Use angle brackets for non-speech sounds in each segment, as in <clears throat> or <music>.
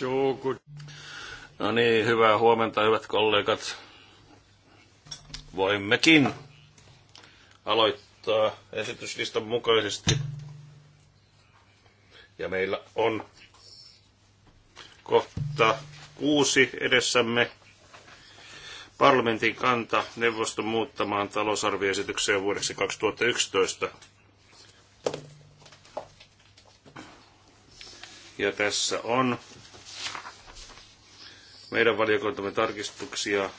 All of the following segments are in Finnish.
So good. No niin, hyvää huomenta, hyvät kollegat. Voimmekin aloittaa esityslistan mukaisesti. Ja meillä on kohta kuusi edessämme parlamentin kanta neuvoston muuttamaan talousarvioesitykseen vuodeksi 2011. Ja tässä on meidän valiokuntamme tarkistuksia.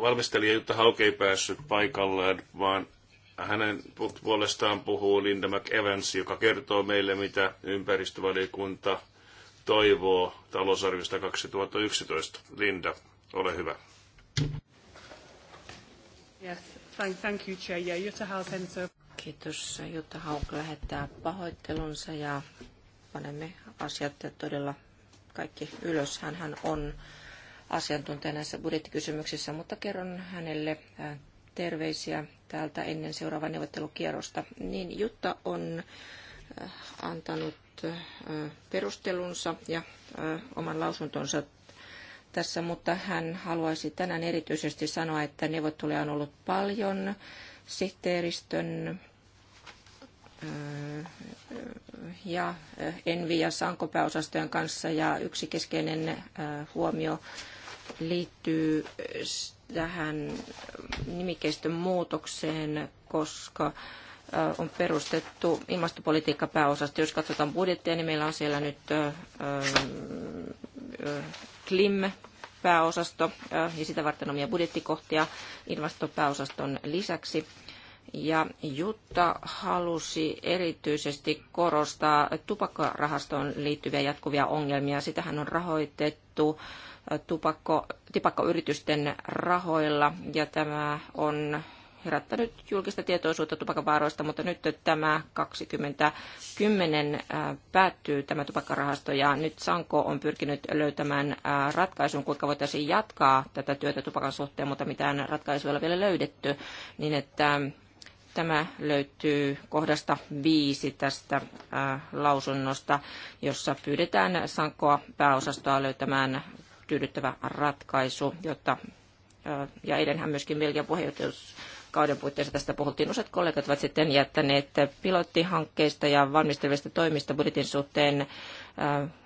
Valmistelija Jutta Hauke ei päässyt paikalleen, vaan hänen puolestaan puhuu Linda McEvans, joka kertoo meille, mitä ympäristövaliokunta toivoo talousarviosta 2011. Linda, ole hyvä. Yes, thank, thank you, Chair. Yeah, Jutta Hauke. Kiitos. Jutta Hauke lähettää pahoittelunsa ja panemme asiat todella kaikki ylös. hän on asiantuntija näissä budjettikysymyksissä, mutta kerron hänelle äh, terveisiä täältä ennen seuraavaa neuvottelukierrosta. Niin Jutta on äh, antanut äh, perustelunsa ja oman lausuntonsa tässä, mutta hän haluaisi tänään erityisesti sanoa, että neuvotteluja on ollut paljon sihteeristön ja Envi- ja Sanko-pääosastojen kanssa. Ja yksi keskeinen huomio liittyy tähän nimikeistön muutokseen, koska on perustettu ilmastopolitiikkapääosasto. Jos katsotaan budjettia, niin meillä on siellä nyt Klim, pääosasto ja sitä varten omia budjettikohtia ilmastopääosaston lisäksi. Ja Jutta halusi erityisesti korostaa tupakkarahastoon liittyviä jatkuvia ongelmia. Sitähän on rahoitettu tupakko, tupakkoyritysten rahoilla ja tämä on herättänyt julkista tietoisuutta tupakavaaroista, mutta nyt tämä 2010 päättyy tämä tupakkarahasto ja nyt Sanko on pyrkinyt löytämään ratkaisun, kuinka voitaisiin jatkaa tätä työtä tupakan suhteen, mutta mitään ratkaisua ei ole vielä löydetty, niin että Tämä löytyy kohdasta viisi tästä lausunnosta, jossa pyydetään Sankoa pääosastoa löytämään tyydyttävä ratkaisu, jotta ja eilenhän myöskin Belgian puheenjohtajuuskauden puitteissa tästä puhuttiin. Useat kollegat ovat sitten jättäneet pilottihankkeista ja valmistelevista toimista budjetin suhteen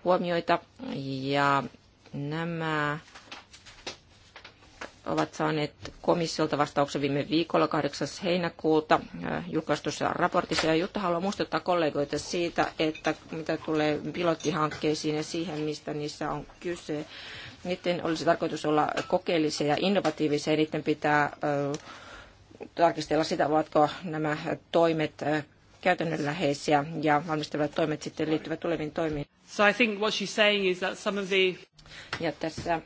huomioita. Ja nämä ovat saaneet komissiolta vastauksen viime viikolla 8. heinäkuuta äh, julkaistussa raportissa. Ja Jutta haluaa muistuttaa kollegoita siitä, että mitä tulee pilottihankkeisiin ja siihen, mistä niissä on kyse, niiden olisi tarkoitus olla kokeellisia ja innovatiivisia. Ja niiden pitää äh, tarkistella sitä, ovatko nämä toimet äh, käytännönläheisiä ja valmistelevat toimet sitten liittyvät tuleviin toimiin. So I think what she's saying is that some of the... Ja tässä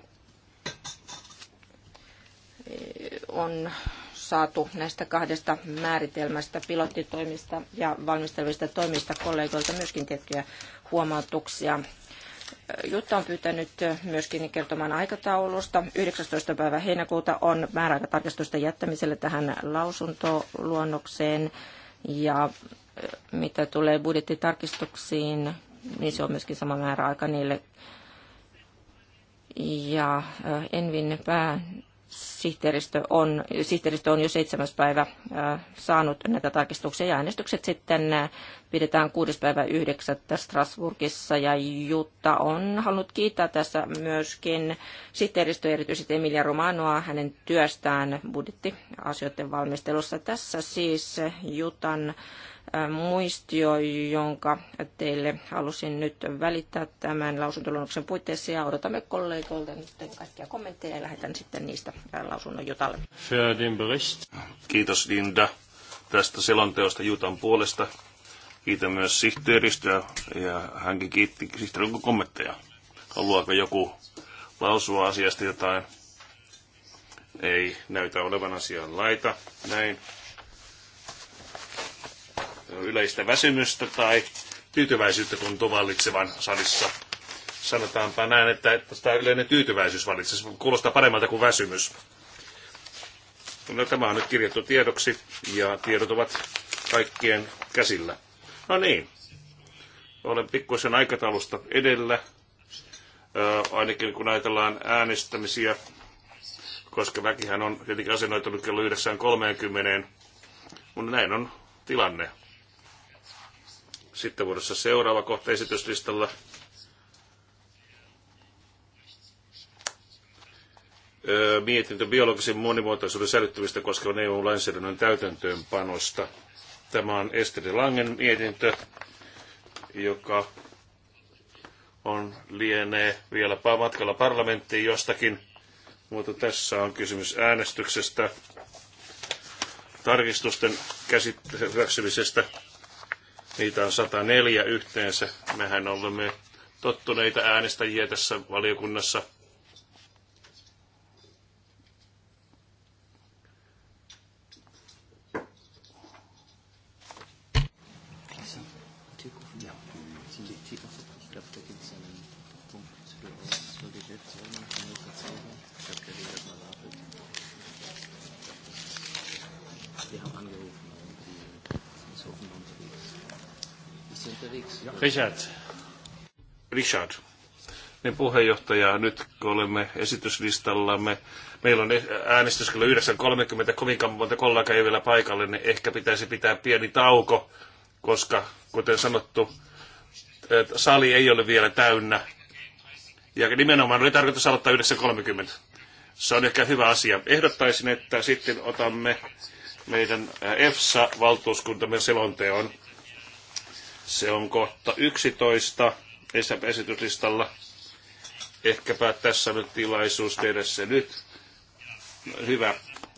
on saatu näistä kahdesta määritelmästä, pilottitoimista ja valmistelevista toimista kollegoilta myöskin tiettyjä huomautuksia. Jutta on pyytänyt myöskin kertomaan aikataulusta. 19. päivä heinäkuuta on määräaikatarkastusta jättämiselle tähän lausuntoluonnokseen. Ja mitä tulee budjettitarkistuksiin, niin se on myöskin sama määräaika niille. Ja Envin pää sihteeristö on, sihteeristö on jo seitsemäs päivä saanut näitä tarkistuksia ja äänestykset sitten pidetään 6. päivä 9. Strasburgissa ja Jutta on halunnut kiittää tässä myöskin sihteeristö erityisesti Emilia Romanoa hänen työstään budjettiasioiden valmistelussa. Tässä siis Jutan muistio, jonka teille halusin nyt välittää tämän lausuntoluonnoksen puitteissa ja odotamme kollegoilta nyt kaikkia kommentteja ja lähetän sitten niistä lausunnon Jutalle. Kiitos Linda tästä selonteosta Jutan puolesta. Kiitän myös sihteeristöä ja hänkin kiitti sihteerin kommentteja. Haluaako joku lausua asiasta jotain? Ei näytä olevan asian laita. Näin yleistä väsymystä tai tyytyväisyyttä tuntuu vallitsevan salissa. Sanotaanpa näin, että että tämä yleinen tyytyväisyys valitsee. Kuulostaa paremmalta kuin väsymys. No, tämä on nyt kirjattu tiedoksi ja tiedot ovat kaikkien käsillä. No niin, olen pikkuisen aikataulusta edellä, öö, ainakin kun ajatellaan äänestämisiä, koska väkihän on tietenkin asennoitunut kello 9.30, mutta näin on tilanne. Sitten vuodessa seuraava kohta esityslistalla. mietintö biologisen monimuotoisuuden säilyttämistä koskevan EU-lainsäädännön täytäntöönpanosta. Tämä on Esteri Langen mietintö, joka on lienee vielä matkalla parlamenttiin jostakin, mutta tässä on kysymys äänestyksestä, tarkistusten käsittelystä Niitä on 104 yhteensä. Mehän olemme tottuneita äänestäjiä tässä valiokunnassa – Richard. Richard. Niin puheenjohtaja, nyt kun olemme esityslistallamme, meillä on äänestys kello 9.30, kovinkaan monta kollegaa ei vielä paikalle, niin ehkä pitäisi pitää pieni tauko, koska kuten sanottu, eh, sali ei ole vielä täynnä. Ja nimenomaan oli tarkoitus aloittaa 9.30. Se on ehkä hyvä asia. Ehdottaisin, että sitten otamme meidän eh, EFSA-valtuuskuntamme selonteon se on kohta 11 esityslistalla. Ehkäpä tässä nyt tilaisuus tehdä se nyt. Hyvä.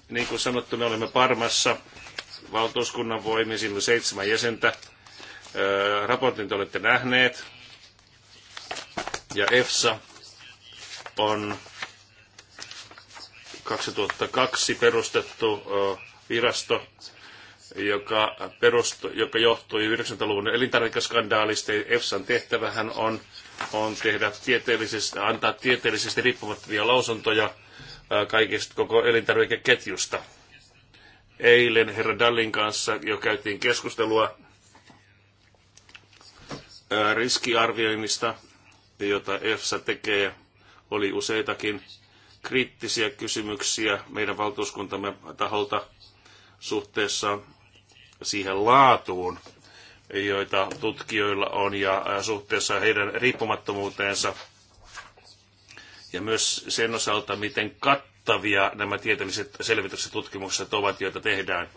Niin kuin sanottu, me olemme Parmassa valtuuskunnan voimin, sillä seitsemän jäsentä. Raportin te olette nähneet. Ja EFSA on 2002 perustettu virasto, joka, perustu, joka johtui 90-luvun elintarvikaskandaalista. EFSAn tehtävähän on, on tehdä tieteellisesti antaa tieteellisesti riippumattomia lausuntoja kaikista koko elintarvikeketjusta. Eilen herra Dallin kanssa jo käytiin keskustelua riskiarvioinnista, jota EFSA tekee. Oli useitakin kriittisiä kysymyksiä meidän valtuuskuntamme taholta suhteessa siihen laatuun, joita tutkijoilla on ja suhteessa heidän riippumattomuuteensa ja myös sen osalta, miten kattavia nämä tieteelliset selvitykset tutkimukset ovat, joita tehdään,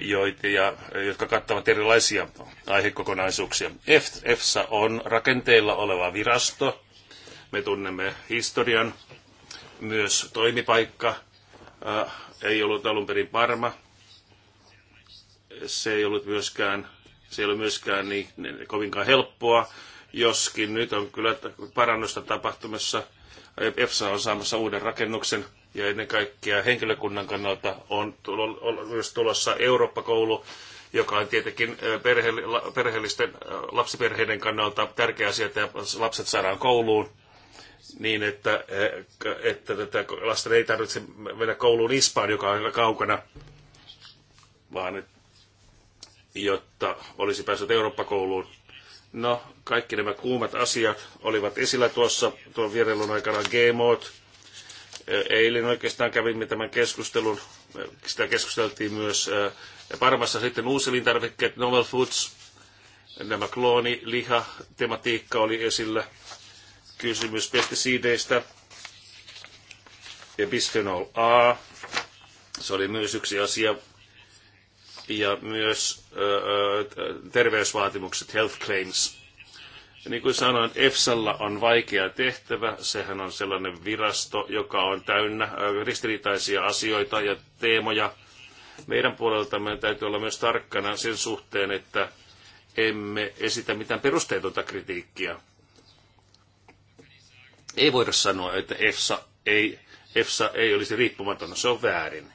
joita, ja, jotka kattavat erilaisia aihekokonaisuuksia. EFSA on rakenteilla oleva virasto. Me tunnemme historian, myös toimipaikka, ei ollut alun perin varma, se ei ollut myöskään, se ei ollut myöskään niin, niin kovinkaan helppoa, joskin nyt on kyllä parannusta tapahtumassa. EFSA on saamassa uuden rakennuksen ja ennen kaikkea henkilökunnan kannalta on, tulo, on myös tulossa Eurooppa-koulu, joka on tietenkin perhe, perheellisten lapsiperheiden kannalta tärkeä asia, että lapset saadaan kouluun niin, että, että tätä lasten ei tarvitse mennä kouluun Ispaan, joka on aika kaukana, vaan että jotta olisi päässyt Eurooppa-kouluun. No, kaikki nämä kuumat asiat olivat esillä tuossa tuon vierailun aikana GMOt. Eilen oikeastaan kävimme tämän keskustelun. Sitä keskusteltiin myös Parmassa sitten elintarvikkeet, Novel Foods, nämä liha, tematiikka oli esillä. Kysymys pestisiideistä ja bisphenol A. Se oli myös yksi asia, ja myös terveysvaatimukset, health claims. Niin kuin sanoin, EFSAlla on vaikea tehtävä. Sehän on sellainen virasto, joka on täynnä ristiriitaisia asioita ja teemoja. Meidän puolelta meidän täytyy olla myös tarkkana sen suhteen, että emme esitä mitään perusteetonta kritiikkiä. Ei voida sanoa, että EFSA ei, EFSA ei olisi riippumaton. Se on väärin.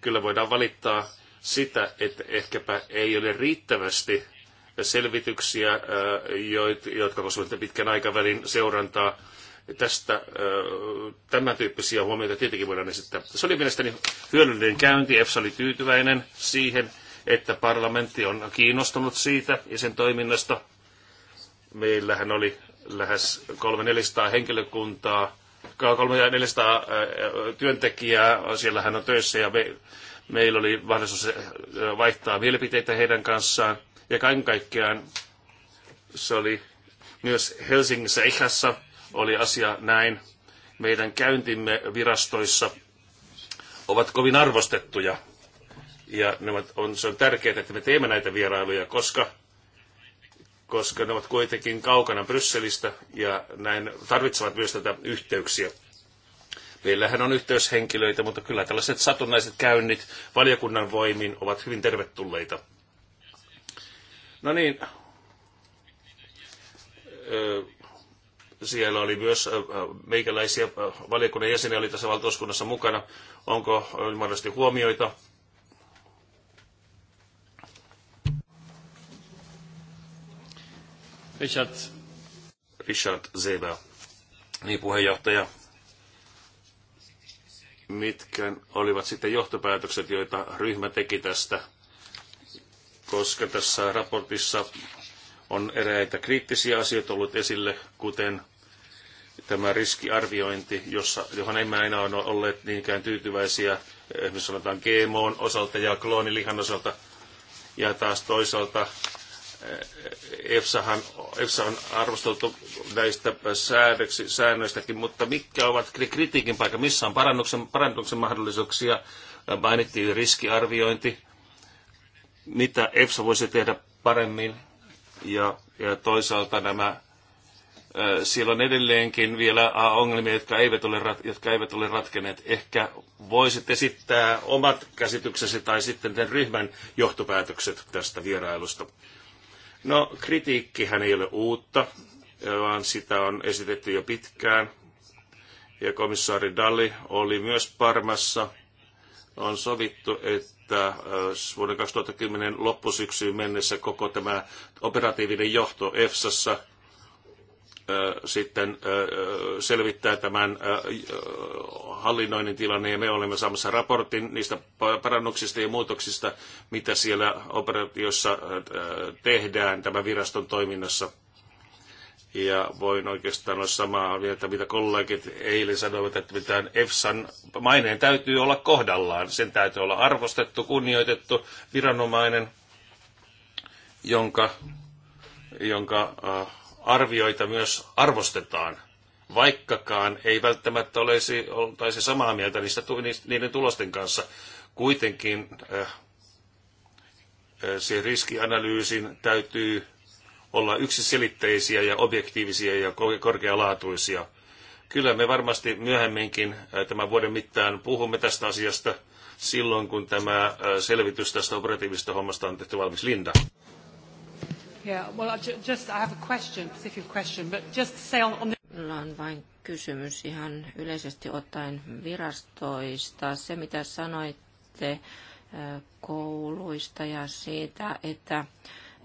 Kyllä voidaan valittaa sitä, että ehkäpä ei ole riittävästi selvityksiä, jotka koskevat pitkän aikavälin seurantaa. Tästä tämän tyyppisiä huomioita tietenkin voidaan esittää. Se oli mielestäni hyödyllinen käynti. EFSA oli tyytyväinen siihen, että parlamentti on kiinnostunut siitä ja sen toiminnasta. Meillähän oli lähes 300-400 henkilökuntaa, 300-400 työntekijää, Siellähän on töissä ja me Meillä oli mahdollisuus äh, vaihtaa mielipiteitä heidän kanssaan. Ja kaiken kaikkiaan se oli myös Helsingissä Ikässä oli asia näin. Meidän käyntimme virastoissa ovat kovin arvostettuja. Ja ne on, se on tärkeää, että me teemme näitä vierailuja, koska, koska ne ovat kuitenkin kaukana Brysselistä ja näin tarvitsevat myös tätä yhteyksiä. Meillähän on yhteyshenkilöitä, mutta kyllä tällaiset satunnaiset käynnit valiokunnan voimin ovat hyvin tervetulleita. No niin, siellä oli myös meikäläisiä valiokunnan jäseniä oli tässä valtuuskunnassa mukana. Onko mahdollisesti huomioita? Richard. Richard Zeber. Niin, puheenjohtaja mitkä olivat sitten johtopäätökset, joita ryhmä teki tästä, koska tässä raportissa on eräitä kriittisiä asioita ollut esille, kuten tämä riskiarviointi, jossa, johon emme aina ole olleet niinkään tyytyväisiä, esimerkiksi eh, sanotaan gmo osalta ja kloonilihan osalta, ja taas toisaalta EFSAhan, EFSA on arvosteltu näistä säädöksi, säännöistäkin, mutta mitkä ovat kritiikin paikka, missä on parannuksen, parannuksen mahdollisuuksia, mainittiin riskiarviointi, mitä EFSA voisi tehdä paremmin ja, ja toisaalta nämä siellä on edelleenkin vielä ongelmia, jotka eivät, ole, jotka eivät ole ratkeneet. Ehkä voisit esittää omat käsityksesi tai sitten tämän ryhmän johtopäätökset tästä vierailusta. No, kritiikkihän ei ole uutta, vaan sitä on esitetty jo pitkään. Ja komissaari Dalli oli myös Parmassa. On sovittu, että äh, vuoden 2010 loppusyksyyn mennessä koko tämä operatiivinen johto EFSassa sitten selvittää tämän hallinnoinnin tilanne ja me olemme saamassa raportin niistä parannuksista ja muutoksista, mitä siellä operaatiossa tehdään tämän viraston toiminnassa. Ja voin oikeastaan olla samaa mieltä, mitä kollegit eilen sanoivat, että mitään EFSAn maineen täytyy olla kohdallaan. Sen täytyy olla arvostettu, kunnioitettu viranomainen, jonka, jonka äh, arvioita myös arvostetaan, vaikkakaan ei välttämättä olisi, oltaisi samaa mieltä niistä, niiden tulosten kanssa. Kuitenkin äh, äh se riskianalyysin täytyy olla yksiselitteisiä ja objektiivisia ja korkealaatuisia. Kyllä me varmasti myöhemminkin äh, tämän vuoden mittaan puhumme tästä asiasta silloin, kun tämä äh, selvitys tästä operatiivisesta hommasta on tehty valmis. Linda on, Minulla on vain kysymys ihan yleisesti ottaen virastoista. Se, mitä sanoitte kouluista ja siitä, että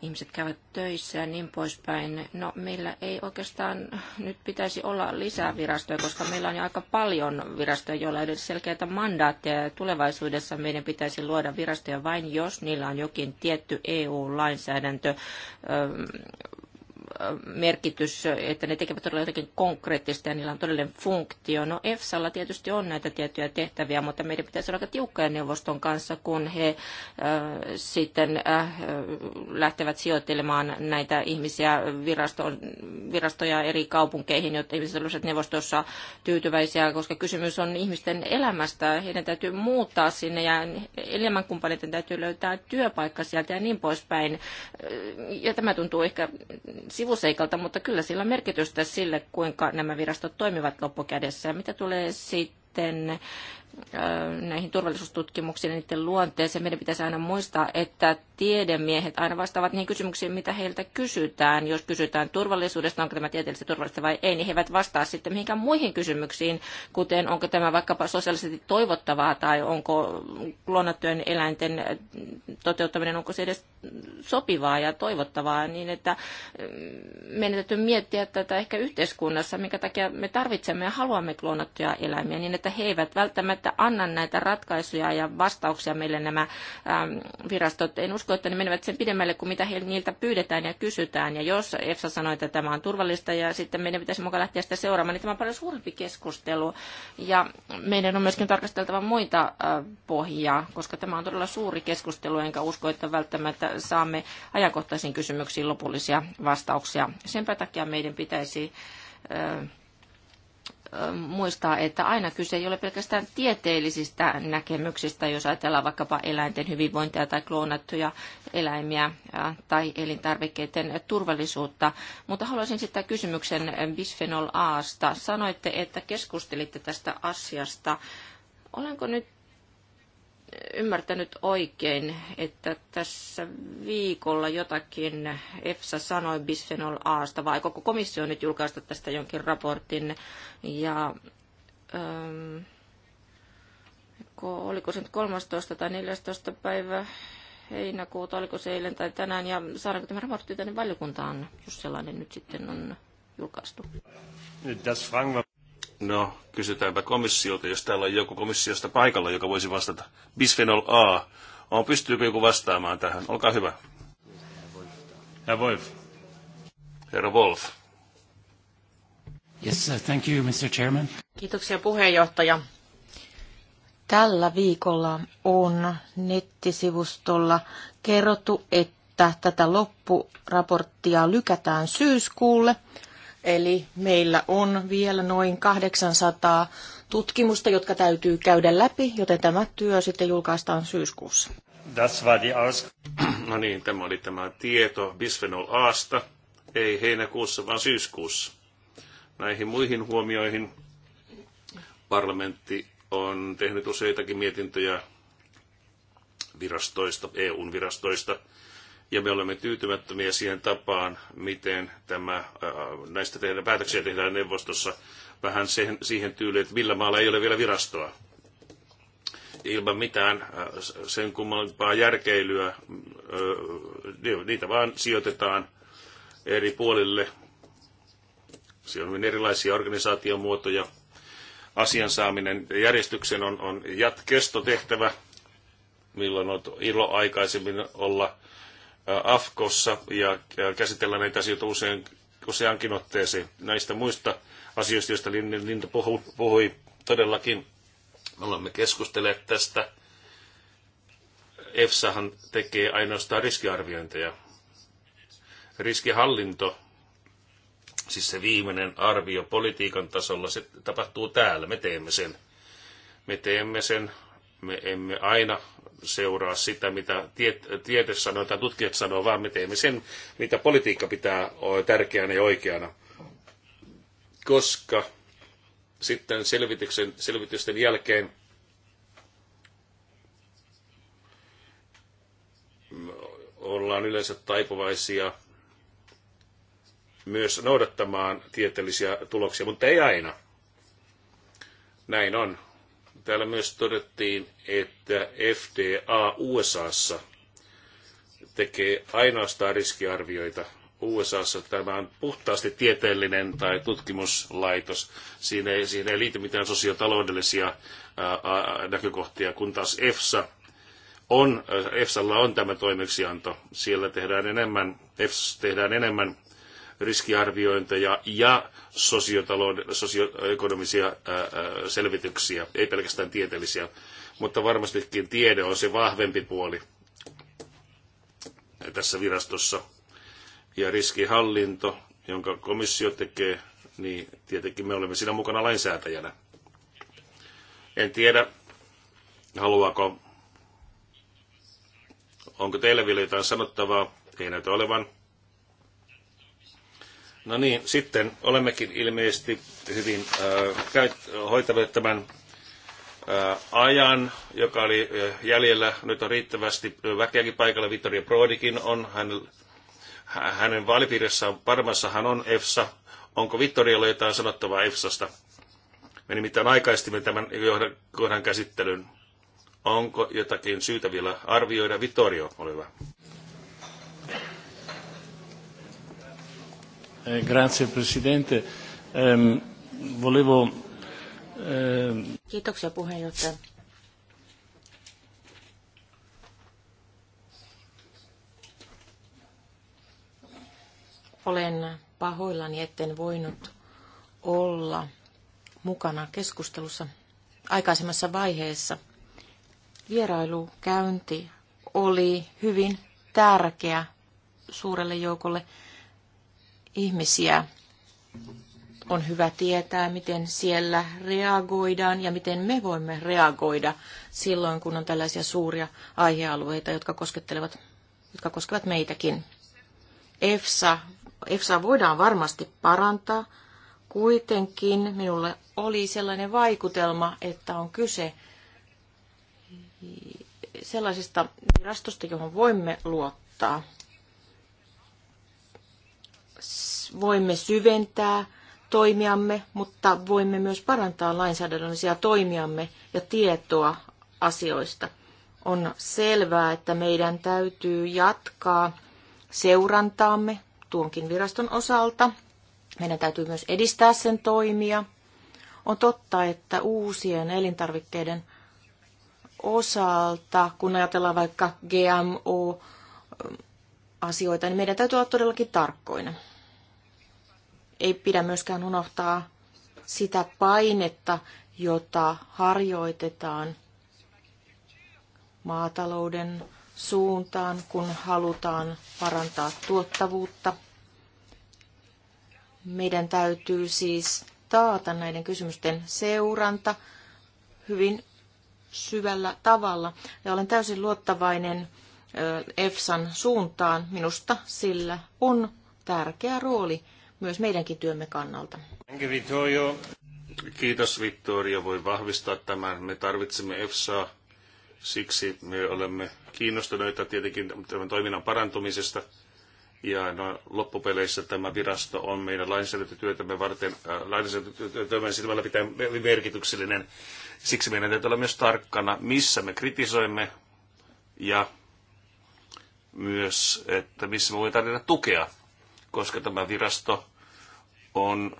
ihmiset käyvät töissä ja niin poispäin. No meillä ei oikeastaan nyt pitäisi olla lisää virastoja, koska meillä on jo aika paljon virastoja, joilla ei ole selkeitä mandaatteja. Tulevaisuudessa meidän pitäisi luoda virastoja vain, jos niillä on jokin tietty EU-lainsäädäntö merkitys, että ne tekevät todella jotakin konkreettista ja niillä on todellinen funktio. No EFSalla tietysti on näitä tiettyjä tehtäviä, mutta meidän pitäisi olla aika tiukkoja neuvoston kanssa, kun he sitten lähtevät sijoittelemaan näitä ihmisiä virasto, virastoja eri kaupunkeihin, jotta ihmiset olisivat neuvostossa tyytyväisiä, koska kysymys on ihmisten elämästä. Heidän täytyy muuttaa sinne ja elämänkumppaneiden täytyy löytää työpaikka sieltä ja niin poispäin. Ja tämä tuntuu ehkä sivu sivuseikalta, mutta kyllä sillä on merkitystä sille, kuinka nämä virastot toimivat loppukädessä. Mitä tulee sitten näihin turvallisuustutkimuksiin ja niiden luonteeseen. Meidän pitäisi aina muistaa, että tiedemiehet aina vastaavat niihin kysymyksiin, mitä heiltä kysytään. Jos kysytään turvallisuudesta, onko tämä tieteellisesti turvallista vai ei, niin he eivät vastaa sitten mihinkään muihin kysymyksiin, kuten onko tämä vaikkapa sosiaalisesti toivottavaa tai onko klonattujen eläinten toteuttaminen, onko se edes sopivaa ja toivottavaa, niin että mm, meidän täytyy miettiä tätä ehkä yhteiskunnassa, minkä takia me tarvitsemme ja haluamme klonattuja eläimiä, niin että he eivät välttämättä että anna näitä ratkaisuja ja vastauksia meille nämä ähm, virastot. En usko, että ne menevät sen pidemmälle kuin mitä niiltä pyydetään ja kysytään. Ja jos EFSA sanoi, että tämä on turvallista ja sitten meidän pitäisi mukaan lähteä sitä seuraamaan, niin tämä on paljon suurempi keskustelu. Ja meidän on myöskin tarkasteltava muita äh, pohjia, koska tämä on todella suuri keskustelu, enkä usko, että välttämättä saamme ajankohtaisiin kysymyksiin lopullisia vastauksia. Sen takia meidän pitäisi äh, muistaa, että aina kyse ei ole pelkästään tieteellisistä näkemyksistä, jos ajatellaan vaikkapa eläinten hyvinvointia tai kloonattuja eläimiä tai elintarvikkeiden turvallisuutta. Mutta haluaisin sitten kysymyksen bisphenol Asta. Sanoitte, että keskustelitte tästä asiasta. Olenko nyt ymmärtänyt oikein, että tässä viikolla jotakin EFSA sanoi bisphenol Asta, vai koko komissio nyt julkaista tästä jonkin raportin, ja ähm, oliko se nyt 13 tai 14 päivä heinäkuuta, oliko se eilen tai tänään, ja saadaanko tämä raportti tänne valiokuntaan, jos sellainen nyt sitten on julkaistu? Das fragen wir No, kysytäänpä komissiolta, jos täällä on joku komissiosta paikalla, joka voisi vastata. Bisphenol A. On, pystyykö joku vastaamaan tähän? Olkaa hyvä. Herr Wolf. Herra Wolf. Yes, thank you, Mr. Chairman. Kiitoksia puheenjohtaja. Tällä viikolla on nettisivustolla kerrottu, että tätä loppuraporttia lykätään syyskuulle – Eli meillä on vielä noin 800 tutkimusta, jotka täytyy käydä läpi, joten tämä työ sitten julkaistaan syyskuussa. Das war die aus... <clears throat> No niin, tämä oli tämä tieto Bisphenol Asta, ei heinäkuussa, vaan syyskuussa. Näihin muihin huomioihin parlamentti on tehnyt useitakin mietintöjä virastoista, EUn virastoista – ja me olemme tyytymättömiä siihen tapaan, miten tämä, näistä tehdään, päätöksiä tehdään neuvostossa vähän siihen, siihen tyyliin, että millä maalla ei ole vielä virastoa. Ilman mitään sen kummallisempaa järkeilyä, niin, niitä vaan sijoitetaan eri puolille. Siellä on hyvin erilaisia organisaatiomuotoja. Asian saaminen järjestyksen on, on jatkestotehtävä, milloin on ilo aikaisemmin olla AFKossa ja käsitellään näitä asioita usein, useankin otteeseen. Näistä muista asioista, joista Linda puhui, puhui todellakin, me olemme keskustelleet tästä. EFSAhan tekee ainoastaan riskiarviointeja. Riskihallinto, siis se viimeinen arvio politiikan tasolla, se tapahtuu täällä. Me teemme sen. Me teemme sen me emme aina seuraa sitä, mitä tiede sanoo tai tutkijat sanoo, vaan me teemme sen, mitä politiikka pitää tärkeänä ja oikeana. Koska sitten selvityksen, selvitysten jälkeen ollaan yleensä taipuvaisia myös noudattamaan tieteellisiä tuloksia, mutta ei aina. Näin on Täällä myös todettiin, että FDA USAssa tekee ainoastaan riskiarvioita. USAssa tämä on puhtaasti tieteellinen tai tutkimuslaitos. Siinä ei, siihen ei liity mitään sosiotaloudellisia näkökohtia, kun taas EFSA on, EFSAlla on tämä toimeksianto. Siellä tehdään enemmän, EFSA tehdään enemmän riskiarviointeja ja sosioekonomisia selvityksiä, ei pelkästään tieteellisiä, mutta varmastikin tiede on se vahvempi puoli tässä virastossa. Ja riskihallinto, jonka komissio tekee, niin tietenkin me olemme siinä mukana lainsäätäjänä. En tiedä, haluaako, onko teillä vielä jotain sanottavaa, ei näytä olevan. No niin, sitten olemmekin ilmeisesti hyvin äh, hoitaneet tämän äh, ajan, joka oli äh, jäljellä. Nyt on riittävästi väkeäkin paikalla. Vittoria Brodikin on, hän, hänen vaalipiirissään Parmassa hän on EFSA. Onko Vittorialla jotain sanottavaa EFSAsta? Me nimittäin aikaistimme tämän kohdan käsittelyn. Onko jotakin syytä vielä arvioida? Vittorio, ole hyvä. Eh, grazie Presidente. Eh, volevo... Eh... Kiitoksia puheenjohtaja. Olen pahoillani, etten voinut olla mukana keskustelussa aikaisemmassa vaiheessa. Vierailukäynti oli hyvin tärkeä suurelle joukolle ihmisiä. On hyvä tietää, miten siellä reagoidaan ja miten me voimme reagoida silloin, kun on tällaisia suuria aihealueita, jotka, koskettelevat, jotka koskevat meitäkin. EFSA, EFSA voidaan varmasti parantaa. Kuitenkin minulle oli sellainen vaikutelma, että on kyse sellaisesta virastosta, johon voimme luottaa voimme syventää toimiamme, mutta voimme myös parantaa lainsäädännöllisiä toimiamme ja tietoa asioista. On selvää, että meidän täytyy jatkaa seurantaamme tuonkin viraston osalta. Meidän täytyy myös edistää sen toimia. On totta, että uusien elintarvikkeiden osalta, kun ajatellaan vaikka GMO-asioita, niin meidän täytyy olla todellakin tarkkoina. Ei pidä myöskään unohtaa sitä painetta, jota harjoitetaan maatalouden suuntaan, kun halutaan parantaa tuottavuutta. Meidän täytyy siis taata näiden kysymysten seuranta hyvin syvällä tavalla. Ja olen täysin luottavainen EFSAn suuntaan. Minusta sillä on tärkeä rooli myös meidänkin työmme kannalta. Kiitos Vittorio, voi vahvistaa tämän. Me tarvitsemme EFSA, siksi me olemme kiinnostuneita tietenkin tämän toiminnan parantumisesta. Ja no, loppupeleissä tämä virasto on meidän lainsäädäntötyötämme varten, äh, lainsäädäntötyötämme silmällä pitää merkityksellinen. Siksi meidän täytyy olla myös tarkkana, missä me kritisoimme ja myös, että missä me voimme tarjota tukea koska tämä virasto on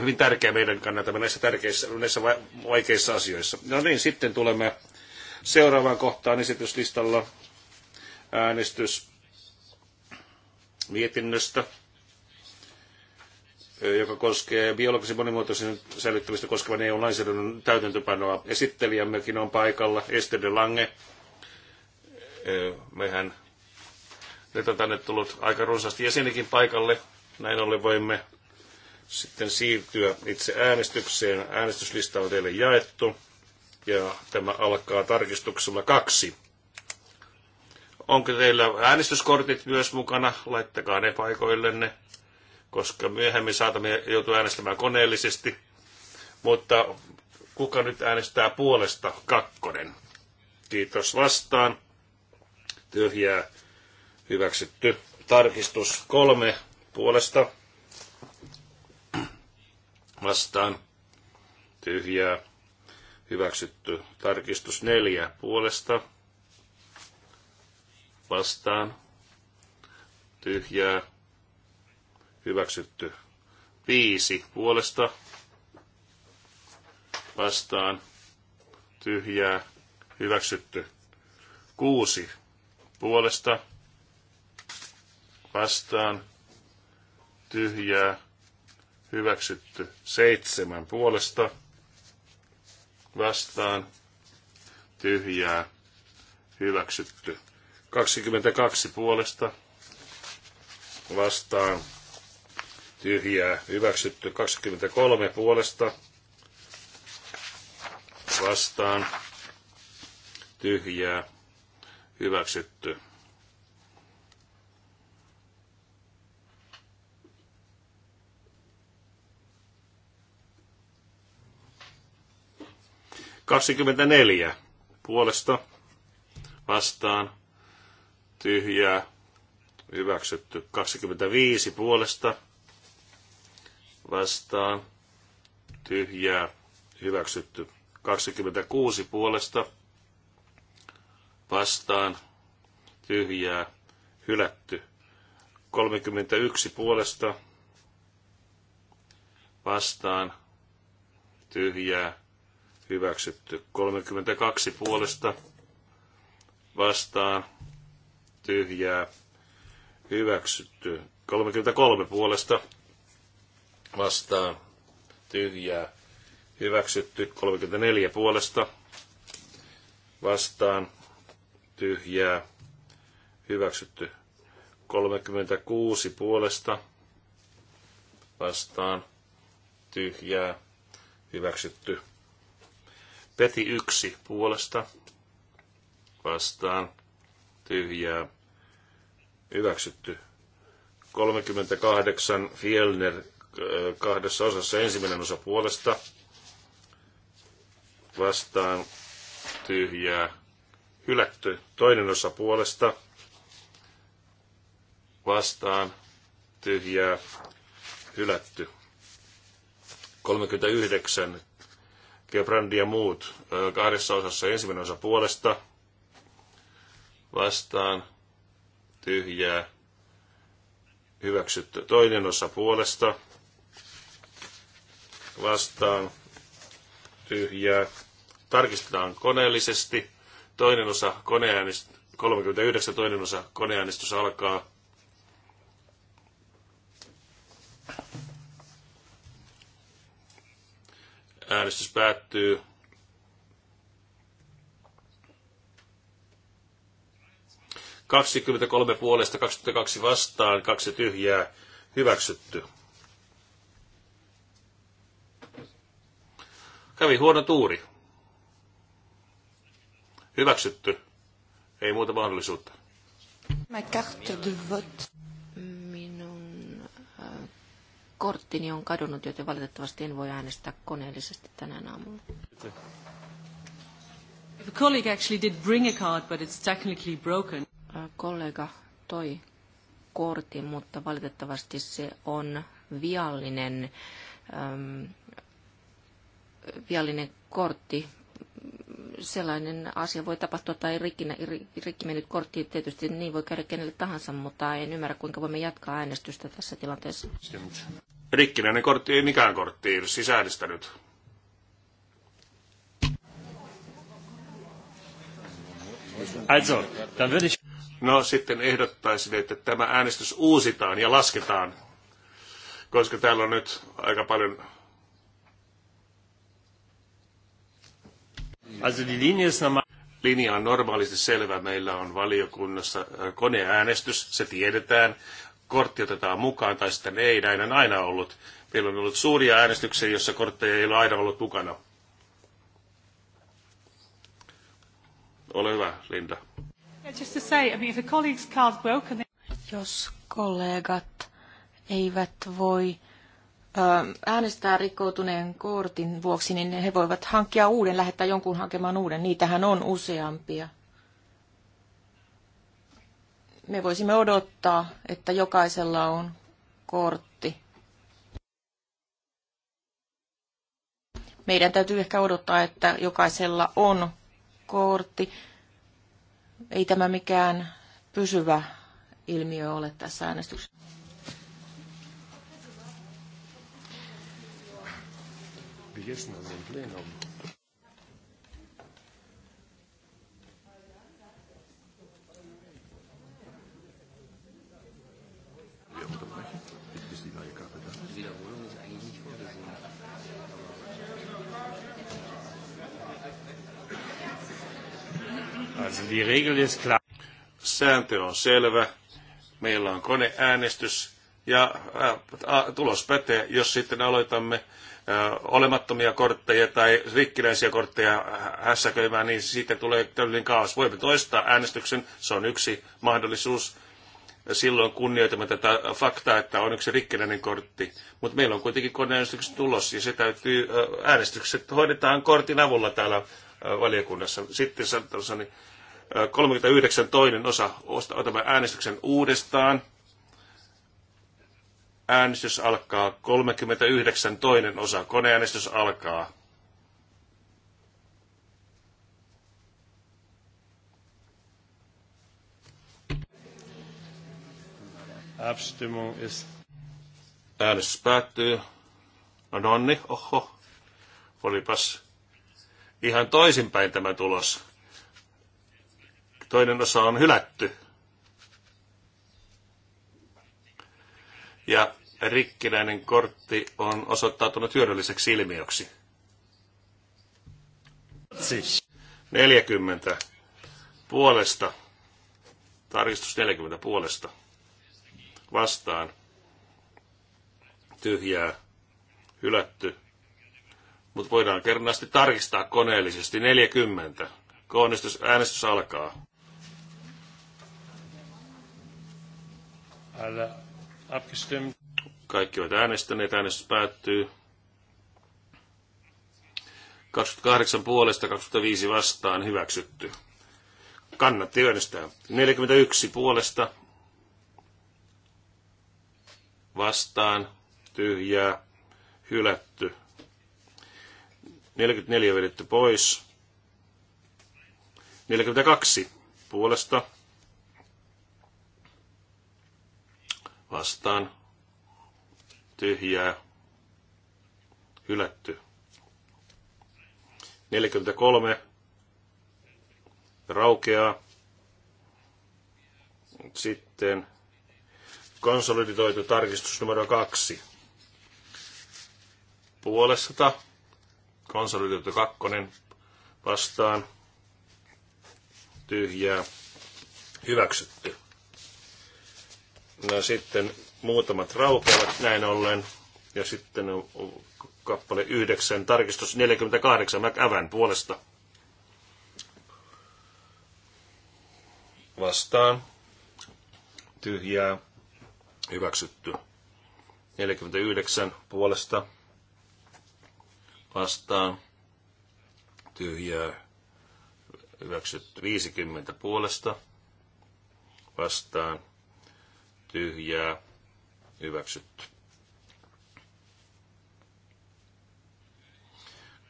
hyvin tärkeä meidän kannalta näissä, tärkeissä, näissä vaikeissa asioissa. No niin, sitten tulemme seuraavaan kohtaan esityslistalla äänestys mietinnöstä, joka koskee biologisen monimuotoisen säilyttämistä koskevan EU-lainsäädännön täytäntöpanoa. Esittelijämmekin on paikalla, Esther de Lange. Mehän nyt on tänne tullut aika runsaasti jäsenikin paikalle. Näin ollen voimme sitten siirtyä itse äänestykseen. Äänestyslista on teille jaettu ja tämä alkaa tarkistuksella kaksi. Onko teillä äänestyskortit myös mukana? Laittakaa ne paikoillenne, koska myöhemmin saatamme joutua äänestämään koneellisesti. Mutta kuka nyt äänestää puolesta kakkonen? Kiitos vastaan. Tyhjää Hyväksytty. Tarkistus kolme puolesta. Vastaan. Tyhjää. Hyväksytty. Tarkistus neljä puolesta. Vastaan. Tyhjää. Hyväksytty. Viisi puolesta. Vastaan. Tyhjää. Hyväksytty. Kuusi puolesta vastaan tyhjää hyväksytty seitsemän puolesta vastaan tyhjää hyväksytty 22 puolesta vastaan tyhjää hyväksytty 23 puolesta vastaan tyhjää hyväksytty 24 puolesta vastaan tyhjää hyväksytty. 25 puolesta vastaan tyhjää hyväksytty. 26 puolesta vastaan tyhjää hylätty. 31 puolesta vastaan tyhjää hyväksytty. 32 puolesta vastaan tyhjää hyväksytty. 33 puolesta vastaan tyhjää hyväksytty. 34 puolesta vastaan tyhjää hyväksytty. 36 puolesta vastaan tyhjää hyväksytty. Peti yksi puolesta vastaan tyhjää hyväksytty. 38 Fielner äh, kahdessa osassa ensimmäinen osa puolesta vastaan tyhjää hylätty. Toinen osa puolesta vastaan tyhjää hylätty. 39 Gebrandi ja muut kahdessa osassa ensimmäinen osa puolesta vastaan tyhjää hyväksytty. Toinen osa puolesta vastaan tyhjää. Tarkistetaan koneellisesti. Toinen osa koneäänestys 39, toinen osa koneäänestys alkaa. Äänestys päättyy. kolme puolesta, 22 vastaan, kaksi tyhjää, hyväksytty. Kävi huono tuuri. Hyväksytty. Ei muuta mahdollisuutta. Ma carte de vote korttini on kadonnut, joten valitettavasti en voi äänestää koneellisesti tänään aamulla. If a colleague actually did bring a card, but it's technically broken. Kollega toi kortin, mutta valitettavasti se on viallinen, um, viallinen kortti sellainen asia voi tapahtua tai rikkinä, rikki mennyt kortti tietysti niin voi käydä kenelle tahansa, mutta en ymmärrä kuinka voimme jatkaa äänestystä tässä tilanteessa. Rikkinäinen kortti ei mikään kortti siis äänestänyt. No sitten ehdottaisin, että tämä äänestys uusitaan ja lasketaan, koska täällä on nyt aika paljon Niin linja on normaalisti selvä. Meillä on valiokunnassa äh, koneäänestys, se tiedetään. Kortti otetaan mukaan tai sitten ei, näin on aina ollut. Meillä on ollut suuria äänestyksiä, jossa kortteja ei ole aina ollut mukana. Ole hyvä, Linda. Jos kollegat eivät voi äänestää rikkoutuneen kortin vuoksi, niin he voivat hankkia uuden, lähettää jonkun hakemaan uuden. Niitähän on useampia. Me voisimme odottaa, että jokaisella on kortti. Meidän täytyy ehkä odottaa, että jokaisella on kortti. Ei tämä mikään pysyvä ilmiö ole tässä äänestyksessä. lyssnande plenum. Sääntö on selvä. Meillä on koneäänestys ja tulos pätee, jos sitten aloitamme olemattomia kortteja tai rikkinäisiä kortteja hässäköimään, niin siitä tulee täydellinen kaos. Voimme toistaa äänestyksen, se on yksi mahdollisuus. Silloin kunnioitamme tätä faktaa, että on yksi rikkinäinen kortti. Mutta meillä on kuitenkin koneäänestyksen tulos ja se täytyy, äänestykset hoidetaan kortin avulla täällä valiokunnassa. Sitten sanotaan, 39 niin, toinen osa, otamme äänestyksen uudestaan Äänestys alkaa 39 toinen osa. Koneäänestys alkaa. Abstimmung ist. Äänestys päättyy. No nonni, niin, oho. Olipas ihan toisinpäin tämä tulos. Toinen osa on hylätty. ja rikkinäinen kortti on osoittautunut hyödylliseksi ilmiöksi. Siis. 40 puolesta. Tarkistus 40 puolesta. Vastaan. Tyhjää. Hylätty. Mutta voidaan kernaasti tarkistaa koneellisesti 40. Koonnistus, äänestys alkaa. Älä Abgestimmt. Kaikki ovat äänestäneet. Äänestys päättyy. 28 puolesta, 25 vastaan hyväksytty. Kannatti äänestää. 41 puolesta vastaan tyhjää hylätty. 44 vedetty pois. 42 puolesta vastaan tyhjää hylätty. 43 raukeaa. Sitten konsolidoitu tarkistus numero 2. Puolesta konsolidoitu kakkonen vastaan tyhjää hyväksytty. No sitten muutamat raukeavat näin ollen. Ja sitten on kappale 9, tarkistus 48 McAvan puolesta. Vastaan. Tyhjää. Hyväksytty. 49 puolesta. Vastaan. Tyhjää. Hyväksytty. 50 puolesta. Vastaan tyhjää, hyväksytty.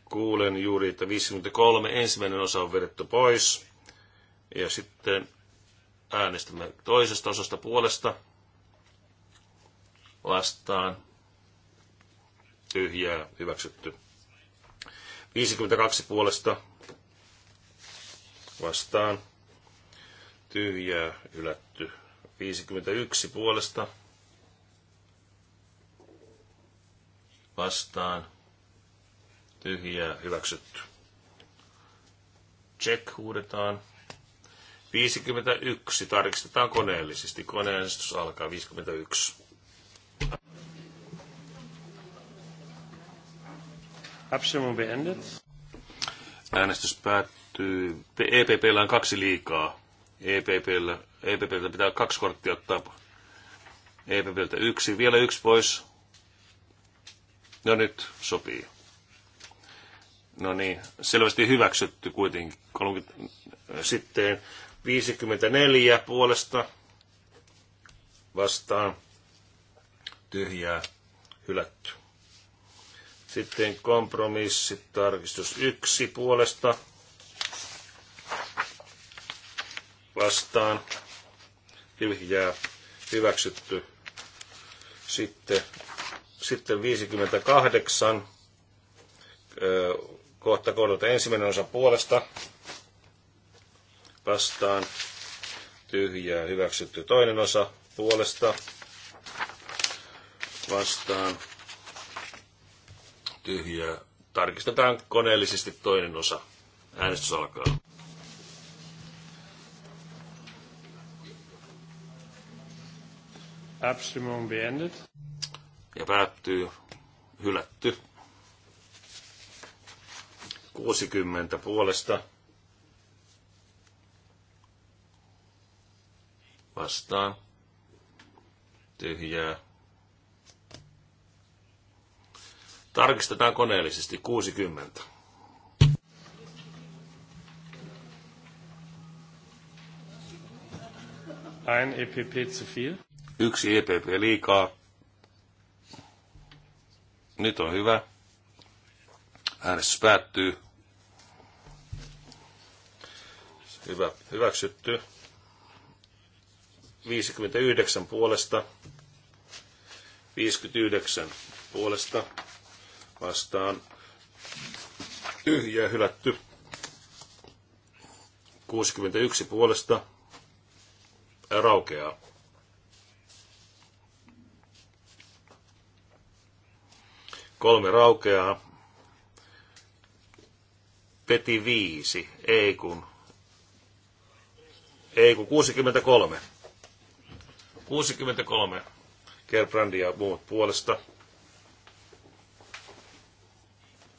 Kuulen juuri, että 53 ensimmäinen osa on vedetty pois. Ja sitten äänestämme toisesta osasta puolesta vastaan. Tyhjää, hyväksytty. 52 puolesta vastaan. Tyhjää, hylätty. 51 puolesta vastaan tyhjää hyväksytty. Check huudetaan. 51 tarkistetaan koneellisesti. Koneellistus alkaa 51. Abstimmung beendet. Äänestys päättyy. EPP on kaksi liikaa. EPPllä, EPPltä pitää kaksi korttia ottaa. EPPltä yksi, vielä yksi pois. No nyt sopii. No niin, selvästi hyväksytty kuitenkin. Sitten 54 puolesta vastaan tyhjää hylätty. Sitten kompromissi, tarkistus 1 puolesta vastaan tyhjää hyväksytty. Sitten, sitten 58 kohta kohdalta ensimmäinen osa puolesta vastaan tyhjää hyväksytty. Toinen osa puolesta vastaan tyhjää. Tarkistetaan koneellisesti toinen osa. Äänestys alkaa. Abstimmung beendet. Ja päättyy. Hylätty. 60 puolesta. Vastaan. Tyhjää. Tarkistetaan koneellisesti 60. Ein EPP zu viel. Yksi EPP liikaa. Nyt on hyvä. Äänestys päättyy. Hyvä. Hyväksytty. 59 puolesta. 59 puolesta vastaan tyhjä hylätty. 61 puolesta raukeaa. Kolme raukeaa. Peti viisi, ei kun. Ei kun 63. 63. Kerbrandi ja muut puolesta.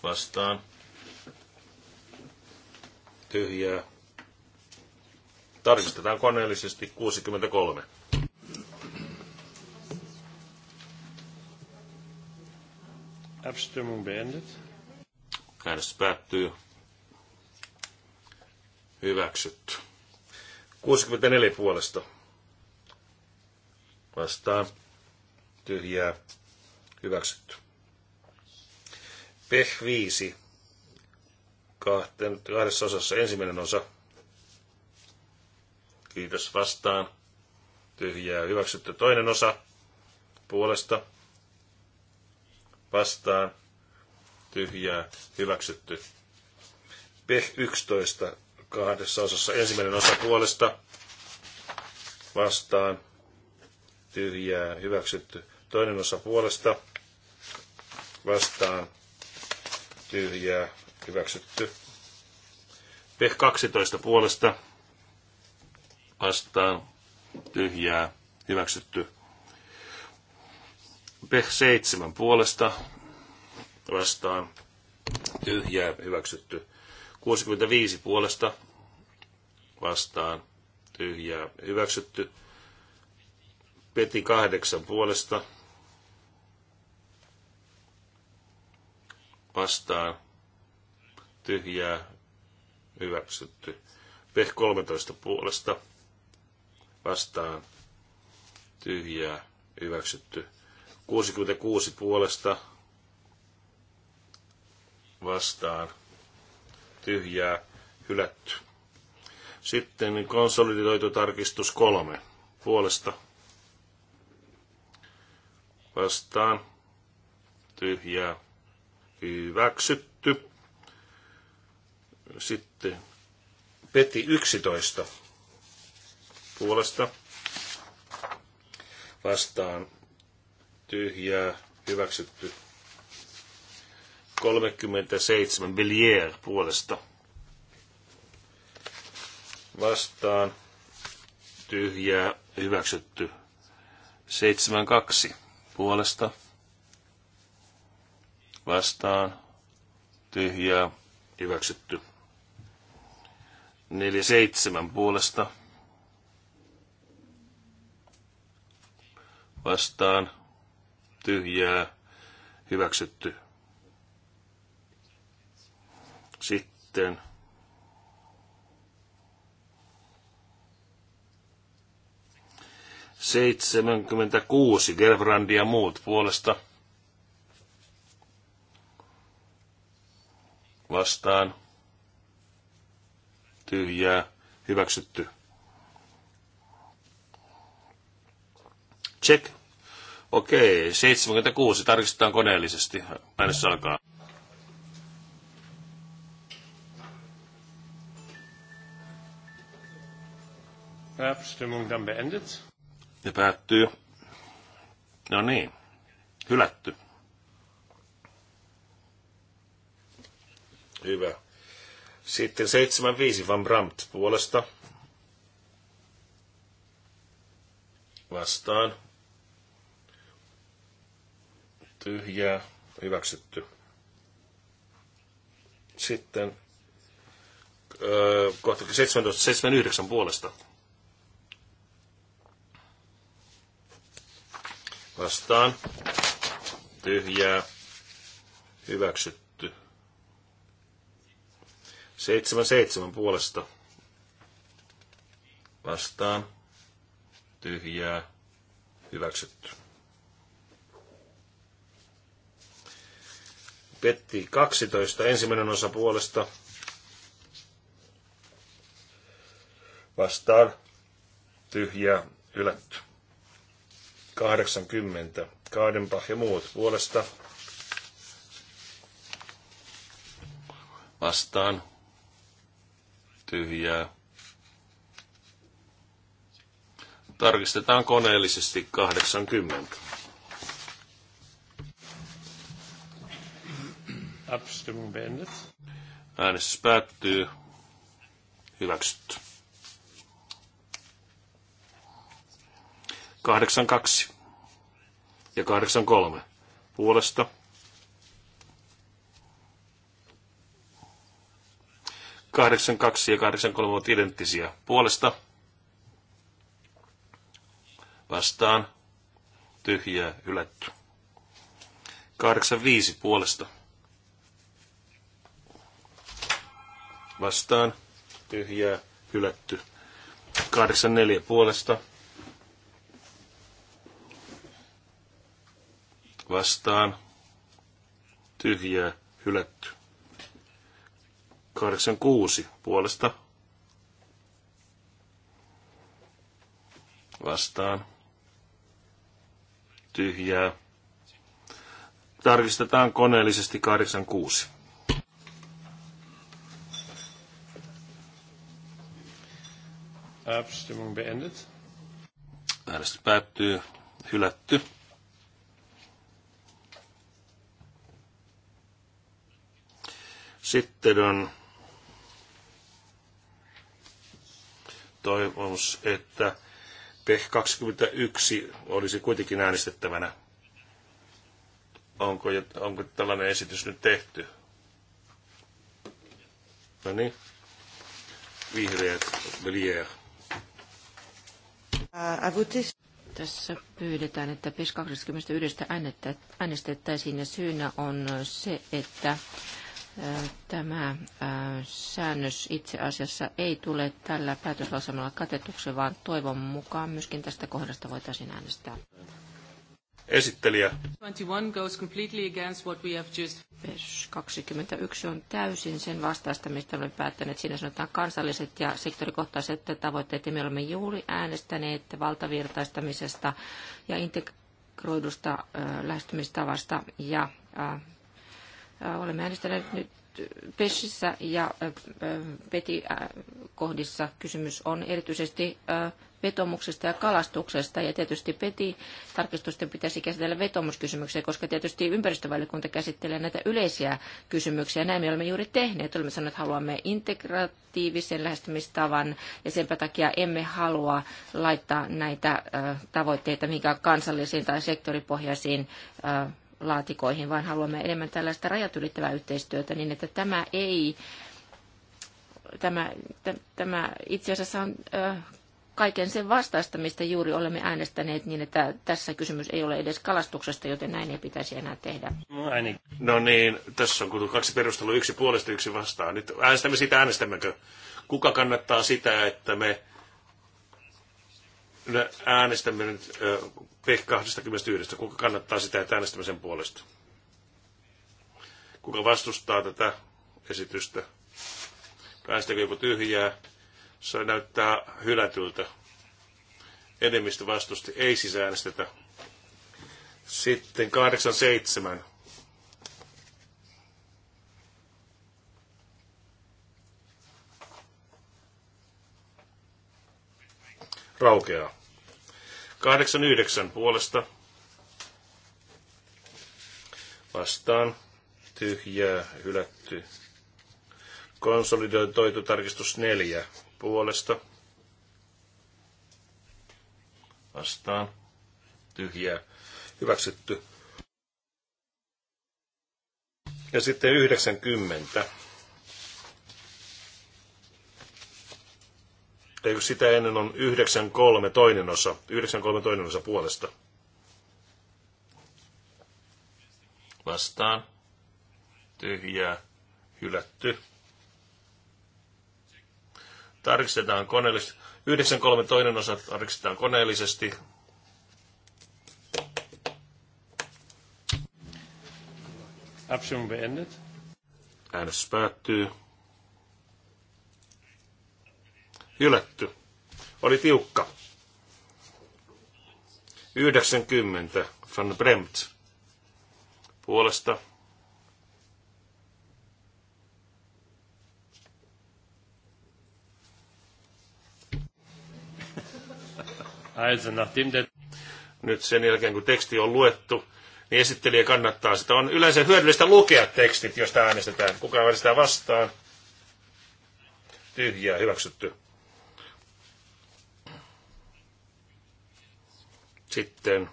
Vastaan. Tyhjää. Tarkistetaan koneellisesti 63. Abstimmung beendet. Äänestys päättyy. Hyväksytty. 64 puolesta. Vastaan. Tyhjää. Hyväksytty. PEH 5. Kahten, kahdessa osassa ensimmäinen osa. Kiitos vastaan. Tyhjää. Hyväksytty toinen osa. Puolesta vastaan tyhjää hyväksytty. PEH-11 kahdessa osassa ensimmäinen osa puolesta vastaan tyhjää hyväksytty. Toinen osa puolesta vastaan tyhjää hyväksytty. PEH-12 puolesta vastaan tyhjää hyväksytty. Peh 7 puolesta vastaan tyhjää hyväksytty. 65 puolesta vastaan tyhjää hyväksytty. Peti 8 puolesta vastaan tyhjää hyväksytty. Peh 13 puolesta vastaan tyhjää hyväksytty. 66 puolesta vastaan tyhjää hylätty. Sitten konsolidoitu tarkistus kolme puolesta vastaan tyhjää hyväksytty. Sitten peti 11 puolesta vastaan tyhjää, hyväksytty. 37 Villiers puolesta vastaan tyhjää hyväksytty 72 puolesta vastaan tyhjää hyväksytty 47 puolesta vastaan tyhjää, hyväksytty. Sitten Seitsemänkymmentäkuusi Gerbrandi ja muut puolesta vastaan tyhjää hyväksytty. Check Okei, 76. Tarkistetaan koneellisesti. Äänessä alkaa. Abstimmung dann beendet. Ja päättyy. No niin, hylätty. Hyvä. Sitten 75 Van Brandt puolesta. Vastaan tyhjää, hyväksytty. Sitten kohta 1779 puolesta. Vastaan. Tyhjää. Hyväksytty. 77 puolesta. Vastaan. Tyhjää. Hyväksytty. petti 12, ensimmäinen osa puolesta vastaan tyhjä ylätty. 80, Kaadenpah ja muut puolesta vastaan tyhjää. Tarkistetaan koneellisesti 80. Abstimmung beendet. Äänestys päättyy. Hyväksytty. 82 ja 83 puolesta. 82 ja 83 ovat identtisiä puolesta. Vastaan tyhjää ylätty. 85 puolesta vastaan, tyhjää, hylätty. 84 puolesta vastaan, tyhjää, hylätty. 86 puolesta vastaan, tyhjää. Tarkistetaan koneellisesti 86. Abstimmung beendet. Äänestys päättyy. Hylätty. Sitten on toivomus, että PEH 21 olisi kuitenkin äänestettävänä. Onko, onko tällainen esitys nyt tehty? No niin. Vihreät, Velier. Uh, Tässä pyydetään, että PES 21 äänestettäisiin ja syynä on se, että uh, tämä uh, säännös itse asiassa ei tule tällä päätöslausemalla katetuksi, vaan toivon mukaan myöskin tästä kohdasta voitaisiin äänestää esittelijä. 21 goes completely against what we have just... Vers 21 on täysin sen vastaista, mistä olemme päättäneet. Siinä sanotaan kansalliset ja sektorikohtaiset tavoitteet, ja me olemme juuri äänestäneet valtavirtaistamisesta ja integroidusta lähestymistavasta, ja olemme äänestäneet nyt Pesissä ja Peti-kohdissa kysymys on erityisesti vetomuksesta ja kalastuksesta. Ja tietysti PETI-tarkistusten pitäisi käsitellä vetomuskysymyksiä, koska tietysti ympäristövaliokunta käsittelee näitä yleisiä kysymyksiä. Näin me olemme juuri tehneet. Olemme sanoneet, että haluamme integratiivisen lähestymistavan ja sen takia emme halua laittaa näitä tavoitteita minkään kansallisiin tai sektoripohjaisiin laatikoihin, vaan haluamme enemmän tällaista rajat ylittävää yhteistyötä niin, että tämä ei, tämä, tämä itse asiassa on kaiken sen vastaista, mistä juuri olemme äänestäneet, niin että tässä kysymys ei ole edes kalastuksesta, joten näin ei pitäisi enää tehdä. No niin, tässä on kaksi perustelua, yksi puolesta, yksi vastaan. Nyt äänestämme sitä, äänestämmekö? Kuka kannattaa sitä, että me äänestämme nyt P21. Kuka kannattaa sitä, että äänestämisen puolesta? Kuka vastustaa tätä esitystä? Päästäkö joku tyhjää? Se näyttää hylätyltä. Enemmistö vastusti. Ei siis äänestetä. Sitten 87. Raukeaa. 89 puolesta vastaan tyhjää hylätty. Konsolidoitu tarkistus 4 puolesta vastaan tyhjää hyväksytty. Ja sitten 90 Eikö sitä ennen on 9.3 toinen osa, 9.3 toinen osa puolesta. Vastaan. Tyhjää. Hylätty. Tarkistetaan koneellisesti. 9.3 toinen osa tarkistetaan koneellisesti. Abstimmung beendet. Äänestys päättyy. Hylätty. Oli tiukka. 90 van Bremt puolesta. Also, nachdem der... Nyt sen jälkeen, kun teksti on luettu, niin esittelijä kannattaa sitä. On yleensä hyödyllistä lukea tekstit, josta äänestetään. Kuka äänestää vastaan? Tyhjää, hyväksytty. Sitten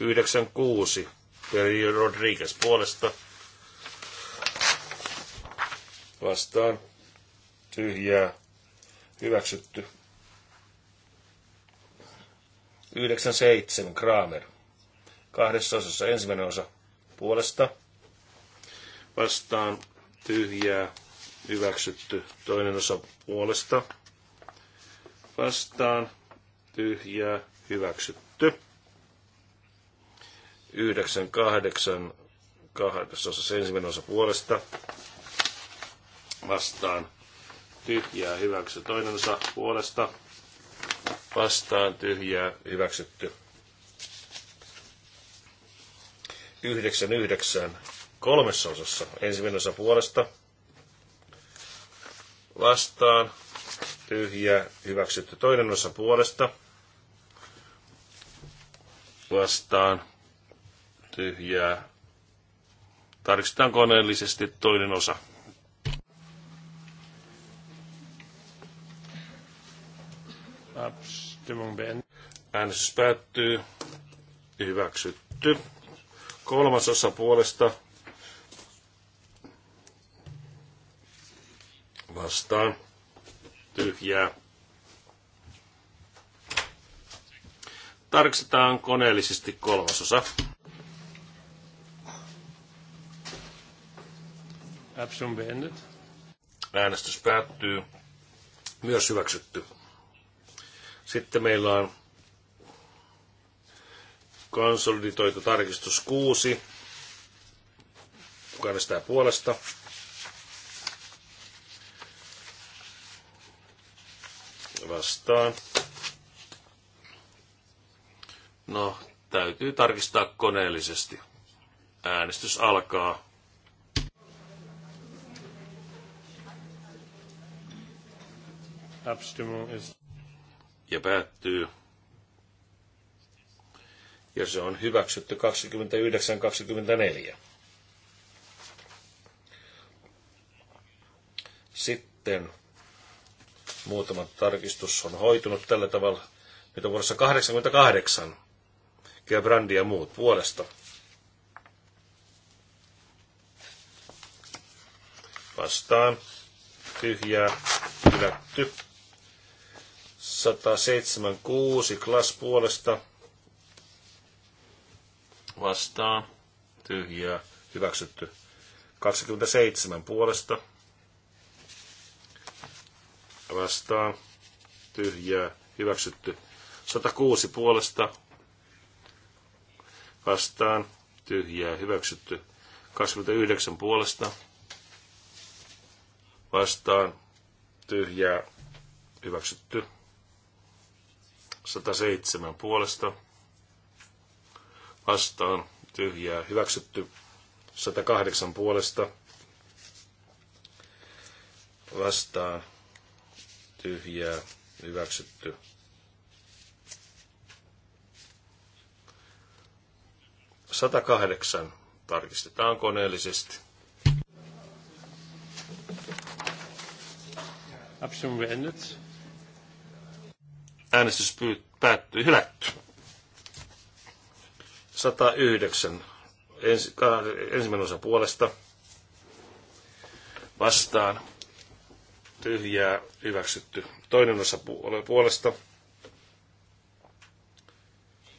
96 Peri Rodriguez puolesta vastaan tyhjää hyväksytty. 97 Kramer. Kahdessa osassa ensimmäinen osa puolesta vastaan tyhjää hyväksytty. Toinen osa puolesta vastaan tyhjää hyväksytty. 98 kahdessa osassa ensimmäinen osa puolesta vastaan tyhjää hyväksy toinen osa puolesta vastaan tyhjää hyväksytty. 99 kolmessa osassa ensimmäinen osa puolesta vastaan tyhjää hyväksytty toinen osa puolesta vastaan tyhjää. Tarkistetaan koneellisesti toinen osa. Äänestys päättyy. Hyväksytty. Kolmas osa puolesta vastaan tyhjää Tarkistetaan koneellisesti kolmasosa. beendet. Äänestys päättyy. Myös hyväksytty. Sitten meillä on konsolidoitu tarkistus 6. Kuka äänestää puolesta? Vastaan. No, täytyy tarkistaa koneellisesti. Äänestys alkaa. Ja päättyy. Ja se on hyväksytty 29-24. Sitten muutama tarkistus on hoitunut tällä tavalla. Nyt on vuodessa 88 Gebrandi ja muut puolesta. Vastaan. Tyhjää. Hylätty. 176 klas puolesta. Vastaan. Tyhjää. Hyväksytty. 27 puolesta. Vastaan. Tyhjää. Hyväksytty. 106 puolesta vastaan, tyhjää hyväksytty. 29 puolesta vastaan, tyhjää hyväksytty. 107 puolesta vastaan, tyhjää hyväksytty. 108 puolesta vastaan, tyhjää hyväksytty. 108 tarkistetaan koneellisesti. Äänestys päättyy. Hylätty. 109. Ensi, ensimmäinen osa puolesta. Vastaan. Tyhjää. Hyväksytty. Toinen osa puolesta.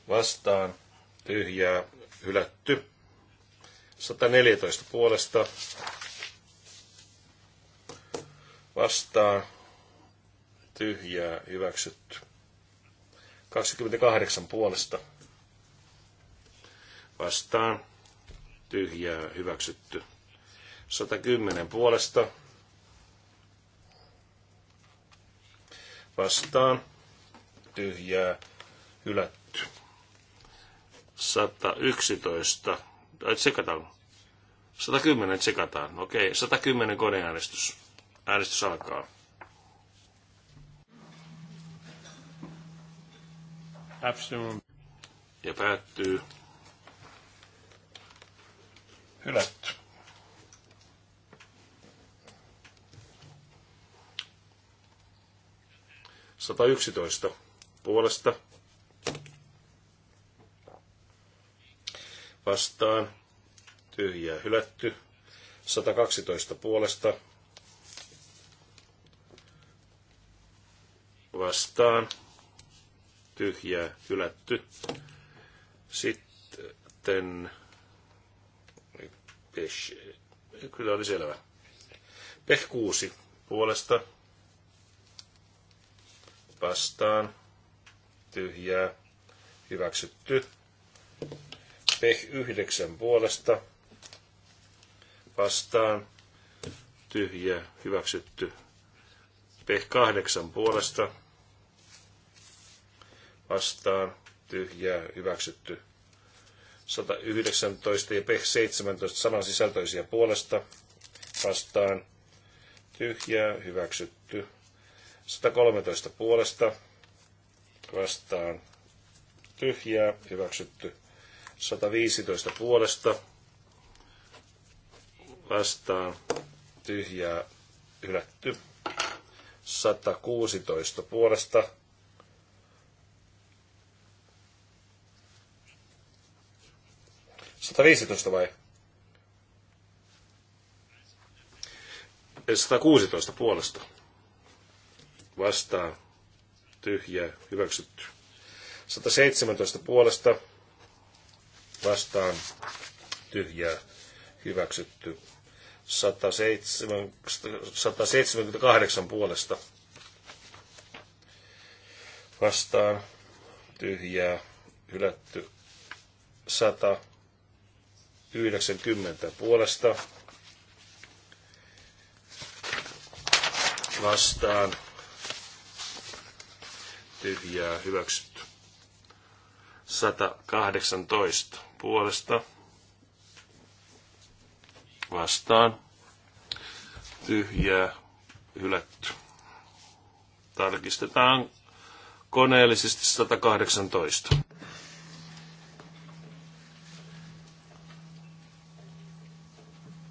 Vastaan. Tyhjää hylätty. 114 puolesta vastaan tyhjää hyväksytty. 28 puolesta vastaan tyhjää hyväksytty. 110 puolesta vastaan tyhjää hylätty. 111, tai tsekataan, 110 tsekataan, okei, 110 koneäänestys, äänestys alkaa. Absolut. Ja päättyy. Hylätty. Sata yksitoista puolesta vastaan, tyhjää hylätty, 112 puolesta vastaan, tyhjää hylätty. Sitten Pesh, kyllä oli selvä. Peh 6 puolesta vastaan, tyhjää, hyväksytty. Pech 9 puolesta vastaan tyhjä hyväksytty. Pech 8 puolesta vastaan tyhjää hyväksytty. 119 ja Pech 17 saman sisältöisiä puolesta vastaan tyhjää hyväksytty. 113 puolesta vastaan tyhjää hyväksytty. 115 puolesta vastaan tyhjää hylätty. 116 puolesta Sata viisitoista vai? 116 puolesta. Vastaan. Tyhjää. Hyväksytty. 117 puolesta vastaan tyhjää hyväksytty. 178 puolesta vastaan tyhjää hylätty 190 puolesta vastaan tyhjää hyväksytty 118 puolesta vastaan tyhjää hylätty. Tarkistetaan koneellisesti 118.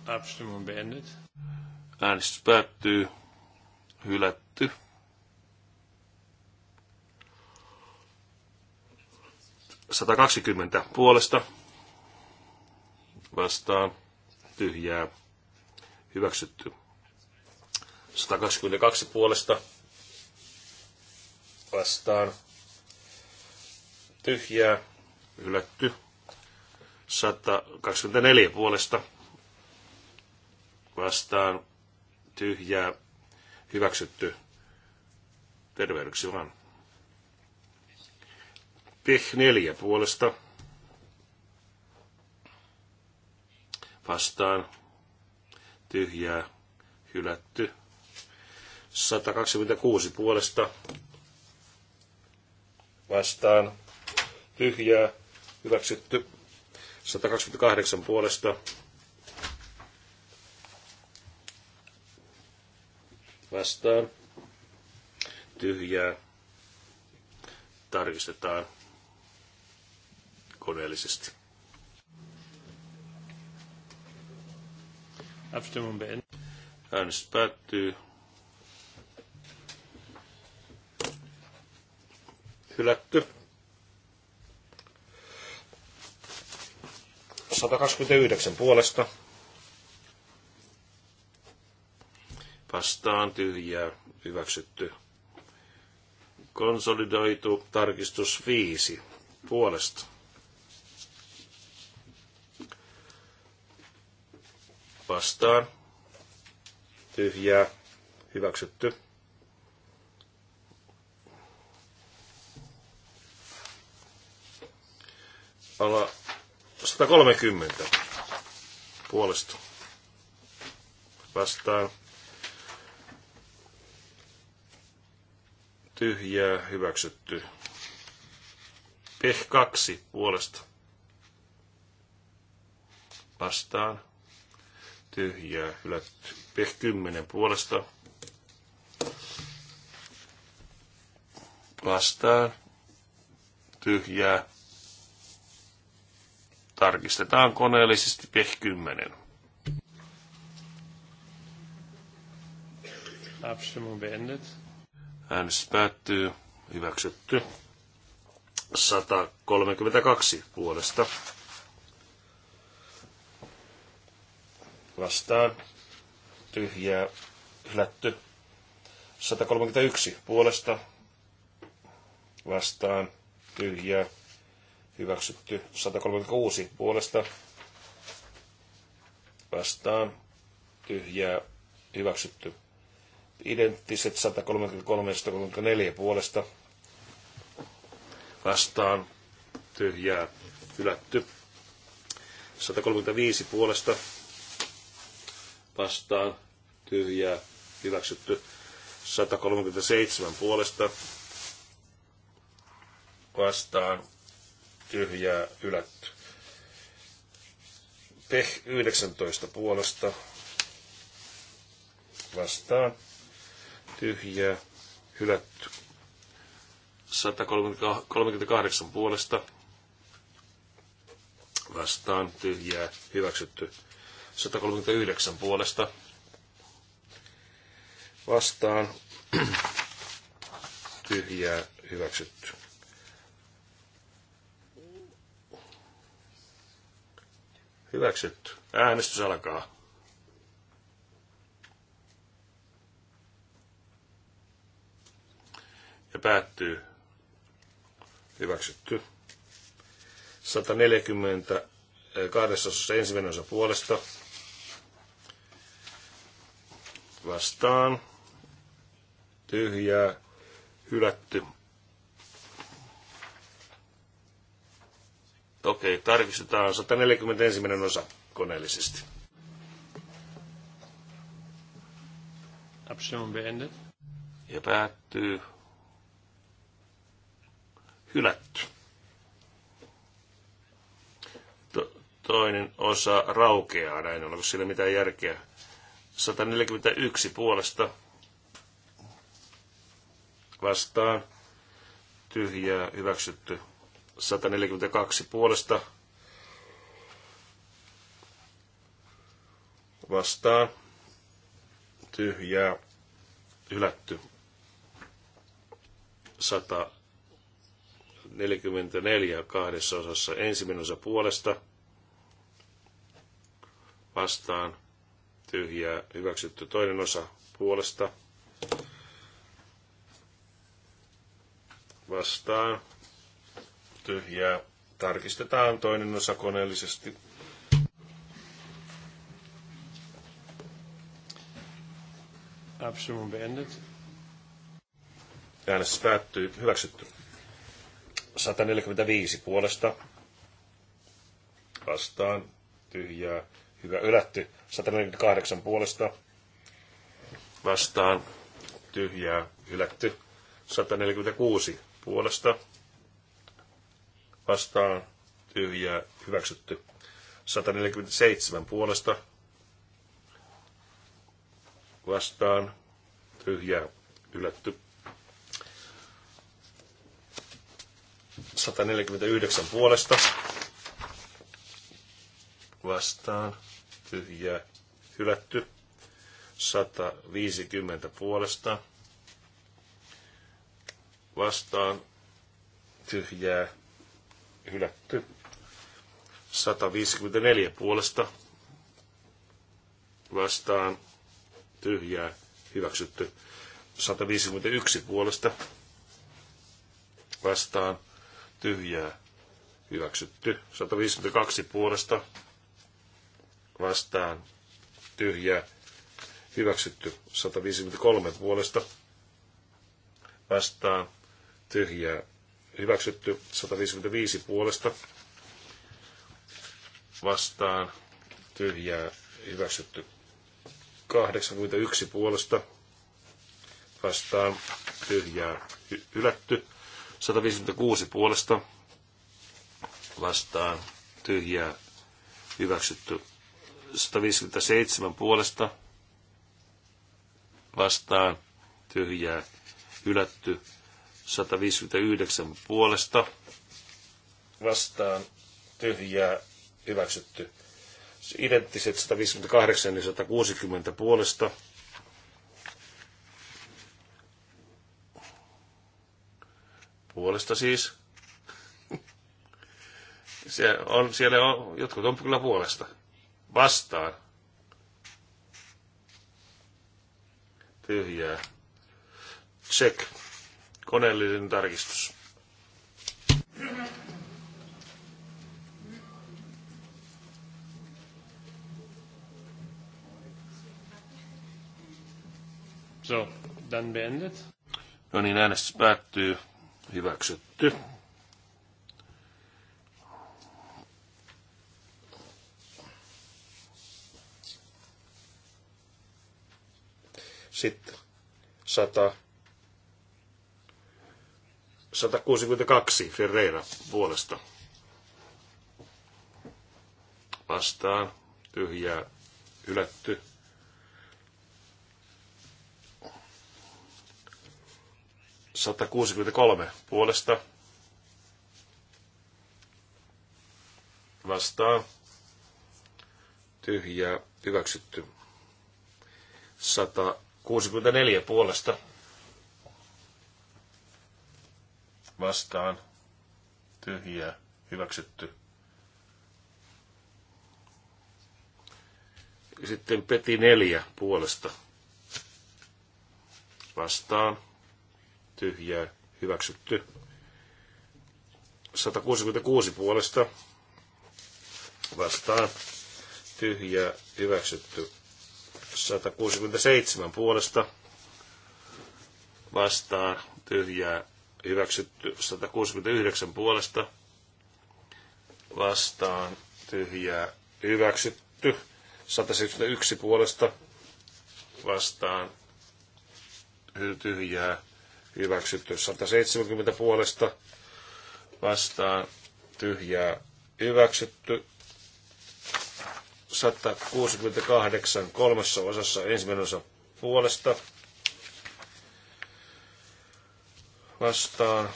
Abstimmung beendet. Äänestys päättyy. Hylätty. kaksikymmentä puolesta vastaan tyhjää hyväksytty. 122 puolesta vastaan tyhjää hylätty. 124 puolesta vastaan tyhjää hyväksytty terveydeksi vaan. Pih 4 puolesta vastaan tyhjää hylätty. 126 puolesta vastaan tyhjää hyväksytty. 128 puolesta vastaan tyhjää tarkistetaan koneellisesti. Abstimmung beendet. Äänestys päättyy. Hylätty. 129 puolesta. Vastaan tyhjää. Hyväksytty. Konsolidoitu tarkistus 5 puolesta vastaan. Tyhjää. Hyväksytty. Ala 130 puolesta vastaan. Tyhjää hyväksytty. Peh 2 puolesta vastaan tyhjää hylätty. Pieh 10 puolesta vastaan tyhjää. Tarkistetaan koneellisesti pieh 10. Abstimmung beendet. Äänestys päättyy. Hyväksytty. 132 puolesta vastaan tyhjää hylätty. 131 puolesta vastaan tyhjää hyväksytty. 136 puolesta vastaan tyhjää hyväksytty. Identtiset 133 ja 134 puolesta vastaan tyhjää hylätty. 135 puolesta vastaan tyhjää hyväksytty 137 puolesta vastaan tyhjää ylätty. Peh 19 puolesta vastaan tyhjää hylätty. 138 puolesta vastaan tyhjää hyväksytty 139 puolesta vastaan tyhjää hyväksytty. Hyväksytty. Äänestys alkaa. Ja päättyy. Hyväksytty. 140 kahdessa osassa ensimmäinen osa puolesta vastaan tyhjää hylätty. Okei, tarkistetaan 141. osa koneellisesti. Ja päättyy. Hylätty. To- toinen osa raukeaa näin onko sillä mitään järkeä. 141 puolesta vastaan tyhjää hyväksytty 142 puolesta vastaan tyhjää hylätty 144 kahdessa osassa ensimmäinen osa puolesta vastaan tyhjää hyväksytty. Toinen osa puolesta vastaan tyhjää. Tarkistetaan toinen osa koneellisesti. Abstimmung beendet. Äänestys päättyy. Hyväksytty. 145 puolesta vastaan tyhjää Hyvä ylätty. 148 puolesta vastaan. Tyhjää ylätty. 146 puolesta vastaan. Tyhjää hyväksytty. 147 puolesta vastaan. Tyhjää ylätty. 149 puolesta vastaan tyhjää hylätty. 150 puolesta vastaan tyhjää hylätty. 154 puolesta vastaan tyhjää hyväksytty. 151 puolesta vastaan tyhjää hyväksytty. 152 puolesta vastaan tyhjää hyväksytty 153 puolesta vastaan tyhjää hyväksytty 155 puolesta vastaan tyhjää hyväksytty 81 puolesta vastaan tyhjää hy- hylätty 156 puolesta vastaan tyhjää hyväksytty 157 puolesta vastaan tyhjää hylätty. 159 puolesta vastaan tyhjää hyväksytty. Identtiset 158 ja 160 puolesta puolesta siis. Se on, siellä on, jotkut on kyllä puolesta vastaan. Tyhjää. Check. Koneellinen tarkistus. So, dann beendet. No niin, äänestys päättyy. Hyväksytty. Sitten 100, 162 Ferreira puolesta. Vastaan. Tyhjää. Ylätty. Sata kolme puolesta. Vastaan. Tyhjää. Hyväksytty. 100 64 puolesta vastaan tyhjää hyväksytty. Sitten Peti 4 puolesta vastaan tyhjää hyväksytty. 166 puolesta vastaan tyhjää hyväksytty. 167 puolesta vastaan tyhjää hyväksytty 169 puolesta vastaan tyhjää hyväksytty 171 puolesta vastaan tyhjää hyväksytty 170 puolesta vastaan tyhjää hyväksytty 168 kolmessa osassa ensimmäinen osa puolesta vastaan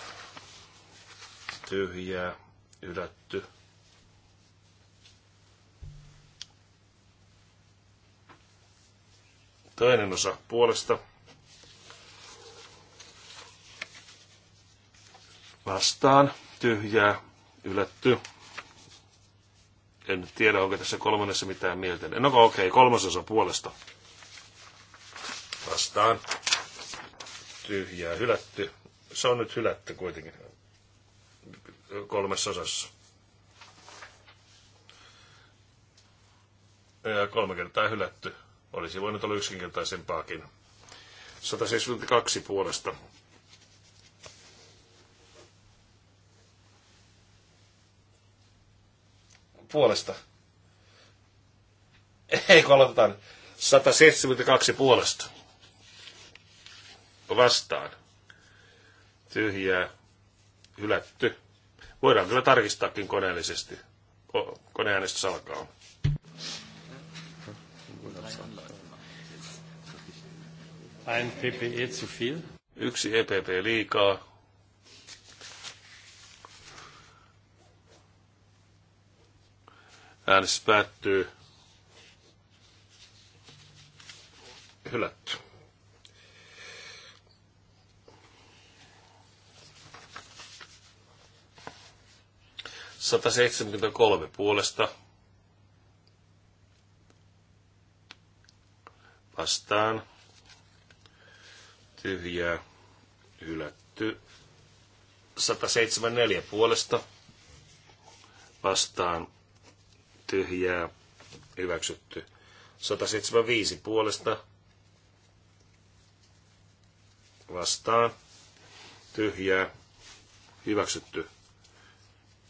tyhjää ylätty. Toinen osa puolesta vastaan tyhjää ylätty. En tiedä, onko tässä kolmannessa mitään mieltä. No okei, okay, kolmasosa puolesta. Vastaan. Tyhjää hylätty. Se on nyt hylätty kuitenkin kolmessa osassa. Ja kolme kertaa hylätty. Olisi voinut olla yksinkertaisempaakin. 172 puolesta puolesta. Ei kun aloitetaan. 172 puolesta. Vastaan. Tyhjää. Hylätty. Voidaan kyllä tarkistaakin koneellisesti. Koneäänestys alkaa. E Yksi EPP liikaa. Äänestys päättyy. Hylätty. Sata seitsemänkymmentäkolme puolesta. Vastaan. Tyhjää. Hylätty. Sata neljä puolesta vastaan tyhjää, hyväksytty. 175 puolesta vastaan, tyhjää, hyväksytty.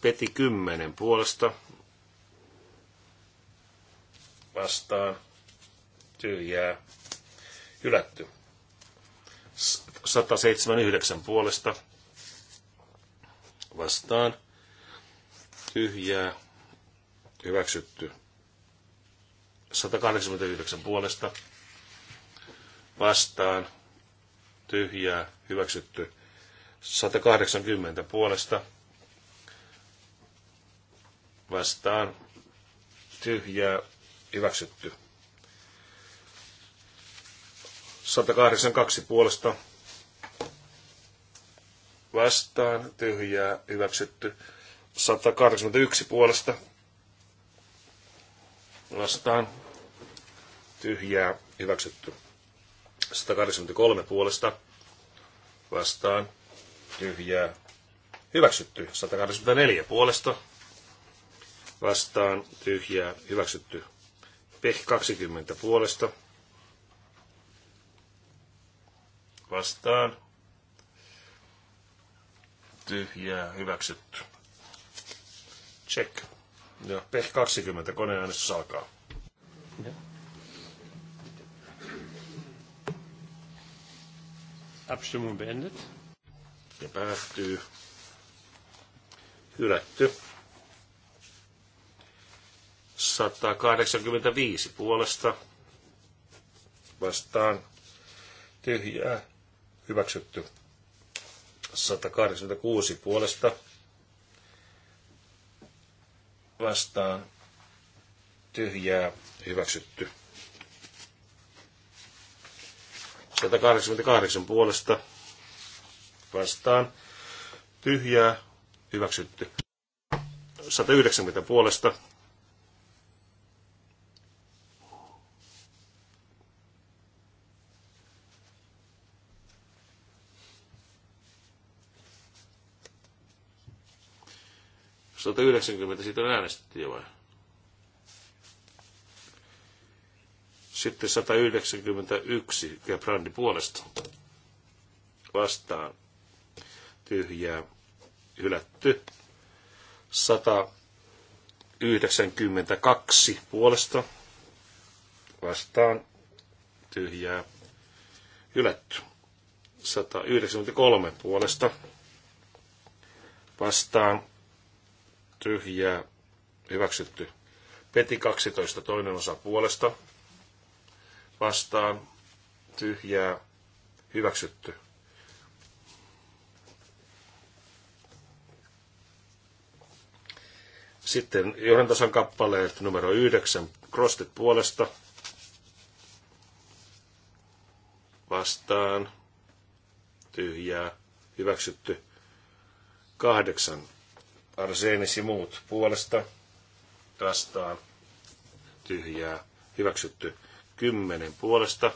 Peti 10 puolesta vastaan, tyhjää, hylätty. 179 puolesta vastaan, tyhjää, Hyväksytty. 189 puolesta. Vastaan. Tyhjää. Hyväksytty. 180 puolesta. Vastaan. Tyhjää. Hyväksytty. 182 puolesta vastaan, tyhjää, hyväksytty. 181 puolesta vastaan tyhjää hyväksytty. 183 puolesta vastaan tyhjää hyväksytty. 184 puolesta vastaan tyhjää hyväksytty. Peh 20 puolesta vastaan tyhjää hyväksytty. Check. Joo, PEH 20, koneäänestys alkaa. Abstimmung beendet. Ja päättyy. Hylätty. 185 puolesta vastaan tyhjää hyväksytty. 186 puolesta vastaan tyhjää hyväksytty. 188 puolesta vastaan tyhjää hyväksytty. 190 puolesta 190, siitä on äänestetty jo vai? Sitten 191 ja Gebrandi puolesta vastaan tyhjää hylätty. 192 puolesta vastaan tyhjää hylätty. 193 puolesta vastaan tyhjää, hyväksytty. Peti 12, toinen osa puolesta, vastaan, tyhjää, hyväksytty. Sitten johdantasan kappaleet numero 9, Crosted puolesta, vastaan, tyhjää, hyväksytty. Kahdeksan Arsenis ja muut puolesta vastaan tyhjää hyväksytty kymmenen puolesta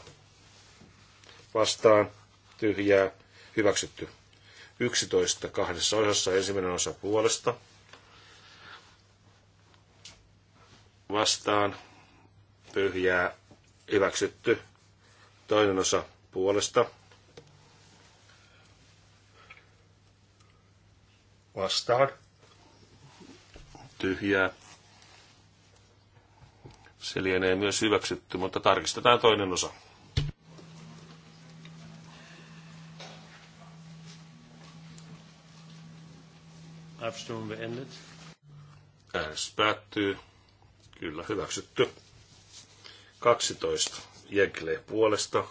vastaan tyhjää hyväksytty yksitoista kahdessa osassa ensimmäinen osa puolesta vastaan tyhjää hyväksytty toinen osa puolesta vastaan tyhjää. Se lienee myös hyväksytty, mutta tarkistetaan toinen osa. Abstimmung beendet. Äänestys päättyy. Kyllä, hyväksytty. 12. Jeklee puolesta.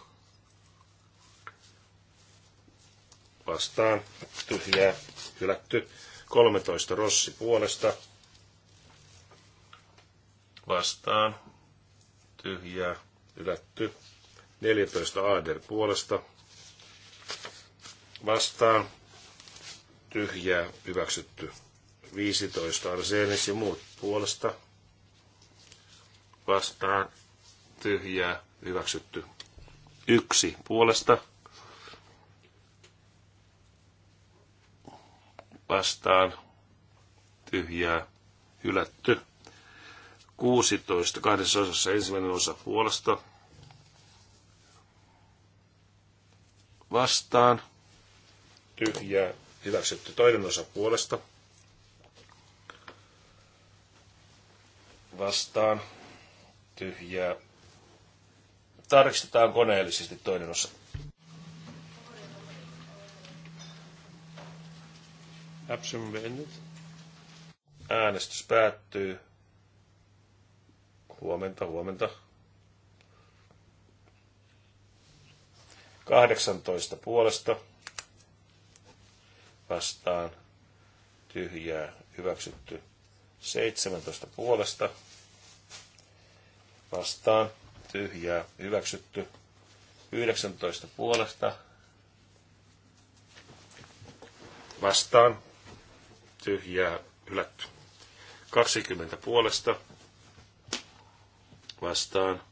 Vastaan. Tyhjää. Hylätty. 13. Rossi puolesta vastaan, tyhjää, ylätty. 14 Aader puolesta vastaan, tyhjää, hyväksytty. 15 Arsenis ja muut puolesta vastaan, tyhjää, hyväksytty. Yksi puolesta vastaan, tyhjää, hylätty. 16 kahdessa osassa ensimmäinen osa puolesta vastaan. Tyhjää hyväksytty toinen osa puolesta vastaan. Tyhjää. Tarkistetaan koneellisesti toinen osa. Äänestys päättyy Huomenta, huomenta. 18 puolesta vastaan tyhjää hyväksytty 17 puolesta vastaan tyhjää hyväksytty 19 puolesta vastaan tyhjää hylätty 20 puolesta vastaan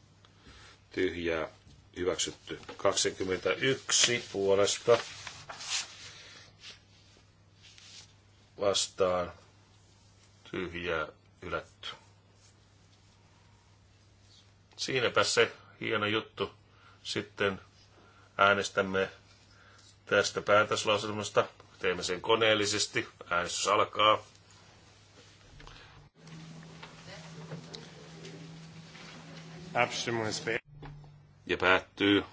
tyhjää hyväksytty. 21 puolesta vastaan tyhjää ylätty. Siinäpä se hieno juttu. Sitten äänestämme tästä päätöslauselmasta. Teemme sen koneellisesti. Äänestys alkaa. Ja päättyy.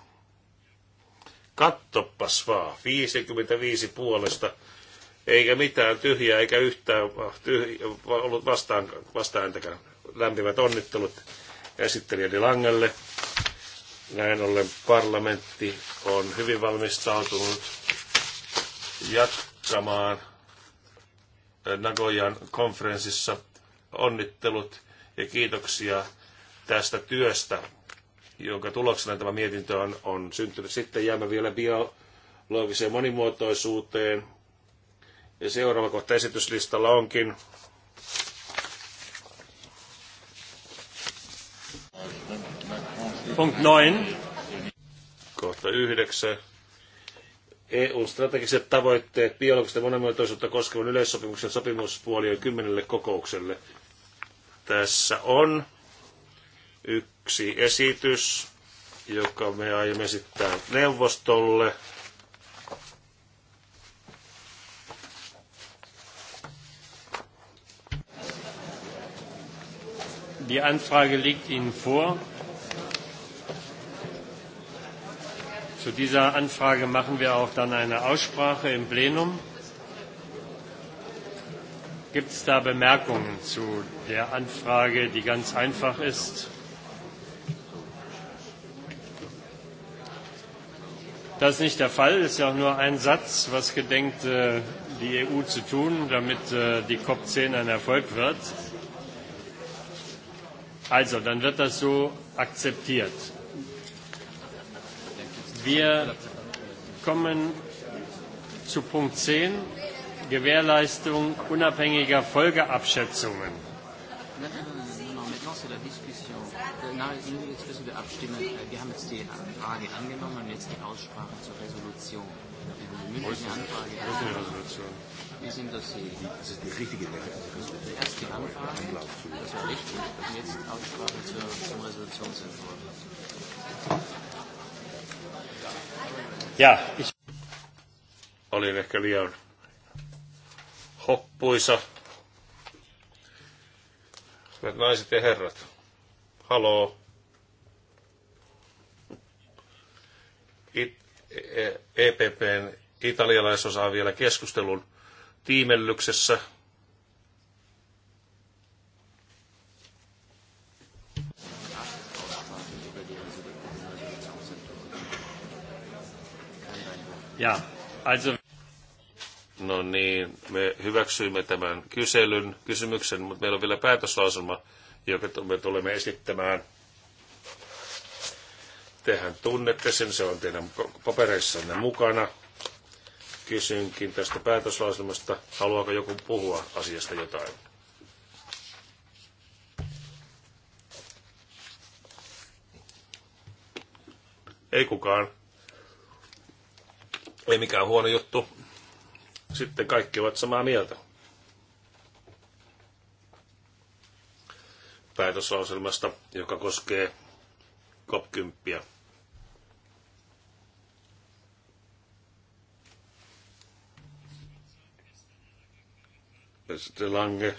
Kattoppas vaan. 55 puolesta. Eikä mitään tyhjää, eikä yhtään tyhjää, ollut vastaan, vastaan entäkään. Lämpimät onnittelut esittelijäni Langelle. Näin ollen parlamentti on hyvin valmistautunut jatkamaan eh, Nagojan konferenssissa. Onnittelut ja kiitoksia tästä työstä, jonka tuloksena tämä mietintö on, on syntynyt. Sitten jäämme vielä biologiseen monimuotoisuuteen. Ja seuraava kohta esityslistalla onkin Punkt 9. Kohta 9. EU-strategiset tavoitteet biologista monimuotoisuutta koskevan yleissopimuksen sopimuspuolien kymmenelle kokoukselle. Tässä on yksi esitys, joka me aiomme esittää neuvostolle. Die Anfrage liegt Ihnen vor. Zu dieser Anfrage machen wir auch dann eine Aussprache im Plenum. Gibt es da Bemerkungen zu der Anfrage, die ganz einfach ist? Das ist nicht der Fall. Es ist ja auch nur ein Satz, was gedenkt äh, die EU zu tun, damit äh, die COP10 ein Erfolg wird. Also, dann wird das so akzeptiert. Wir kommen zu Punkt 10, Gewährleistung unabhängiger Folgeabschätzungen nahelegen jetzt müssen wir abstimmen. Äh, wir haben jetzt die Anfrage angenommen und jetzt die Aussprache zur Resolution. Wir müssen die Anfrage Wie sind das hier? Das ist die richtige Resolution. Erst die Anfrage, das war richtig, und jetzt die Aussprache zur, zum Resolutionsentwurf. Ja, ich olin ehkä liian hoppuisa. Hyvät naiset ja herrat haloo. It, e, EPPn e italialaisosa on vielä keskustelun tiimellyksessä. Ja, also... No niin, me hyväksyimme tämän kyselyn, kysymyksen, mutta meillä on vielä päätöslauselma joka me tulemme esittämään. Tehän tunnette sen, se on teidän papereissanne mukana. Kysynkin tästä päätöslauselmasta, haluaako joku puhua asiasta jotain? Ei kukaan. Ei mikään huono juttu. Sitten kaikki ovat samaa mieltä. päätöslauselmasta, joka koskee COP10. Beste Lange.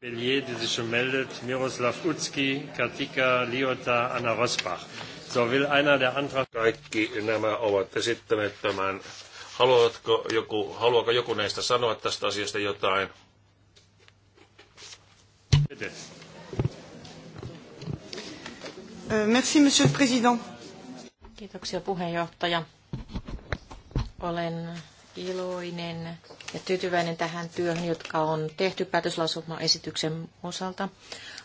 Bellier, die sich schon meldet, Miroslav Utski, Katika, Liota, Anna Rosbach. So will einer der Antrag... Kaikki nämä ovat esittäneet tämän. Haluatko joku, haluaako joku näistä sanoa tästä asiasta jotain? bitte. Euh, merci, monsieur le président. Kiitoksia puheenjohtaja. Olen iloinen ja tyytyväinen tähän työhön, jotka on tehty päätöslausumaesityksen osalta.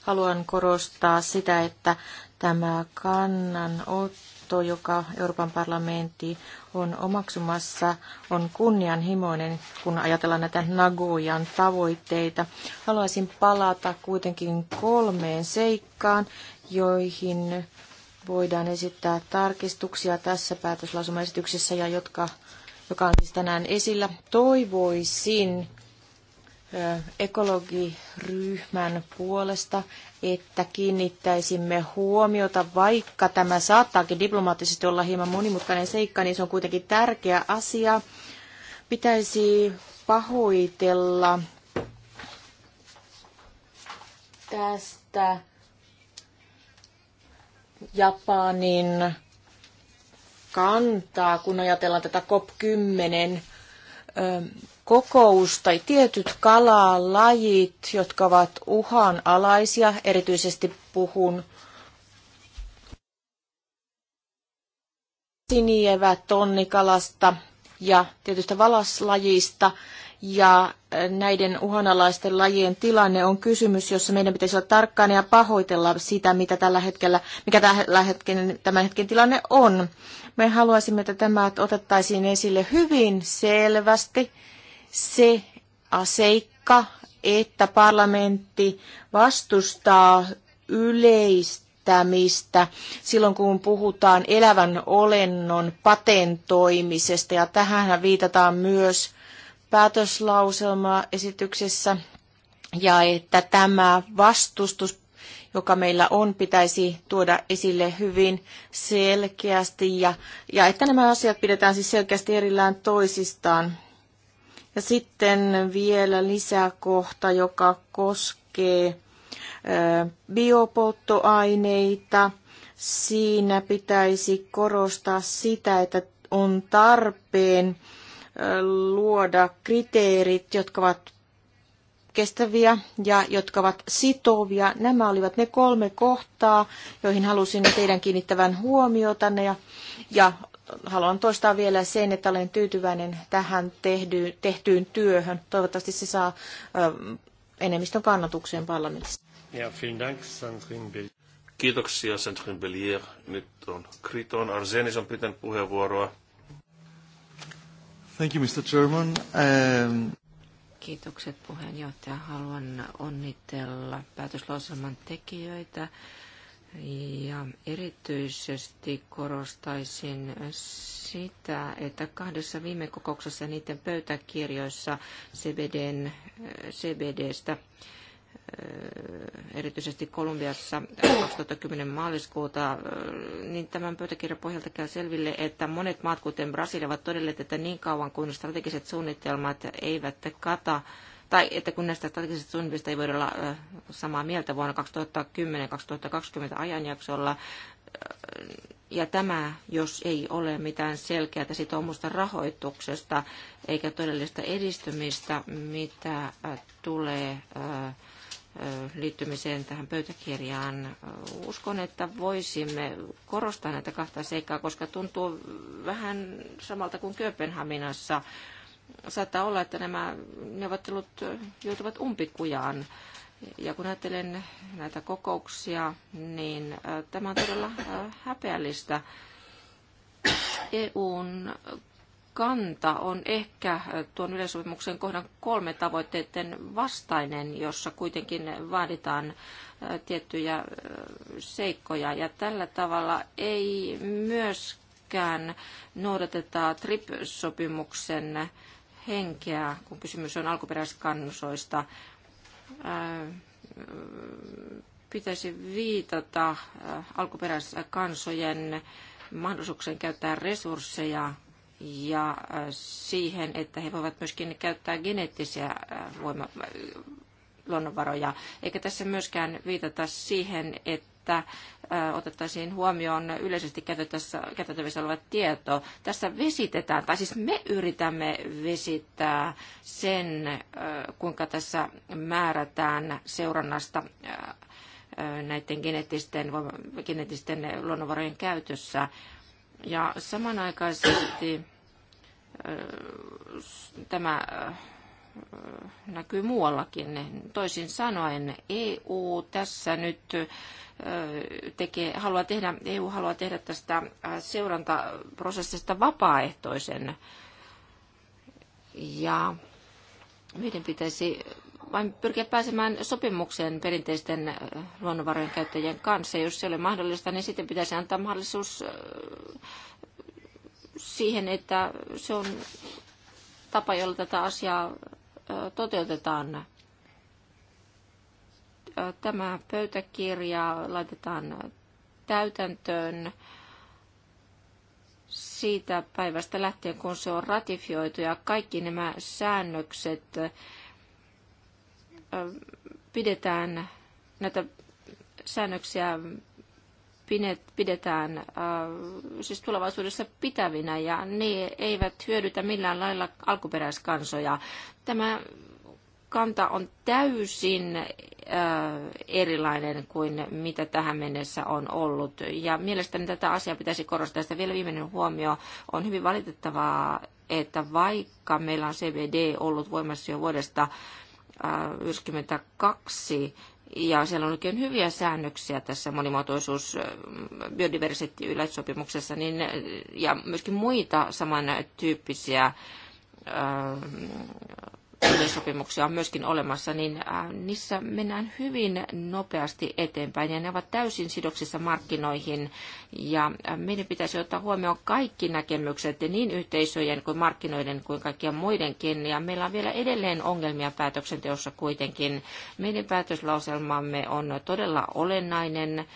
Haluan korostaa sitä, että tämä kannanotto neuvosto, joka Euroopan parlamentti on omaksumassa, on kunnianhimoinen, kun ajatellaan näitä Nagojan tavoitteita. Haluaisin palata kuitenkin kolmeen seikkaan, joihin voidaan esittää tarkistuksia tässä päätöslausumaesityksessä ja jotka, joka on siis tänään esillä. Toivoisin, ekologiryhmän puolesta, että kiinnittäisimme huomiota, vaikka tämä saattaakin diplomaattisesti olla hieman monimutkainen seikka, niin se on kuitenkin tärkeä asia. Pitäisi pahoitella tästä Japanin kantaa, kun ajatellaan tätä COP10 kokous tai tietyt kalalajit, jotka ovat uhanalaisia, erityisesti puhun sinievä tonnikalasta ja tietystä valaslajista. Ja näiden uhanalaisten lajien tilanne on kysymys, jossa meidän pitäisi olla tarkkaana ja pahoitella sitä, mitä tällä hetkellä, mikä tällä hetken, tämän hetken tilanne on. Me haluaisimme, että tämä otettaisiin esille hyvin selvästi se seikka, että parlamentti vastustaa yleistämistä silloin, kun puhutaan elävän olennon patentoimisesta. Ja tähän viitataan myös päätöslauselmaesityksessä ja että tämä vastustus joka meillä on, pitäisi tuoda esille hyvin selkeästi ja, ja että nämä asiat pidetään siis selkeästi erillään toisistaan. Ja sitten vielä lisäkohta, joka koskee biopolttoaineita. Siinä pitäisi korostaa sitä, että on tarpeen luoda kriteerit, jotka ovat kestäviä ja jotka ovat sitovia. Nämä olivat ne kolme kohtaa, joihin halusin teidän kiinnittävän huomiotanne ja, ja haluan toistaa vielä sen, että olen tyytyväinen tähän tehtyyn työhön. Toivottavasti se saa enemmistön kannatukseen parlamentissa. Ja, vielen dank, Kiitoksia, Sandrine Bellier. Nyt on Kriton Arsenis on pitänyt puheenvuoroa. Thank you, Mr. Chairman. Um... Kiitokset puheenjohtaja. Haluan onnitella päätöslauselman tekijöitä. Ja erityisesti korostaisin sitä, että kahdessa viime kokouksessa niiden pöytäkirjoissa CBDn, CBDstä äh, erityisesti Kolumbiassa 2010 maaliskuuta, äh, niin tämän pöytäkirjan pohjalta käy selville, että monet maat, kuten Brasilia, ovat todelleet, että niin kauan kuin strategiset suunnitelmat eivät kata tai että kun näistä strategisista suunnitelmista ei voida olla samaa mieltä vuonna 2010-2020 ajanjaksolla, ja tämä, jos ei ole mitään selkeää sitoumusta rahoituksesta eikä todellista edistymistä, mitä tulee liittymiseen tähän pöytäkirjaan. Uskon, että voisimme korostaa näitä kahta seikkaa, koska tuntuu vähän samalta kuin Kööpenhaminassa saattaa olla, että nämä neuvottelut joutuvat umpikujaan. Ja kun ajattelen näitä kokouksia, niin tämä on todella häpeällistä. EUn kanta on ehkä tuon yleisopimuksen kohdan kolme tavoitteiden vastainen, jossa kuitenkin vaaditaan tiettyjä seikkoja. Ja tällä tavalla ei myöskään noudateta TRIP-sopimuksen henkeä, kun kysymys on alkuperäiskansoista. Äh, pitäisi viitata äh, alkuperäiskansojen mahdollisuuksien käyttää resursseja ja äh, siihen, että he voivat myöskin käyttää geneettisiä voima- luonnonvaroja. Eikä tässä myöskään viitata siihen, että että otettaisiin huomioon yleisesti käytettävissä oleva tieto. Tässä vesitetään, tai siis me yritämme vesittää sen, kuinka tässä määrätään seurannasta näiden geneettisten, geneettisten luonnonvarojen käytössä. Ja samanaikaisesti tämä näkyy muuallakin. Toisin sanoen EU tässä nyt tekee, haluaa tehdä, EU haluaa tehdä tästä seurantaprosessista vapaaehtoisen. Ja meidän pitäisi vain pyrkiä pääsemään sopimukseen perinteisten luonnonvarojen käyttäjien kanssa. Jos se ei ole mahdollista, niin sitten pitäisi antaa mahdollisuus siihen, että se on tapa, jolla tätä asiaa toteutetaan. Tämä pöytäkirja laitetaan täytäntöön siitä päivästä lähtien, kun se on ratifioitu ja kaikki nämä säännökset pidetään näitä säännöksiä pidetään äh, siis tulevaisuudessa pitävinä ja ne eivät hyödytä millään lailla alkuperäiskansoja. Tämä kanta on täysin äh, erilainen kuin mitä tähän mennessä on ollut. Ja mielestäni tätä asiaa pitäisi korostaa. Sitä vielä viimeinen huomio on hyvin valitettavaa, että vaikka meillä on CBD ollut voimassa jo vuodesta 1992, äh, ja siellä on oikein hyviä säännöksiä tässä monimuotoisuus biodiversity yleissopimuksessa niin, ja myöskin muita samantyyppisiä yleissopimuksia on myöskin olemassa, niin äh, niissä mennään hyvin nopeasti eteenpäin ja ne ovat täysin sidoksissa markkinoihin ja äh, meidän pitäisi ottaa huomioon kaikki näkemykset niin yhteisöjen kuin markkinoiden kuin kaikkien muidenkin ja meillä on vielä edelleen ongelmia päätöksenteossa kuitenkin. Meidän päätöslauselmamme on todella olennainen äh,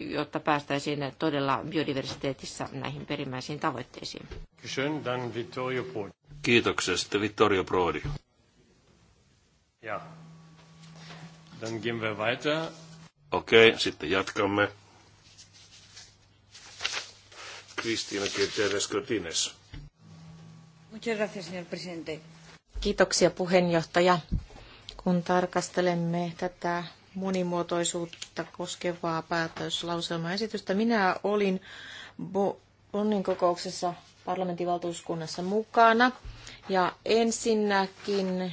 jotta päästäisiin todella biodiversiteetissä näihin perimmäisiin tavoitteisiin. Kysyn, Vittorio Prodi. Kiitoksia. Sitten Vittorio Prodi. Ja. Dann gehen wir weiter. Okei, okay, sitten jatkamme. Kristiina Kirteres Cortines. Muchas gracias, señor presidente. Kiitoksia puheenjohtaja. Kun tarkastelemme tätä monimuotoisuutta koskevaa päätöslauselmaesitystä, minä olin Bonnin kokouksessa parlamentin valtuuskunnassa mukana. Ja ensinnäkin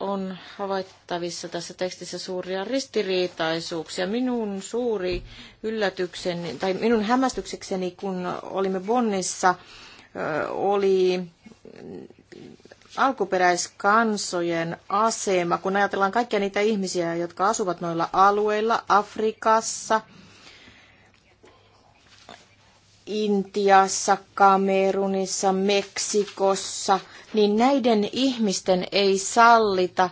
on havaittavissa tässä tekstissä suuria ristiriitaisuuksia. Minun suuri yllätykseni, tai minun hämmästyksekseni, kun olimme Bonnissa, oli alkuperäiskansojen asema, kun ajatellaan kaikkia niitä ihmisiä, jotka asuvat noilla alueilla, Afrikassa – Intiassa, Kamerunissa, Meksikossa, niin näiden ihmisten ei sallita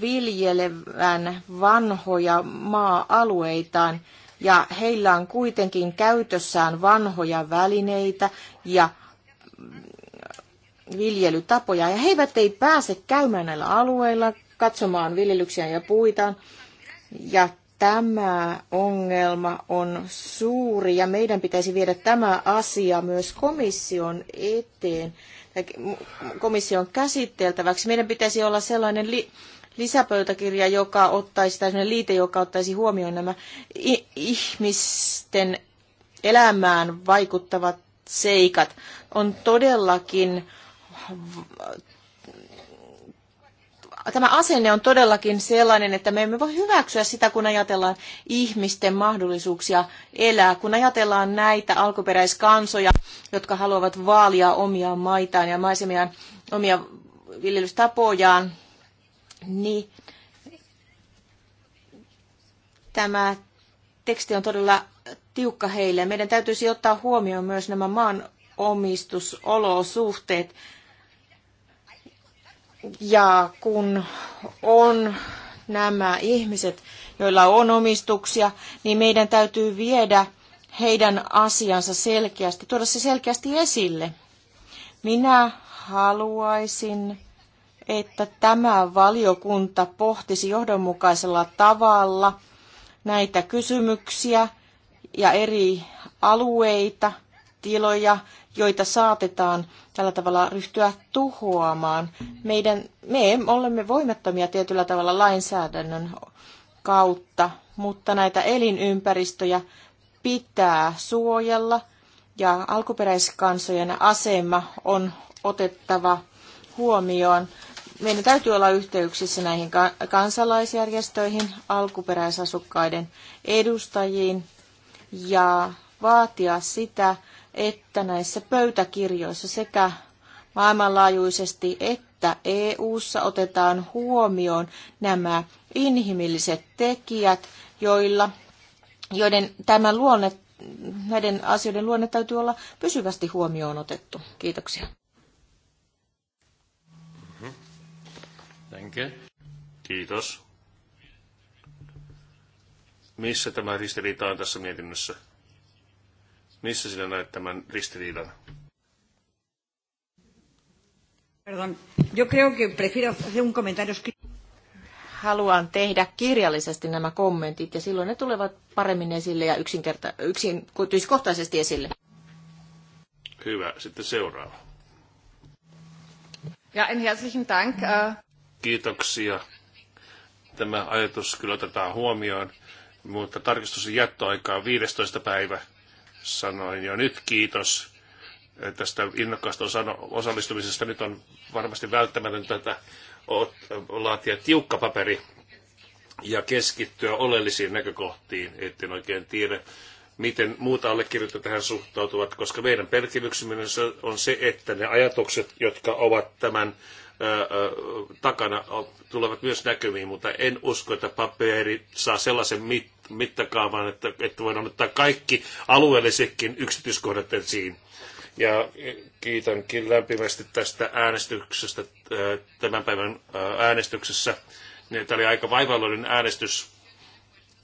viljelevän vanhoja maa-alueitaan ja heillä on kuitenkin käytössään vanhoja välineitä ja mm, viljelytapoja ja he eivät ei pääse käymään näillä alueilla katsomaan viljelyksiä ja puitaan ja tämä ongelma on suuri ja meidän pitäisi viedä tämä asia myös komission eteen, komission käsiteltäväksi. Meidän pitäisi olla sellainen li- lisäpöytäkirja, joka ottaisi, tai sellainen liite, joka ottaisi huomioon nämä ihmisten elämään vaikuttavat seikat. On todellakin tämä asenne on todellakin sellainen, että me emme voi hyväksyä sitä, kun ajatellaan ihmisten mahdollisuuksia elää, kun ajatellaan näitä alkuperäiskansoja, jotka haluavat vaalia omia maitaan ja maisemiaan, omia viljelystapojaan, niin tämä teksti on todella tiukka heille. Meidän täytyisi ottaa huomioon myös nämä maan omistusolosuhteet. Ja kun on nämä ihmiset, joilla on omistuksia, niin meidän täytyy viedä heidän asiansa selkeästi, tuoda se selkeästi esille. Minä haluaisin, että tämä valiokunta pohtisi johdonmukaisella tavalla näitä kysymyksiä ja eri alueita – tiloja, joita saatetaan tällä tavalla ryhtyä tuhoamaan. Meidän, me olemme voimattomia tietyllä tavalla lainsäädännön kautta, mutta näitä elinympäristöjä pitää suojella ja alkuperäiskansojen asema on otettava huomioon. Meidän täytyy olla yhteyksissä näihin kansalaisjärjestöihin, alkuperäisasukkaiden edustajiin ja vaatia sitä, että näissä pöytäkirjoissa sekä maailmanlaajuisesti että EU:ssa otetaan huomioon nämä inhimilliset tekijät, joilla, joiden tämä luonne, näiden asioiden luonne täytyy olla pysyvästi huomioon otettu. Kiitoksia. Danke. Mm-hmm. Kiitos. Missä tämä ristiriita on tässä mietinnössä? Missä sinä näet tämän ristiriidan? Perdón. Yo creo que prefiero hacer un comentario Haluan tehdä kirjallisesti nämä kommentit ja silloin ne tulevat paremmin esille ja yksinkerta- yksityiskohtaisesti esille. Hyvä. Sitten seuraava. Ja en herzlichen Dank. Äh, Kiitoksia. Tämä ajatus kyllä otetaan huomioon, mutta tarkistus on jättöaikaa 15. päivä sanoin jo nyt kiitos eh, tästä innokkaasta osallistumisesta. Nyt on varmasti välttämätöntä tätä laatia tiukka paperi ja keskittyä oleellisiin näkökohtiin. Etten oikein tiedä, miten muuta allekirjoittajat tähän suhtautuvat, koska meidän pelkivyksymme on se, että ne ajatukset, jotka ovat tämän eh, eh, takana tulevat myös näkymiin, mutta en usko, että paperi saa sellaisen mit, mittakaavaan, että, että voidaan ottaa kaikki alueellisetkin yksityiskohdat esiin. Ja kiitänkin lämpimästi tästä äänestyksestä äh, tämän päivän äh, äänestyksessä. Niin, Tämä oli aika vaivalloinen äänestys.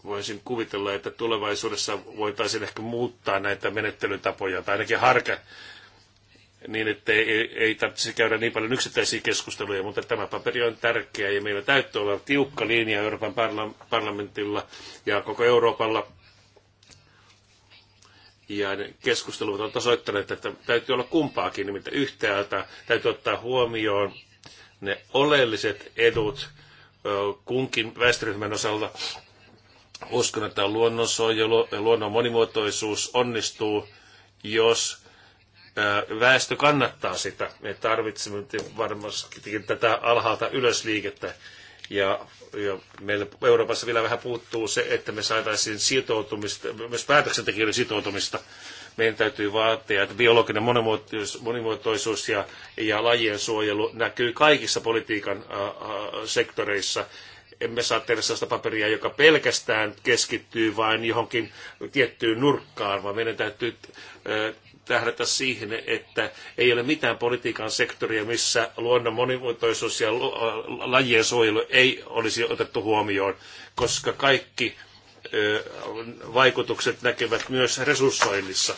Voisin kuvitella, että tulevaisuudessa voitaisiin ehkä muuttaa näitä menettelytapoja tai ainakin harka, niin, että ei, ei tarvitsisi käydä niin paljon yksittäisiä keskusteluja, mutta tämä paperi on tärkeä ja meillä täytyy olla tiukka linja Euroopan parlamentilla ja koko Euroopalla. Ja keskustelut on osoittaneet, että täytyy olla kumpaakin, nimittä yhtäältä täytyy ottaa huomioon ne oleelliset edut kunkin väestöryhmän osalta. Uskon, että luonnonsuojelu ja luonnon monimuotoisuus onnistuu, jos väestö kannattaa sitä. Me tarvitsemme varmastikin tätä alhaalta ylösliikettä. Ja, ja meillä Euroopassa vielä vähän puuttuu se, että me saataisiin sitoutumista, myös päätöksentekijöiden sitoutumista. Meidän täytyy vaatia, että biologinen monimuotoisuus ja, ja lajien suojelu näkyy kaikissa politiikan ä, ä, sektoreissa emme saa tehdä sellaista paperia, joka pelkästään keskittyy vain johonkin tiettyyn nurkkaan, vaan meidän täytyy tähdätä siihen, että ei ole mitään politiikan sektoria, missä luonnon monimuotoisuus ja äh, lajien suojelu ei olisi otettu huomioon, koska kaikki vaikutukset näkevät myös resurssoinnissa.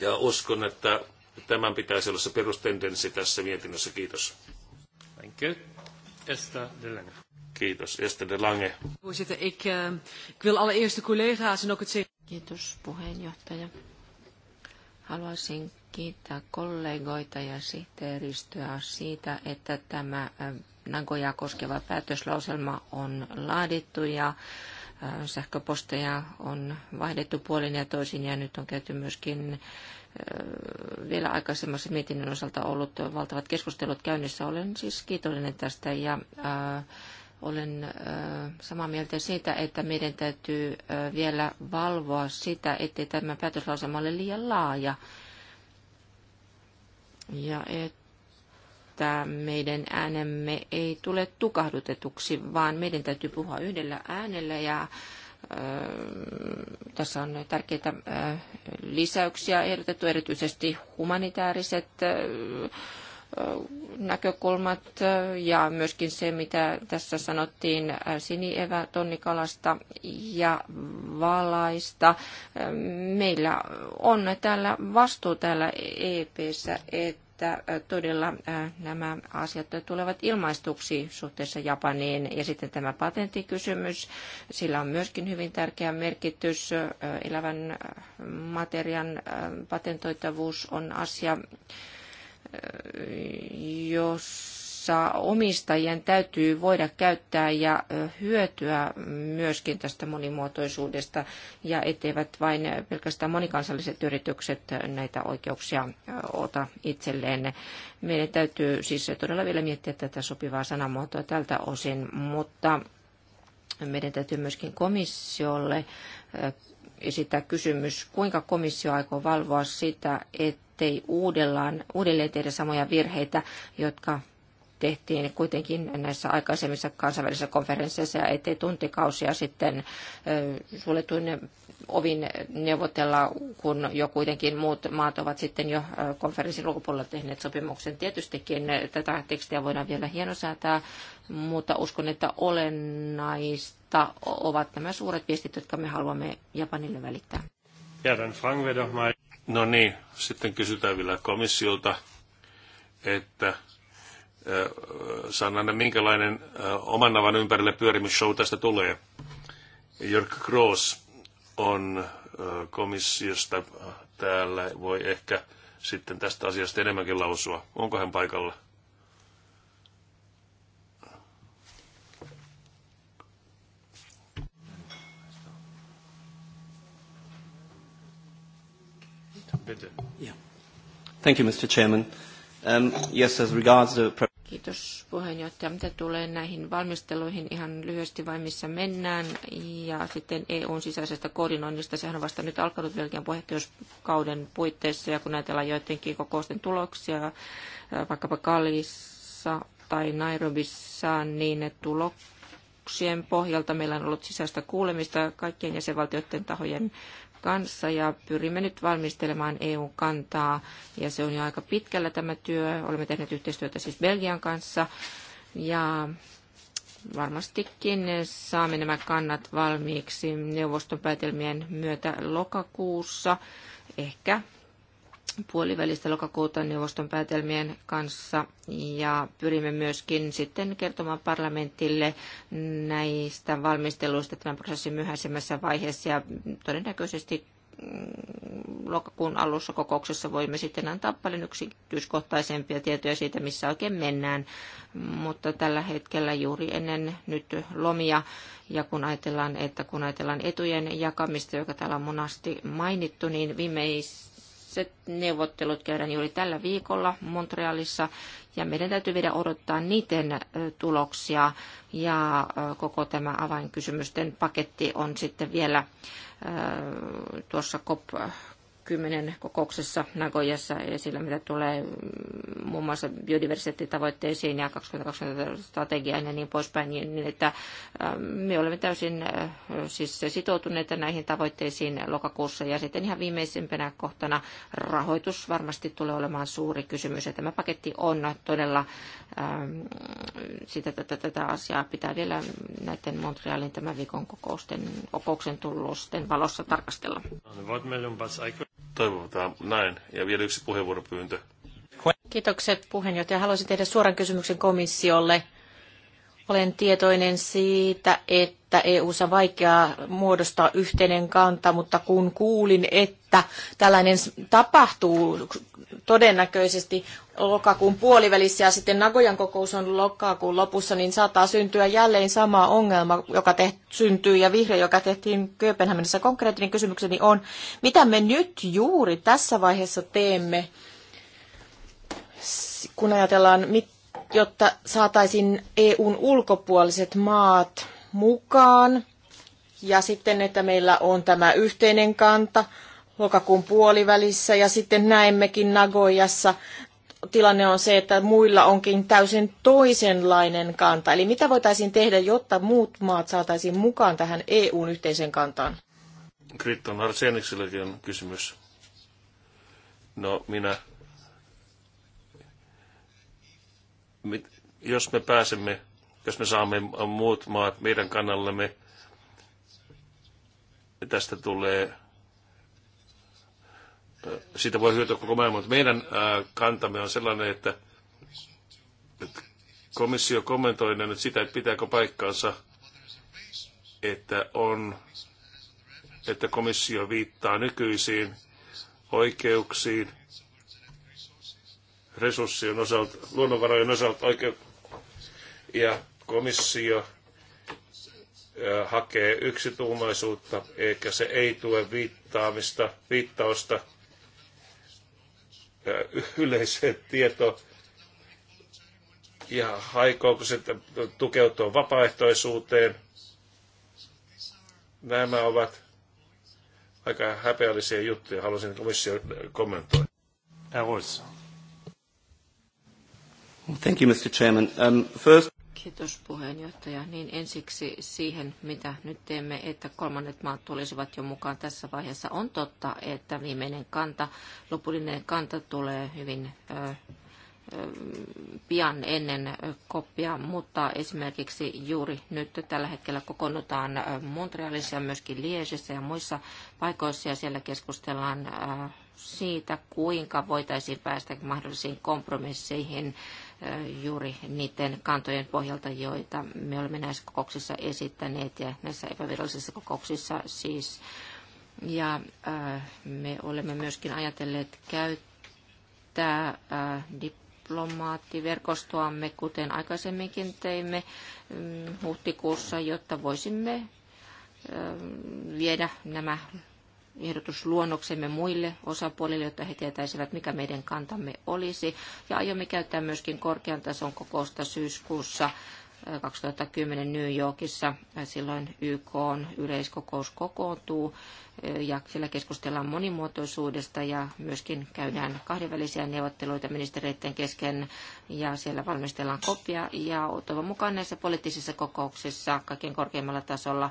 Ja uskon, että tämän pitäisi olla se perustendenssi tässä mietinnössä. Kiitos. Thank you. Esther Delange. Kiitos. Esther de Lange. Voorzitter, ik, uh, ik wil allereerst de collega's en ook het Kiitos puheenjohtaja. Haluaisin kiittää kollegoita ja sihteeristöä siitä, että tämä Nagoja koskeva päätöslauselma on laadittu ja sähköposteja on vaihdettu puolin ja toisin ja nyt on käyty myöskin vielä aikaisemmassa mietinnön osalta ollut valtavat keskustelut käynnissä. Olen siis kiitollinen tästä ja olen samaa mieltä siitä, että meidän täytyy vielä valvoa sitä, ettei tämä päätöslauselma ole liian laaja. Ja että meidän äänemme ei tule tukahdutetuksi, vaan meidän täytyy puhua yhdellä äänellä ja tässä on tärkeitä lisäyksiä ehdotettu, erityisesti humanitaariset näkökulmat ja myöskin se, mitä tässä sanottiin äh, sinievä tonnikalasta ja valaista. Meillä on täällä vastuu täällä EPssä, että että äh, todella äh, nämä asiat tulevat ilmaistuksi suhteessa Japaniin. Ja sitten tämä patenttikysymys, sillä on myöskin hyvin tärkeä merkitys. Elävän materian patentoitavuus on asia, jossa omistajien täytyy voida käyttää ja hyötyä myöskin tästä monimuotoisuudesta ja etteivät vain pelkästään monikansalliset yritykset näitä oikeuksia ota itselleen. Meidän täytyy siis todella vielä miettiä tätä sopivaa sanamuotoa tältä osin, mutta meidän täytyy myöskin komissiolle esittää kysymys, kuinka komissio aikoo valvoa sitä, että ettei uudellaan, uudelleen tehdä samoja virheitä, jotka tehtiin kuitenkin näissä aikaisemmissa kansainvälisissä konferensseissa ja ettei tuntikausia sitten suljetuin ovin neuvotella, kun jo kuitenkin muut maat ovat sitten jo konferenssin ulkopuolella tehneet sopimuksen. Tietystikin tätä tekstiä voidaan vielä hienosäätää, mutta uskon, että olennaista ovat nämä suuret viestit, jotka me haluamme Japanille välittää. Ja, dann fragen wir doch mal. No niin, sitten kysytään vielä komissiolta, että sananne minkälainen oman navan ympärille pyörimisshow tästä tulee? Jörg Kroos on komissiosta täällä, voi ehkä sitten tästä asiasta enemmänkin lausua. Onko hän paikalla? Bitte. Yeah. Thank you, Mr. Chairman. Um, yes, as regards the... Kiitos puheenjohtaja. Mitä tulee näihin valmisteluihin ihan lyhyesti vai missä mennään ja sitten EUn sisäisestä koordinoinnista. Sehän on vasta nyt alkanut Belgian puheenjohtajuuskauden puitteissa ja kun ajatellaan joidenkin kokousten tuloksia, äh, vaikkapa Kalissa tai Nairobissa, niin ne tuloksien pohjalta meillä on ollut sisäistä kuulemista kaikkien jäsenvaltioiden tahojen kanssa ja pyrimme nyt valmistelemaan EU-kantaa ja se on jo aika pitkällä tämä työ. Olemme tehneet yhteistyötä siis Belgian kanssa ja varmastikin saamme nämä kannat valmiiksi neuvoston päätelmien myötä lokakuussa, ehkä puolivälistä lokakuuta neuvoston päätelmien kanssa ja pyrimme myöskin sitten kertomaan parlamentille näistä valmisteluista tämän prosessin myöhäisemmässä vaiheessa ja todennäköisesti mm, lokakuun alussa kokouksessa voimme sitten antaa paljon yksityiskohtaisempia tietoja siitä, missä oikein mennään. Mutta tällä hetkellä juuri ennen nyt lomia ja kun ajatellaan, että kun ajatellaan etujen jakamista, joka täällä on monasti mainittu, niin viimeis Poliittiset neuvottelut käydään juuri tällä viikolla Montrealissa ja meidän täytyy vielä odottaa niiden tuloksia ja koko tämä avainkysymysten paketti on sitten vielä tuossa COP Kymmenen kokouksessa Nagoyassa esillä, mitä tulee mm, muun muassa biodiversiteettitavoitteisiin ja 2020 strategiaan ja niin poispäin, niin, niin että ähm, me olemme täysin äh, siis sitoutuneita näihin tavoitteisiin lokakuussa. Ja sitten ihan viimeisimpänä kohtana rahoitus varmasti tulee olemaan suuri kysymys. Ja tämä paketti on todella, ähm, sitä, tätä, tätä asiaa pitää vielä näiden Montrealin tämän viikon kokousten, kokouksen tullusten valossa tarkastella. Toivotaan näin. Ja vielä yksi puheenvuoropyyntö. Kiitokset puheenjohtaja. Haluaisin tehdä suoran kysymyksen komissiolle. Olen tietoinen siitä, että EU-ssa on vaikeaa muodostaa yhteinen kanta, mutta kun kuulin, että tällainen tapahtuu todennäköisesti lokakuun puolivälissä ja sitten Nagojan kokous on lokakuun lopussa, niin saattaa syntyä jälleen sama ongelma, joka te- syntyy ja vihreä, joka tehtiin Kööpenhaminassa. Konkreettinen kysymykseni on, mitä me nyt juuri tässä vaiheessa teemme, kun ajatellaan, jotta saataisiin EUn ulkopuoliset maat mukaan ja sitten, että meillä on tämä yhteinen kanta – lokakuun puolivälissä ja sitten näemmekin Nagoyassa tilanne on se, että muilla onkin täysin toisenlainen kanta. Eli mitä voitaisiin tehdä, jotta muut maat saataisiin mukaan tähän EUn yhteiseen kantaan? Kritton Arseniksellekin on kysymys. No minä, Mit, jos me pääsemme, jos me saamme muut maat meidän kannallemme, tästä tulee siitä voi hyötyä koko maailma, mutta meidän kantamme on sellainen, että, komissio kommentoi nyt sitä, että pitääkö paikkaansa, että, on, että komissio viittaa nykyisiin oikeuksiin resurssien osalta, luonnonvarojen osalta oikeu- ja komissio hakee yksituumaisuutta, eikä se ei tue viittaamista, viittausta yleiseen tietoon ja haikooko se tukeutua vapaaehtoisuuteen. Nämä ovat aika häpeällisiä juttuja. Haluaisin komissio kommentoida. Arvoisa. Thank you, Mr. Chairman. Um, first... Kiitos puheenjohtaja. Niin ensiksi siihen, mitä nyt teemme, että kolmannet maat tulisivat jo mukaan tässä vaiheessa. On totta, että viimeinen kanta, lopullinen kanta tulee hyvin pian ennen koppia, mutta esimerkiksi juuri nyt tällä hetkellä kokoonnutaan Montrealissa ja myöskin Liesissä ja muissa paikoissa ja siellä keskustellaan siitä, kuinka voitaisiin päästä mahdollisiin kompromisseihin juuri niiden kantojen pohjalta, joita me olemme näissä kokouksissa esittäneet ja näissä epävirallisissa kokouksissa siis. Ja me olemme myöskin ajatelleet käyttää diplomaattiverkostoamme, kuten aikaisemminkin teimme mm, huhtikuussa, jotta voisimme viedä nämä ehdotusluonnoksemme muille osapuolille, jotta he tietäisivät, mikä meidän kantamme olisi. Ja aiomme käyttää myöskin korkean tason kokousta syyskuussa 2010 New Yorkissa. Silloin YK on yleiskokous kokoontuu ja siellä keskustellaan monimuotoisuudesta ja myöskin käydään kahdenvälisiä neuvotteluita ministereiden kesken ja siellä valmistellaan kopia. Ja toivon mukaan näissä poliittisissa kokouksissa kaiken korkeimmalla tasolla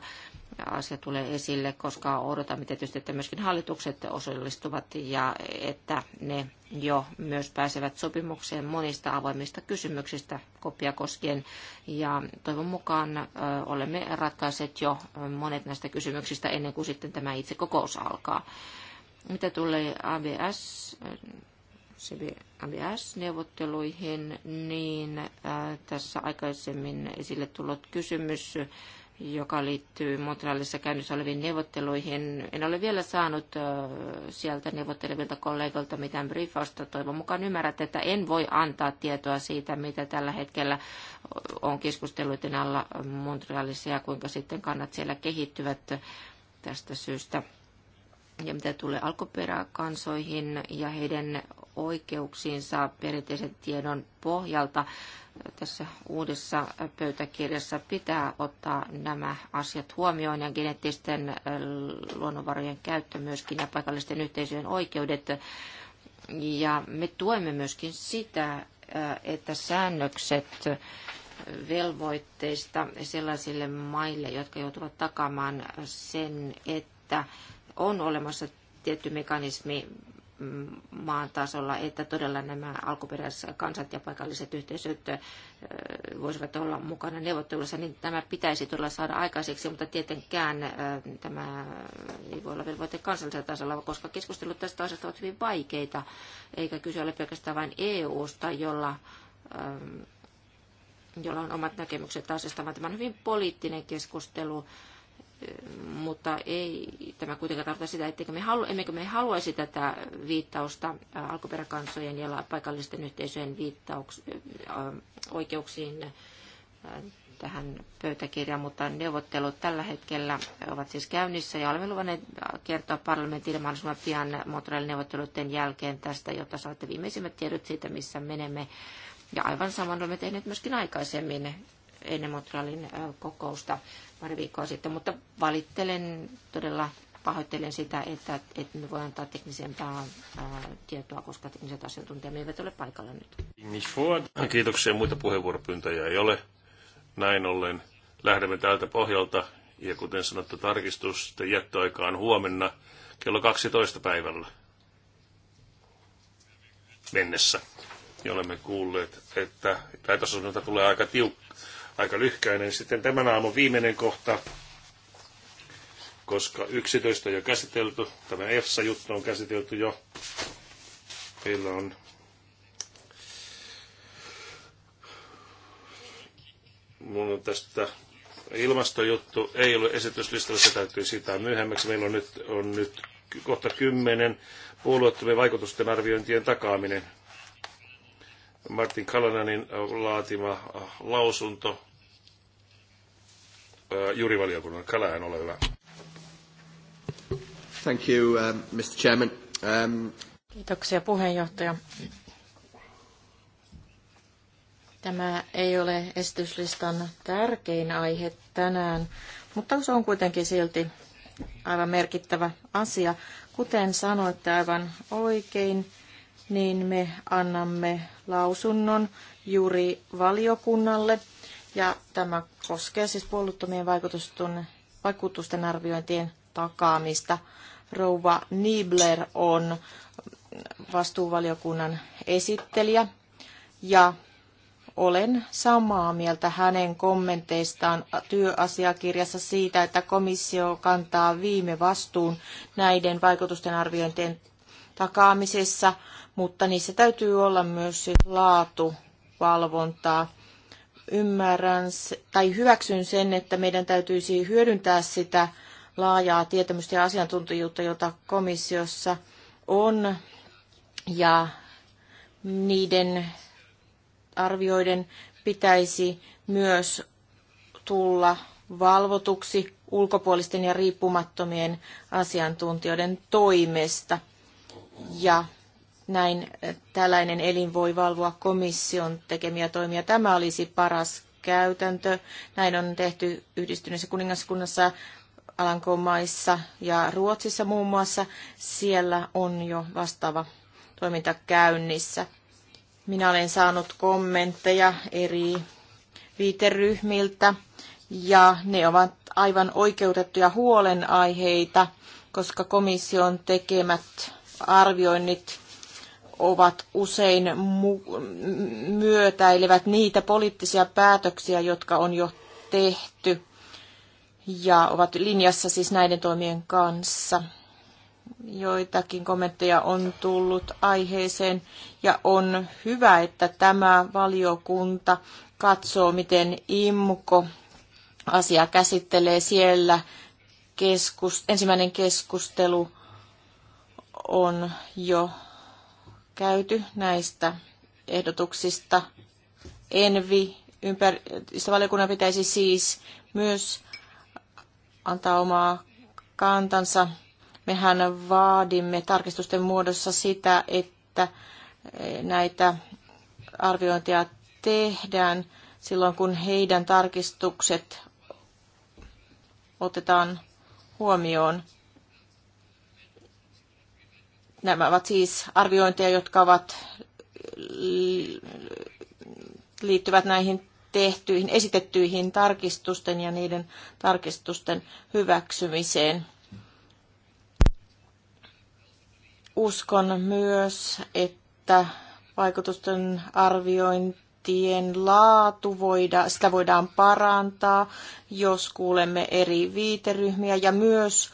asia tulee esille, koska odotamme tietysti, että myöskin hallitukset osallistuvat ja että ne jo myös pääsevät sopimukseen monista avoimista kysymyksistä kopia koskien. Ja toivon mukaan olemme ratkaiset jo monet näistä kysymyksistä ennen kuin sitten tämä itse kokous alkaa. Mitä tulee ABS, ABS-neuvotteluihin, niin tässä aikaisemmin esille tullut kysymys joka liittyy Montrealissa käynnissä oleviin neuvotteluihin. En ole vielä saanut sieltä neuvottelevilta kollegoilta mitään briefausta. Toivon mukaan ymmärrät, että en voi antaa tietoa siitä, mitä tällä hetkellä on keskusteluiden alla Montrealissa ja kuinka sitten kannat siellä kehittyvät tästä syystä ja mitä tulee alkuperäkansoihin ja heidän oikeuksiinsa perinteisen tiedon pohjalta, tässä uudessa pöytäkirjassa pitää ottaa nämä asiat huomioon ja geneettisten äh, luonnonvarojen käyttö myöskin ja paikallisten yhteisöjen oikeudet. Ja me tuemme myöskin sitä, äh, että säännökset velvoitteista sellaisille maille, jotka joutuvat takaamaan sen, että on olemassa tietty mekanismi mm, maan tasolla, että todella nämä kansat ja paikalliset yhteisöt voisivat olla mukana neuvotteluissa, niin tämä pitäisi todella saada aikaiseksi, mutta tietenkään tämä ei voi olla velvoite kansallisella tasolla, koska keskustelut tästä asiasta ovat hyvin vaikeita, eikä kyse ole pelkästään vain EU-sta, jolla jolla on omat näkemykset asiasta, vaan tämä on hyvin poliittinen keskustelu mutta ei tämä kuitenkaan tarkoita sitä, etteikö me halu, emmekö me haluaisi tätä viittausta alkuperäkansojen ja paikallisten yhteisöjen viittauks, oikeuksiin tähän pöytäkirjaan, mutta neuvottelut tällä hetkellä ovat siis käynnissä ja olemme luvanneet kertoa parlamentille mahdollisimman pian Montrealin neuvotteluiden jälkeen tästä, jotta saatte viimeisimmät tiedot siitä, missä menemme. Ja aivan saman olemme tehneet myöskin aikaisemmin ennen Montrealin kokousta pari viikkoa sitten, mutta valittelen todella pahoittelen sitä, että, että me voi antaa teknisempää tietoa, koska tekniset asiantuntijat eivät ole paikalla nyt. Kiitoksia. Muita puheenvuoropyyntöjä ei ole. Näin ollen lähdemme tältä pohjalta. Ja kuten sanottu, tarkistus jättöaikaan huomenna kello 12 päivällä mennessä. Ja olemme kuulleet, että päätösosuudelta tulee aika tiukka aika lyhkäinen. Sitten tämän aamun viimeinen kohta, koska 11 on jo käsitelty, tämä EFSA-juttu on käsitelty jo. Meillä on mun on tästä ilmastojuttu ei ole esityslistalla, se täytyy sitä myöhemmäksi. Meillä on nyt, on nyt kohta kymmenen puolueettomien vaikutusten arviointien takaaminen. Martin Kalananin laatima lausunto Äh, jurivaliokunnan. Kalajan, ole hyvä. Thank you, Mr. Um, Chairman. Um... Kiitoksia puheenjohtaja. Tämä ei ole esityslistan tärkein aihe tänään, mutta se on kuitenkin silti aivan merkittävä asia. Kuten sanoitte aivan oikein, niin me annamme lausunnon juuri valiokunnalle – ja tämä koskee siis puoluttomien vaikutusten arviointien takaamista. Rouva Niebler on vastuuvaliokunnan esittelijä ja olen samaa mieltä hänen kommenteistaan työasiakirjassa siitä, että komissio kantaa viime vastuun näiden vaikutusten arviointien takaamisessa, mutta niissä täytyy olla myös laatuvalvontaa ymmärrän tai hyväksyn sen, että meidän täytyisi hyödyntää sitä laajaa tietämystä ja asiantuntijuutta, jota komissiossa on, ja niiden arvioiden pitäisi myös tulla valvotuksi ulkopuolisten ja riippumattomien asiantuntijoiden toimesta. Ja näin eh, tällainen elin voi valvoa komission tekemiä toimia. Tämä olisi paras käytäntö. Näin on tehty yhdistyneessä kuningaskunnassa, Alankomaissa ja Ruotsissa muun muassa. Siellä on jo vastaava toiminta käynnissä. Minä olen saanut kommentteja eri viiteryhmiltä ja ne ovat aivan oikeutettuja huolenaiheita, koska komission tekemät arvioinnit ovat usein mu- myötäilevät niitä poliittisia päätöksiä, jotka on jo tehty ja ovat linjassa siis näiden toimien kanssa. Joitakin kommentteja on tullut aiheeseen ja on hyvä, että tämä valiokunta katsoo, miten IMKO asia käsittelee siellä. Keskus, ensimmäinen keskustelu on jo käyty näistä ehdotuksista. Envi, ympäristövaliokunnan pitäisi siis myös antaa omaa kantansa. Mehän vaadimme tarkistusten muodossa sitä, että e, näitä arviointia tehdään silloin, kun heidän tarkistukset otetaan huomioon. Nämä ovat siis arviointeja, jotka ovat, liittyvät näihin tehtyihin, esitettyihin tarkistusten ja niiden tarkistusten hyväksymiseen. Uskon myös, että vaikutusten arviointien laatu voida, sitä voidaan parantaa, jos kuulemme eri viiteryhmiä ja myös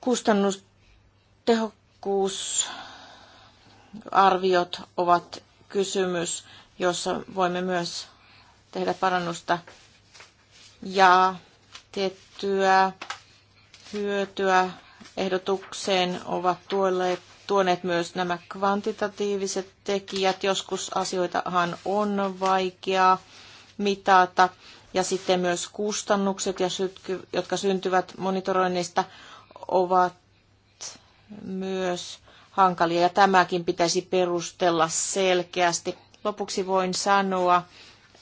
kustannustehokkuutta tehokkuusarviot ovat kysymys, jossa voimme myös tehdä parannusta ja tiettyä hyötyä ehdotukseen ovat tuolleet, tuoneet myös nämä kvantitatiiviset tekijät. Joskus asioitahan on vaikeaa mitata ja sitten myös kustannukset, jotka syntyvät monitoroinnista, ovat myös hankalia ja tämäkin pitäisi perustella selkeästi. Lopuksi voin sanoa,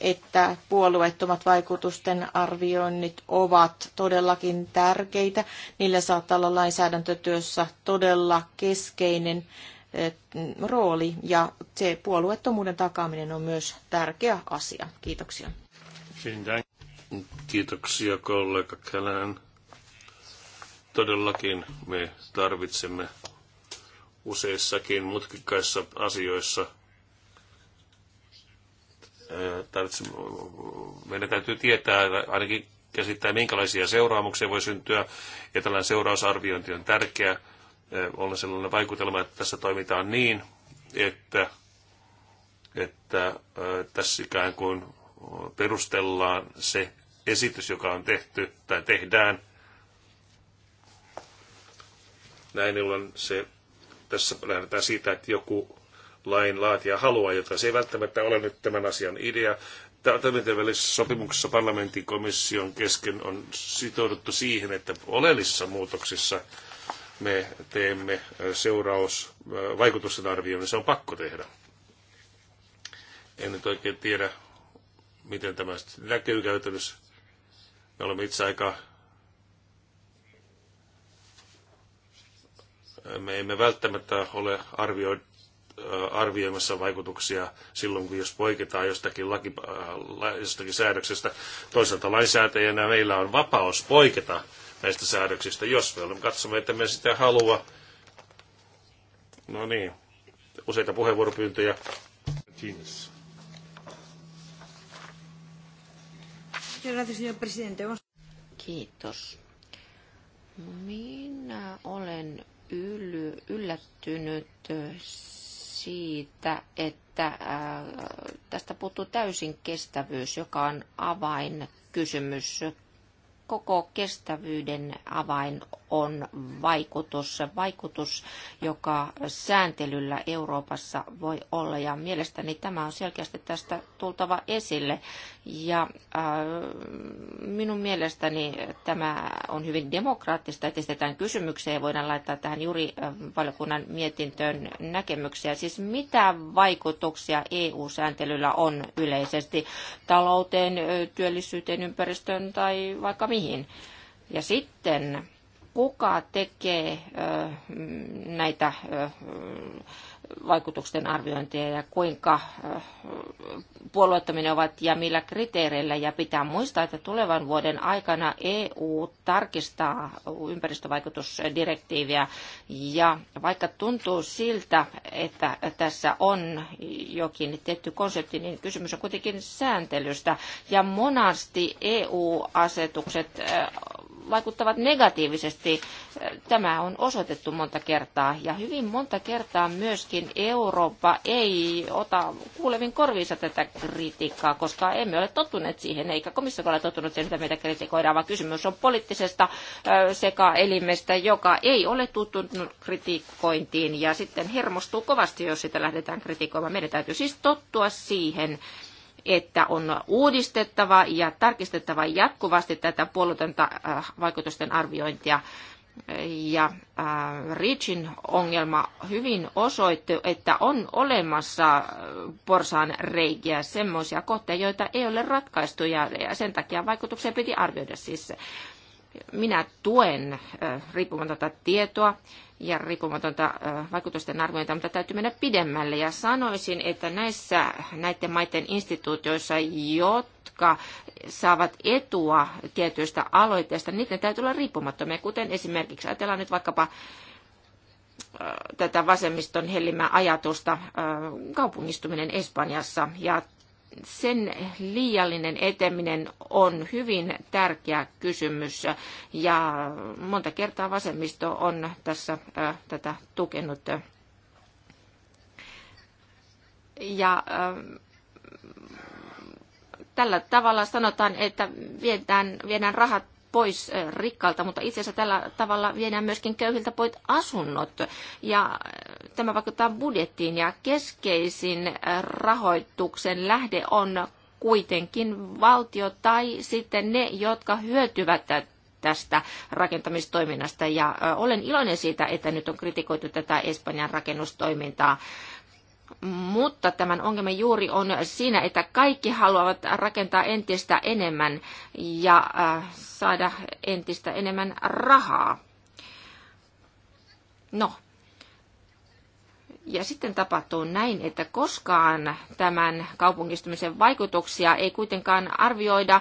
että puolueettomat vaikutusten arvioinnit ovat todellakin tärkeitä. Niillä saattaa olla lainsäädäntötyössä todella keskeinen eh, rooli ja se puolueettomuuden takaaminen on myös tärkeä asia. Kiitoksia. Kiitoksia kollega Kälän. Todellakin me tarvitsemme useissakin mutkikkaissa asioissa tarvitsemme, meidän täytyy tietää, ainakin käsittää, minkälaisia seuraamuksia voi syntyä, ja tällainen seurausarviointi on tärkeä, olla sellainen vaikutelma, että tässä toimitaan niin, että, että tässä ikään kuin perustellaan se esitys, joka on tehty tai tehdään – näin ollen se, tässä lähdetään siitä, että joku lainlaatija haluaa, jota se ei välttämättä ole nyt tämän asian idea. Toimintavälisessä sopimuksessa parlamentin komission kesken on sitouduttu siihen, että oleellisissa muutoksissa me teemme seuraus vaikutusten arvioinnin, se on pakko tehdä. En nyt oikein tiedä, miten tämä näkyy käytännössä. Me olemme itse aika me emme välttämättä ole arvioineet äh, arvioimassa vaikutuksia silloin, kun jos poiketaan jostakin, laki, äh, jostakin säädöksestä. Toisaalta lainsäätäjänä meillä on vapaus poiketa näistä säädöksistä, jos me olemme katsomme, että me sitä halua. No niin, useita puheenvuoropyyntöjä. Kiitos. Kiitos. No niin, Minä äh, olen yllättynyt siitä, että tästä puuttuu täysin kestävyys, joka on avainkysymys. Koko kestävyyden avain on vaikutus, vaikutus, joka sääntelyllä Euroopassa voi olla. Ja mielestäni tämä on selkeästi tästä tultava esille. Ja äh, minun mielestäni tämä on hyvin demokraattista, että esitetään kysymyksiä ja voidaan laittaa tähän juuri äh, valiokunnan mietintöön näkemyksiä. Siis mitä vaikutuksia EU-sääntelyllä on yleisesti talouteen, työllisyyteen, ympäristöön tai vaikka mihin? Ja sitten kuka tekee näitä vaikutusten arviointia ja kuinka puolueettomia ovat ja millä kriteereillä. Ja pitää muistaa, että tulevan vuoden aikana EU tarkistaa ympäristövaikutusdirektiiviä. Ja vaikka tuntuu siltä, että tässä on jokin tietty konsepti, niin kysymys on kuitenkin sääntelystä. Ja monasti EU-asetukset vaikuttavat negatiivisesti. Tämä on osoitettu monta kertaa ja hyvin monta kertaa myöskin Eurooppa ei ota kuulevin korviinsa tätä kritiikkaa, koska emme ole tottuneet siihen, eikä komissio ole tottunut siihen, että meitä kritikoidaan, vaan kysymys on poliittisesta sekaelimestä, joka ei ole tuttunut kritikointiin ja sitten hermostuu kovasti, jos sitä lähdetään kritikoimaan. Meidän täytyy siis tottua siihen, että on uudistettava ja tarkistettava jatkuvasti tätä puolutonta äh, vaikutusten arviointia. Ja äh, Richin ongelma hyvin osoitti, että on olemassa äh, porsaan reikiä, semmoisia kohteita, joita ei ole ratkaistu ja sen takia vaikutuksia piti arvioida siis. Minä tuen riippumatonta tietoa ja riippumatonta vaikutusten arviointia, mutta täytyy mennä pidemmälle. Ja sanoisin, että näissä näiden maiden instituutioissa, jotka saavat etua tietyistä aloitteista, niiden täytyy olla riippumattomia, kuten esimerkiksi ajatellaan nyt vaikkapa tätä vasemmiston hellimää ajatusta kaupungistuminen Espanjassa ja sen liiallinen eteminen on hyvin tärkeä kysymys ja monta kertaa vasemmisto on tässä tätä tukenut. Ja tällä tavalla sanotaan, että viedään, viedään rahat pois eh, rikkalta, mutta itse asiassa tällä tavalla viedään myöskin köyhiltä pois asunnot. Ja eh, tämä vaikuttaa budjettiin ja keskeisin eh, rahoituksen lähde on kuitenkin valtio tai sitten ne, jotka hyötyvät tästä rakentamistoiminnasta. Ja olen iloinen siitä, että nyt on kritikoitu tätä Espanjan rakennustoimintaa mutta tämän ongelman juuri on siinä, että kaikki haluavat rakentaa entistä enemmän ja äh, saada entistä enemmän rahaa. No, ja sitten tapahtuu näin, että koskaan tämän kaupungistumisen vaikutuksia ei kuitenkaan arvioida äh,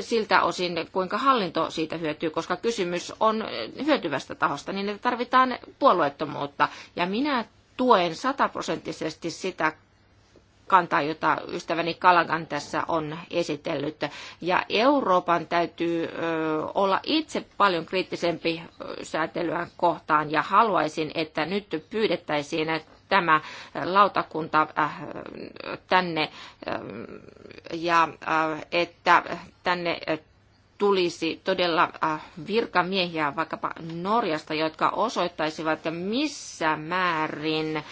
siltä osin, kuinka hallinto siitä hyötyy, koska kysymys on hyötyvästä tahosta, niin että tarvitaan puolueettomuutta. Ja minä tuen sataprosenttisesti sitä kantaa, jota ystäväni Kalagan tässä on esitellyt. Ja Euroopan täytyy olla itse paljon kriittisempi säätelyä kohtaan ja haluaisin, että nyt pyydettäisiin että tämä lautakunta äh, tänne ja äh, että tänne tulisi todella äh, virkamiehiä vaikkapa Norjasta, jotka osoittaisivat, missä määrin äh,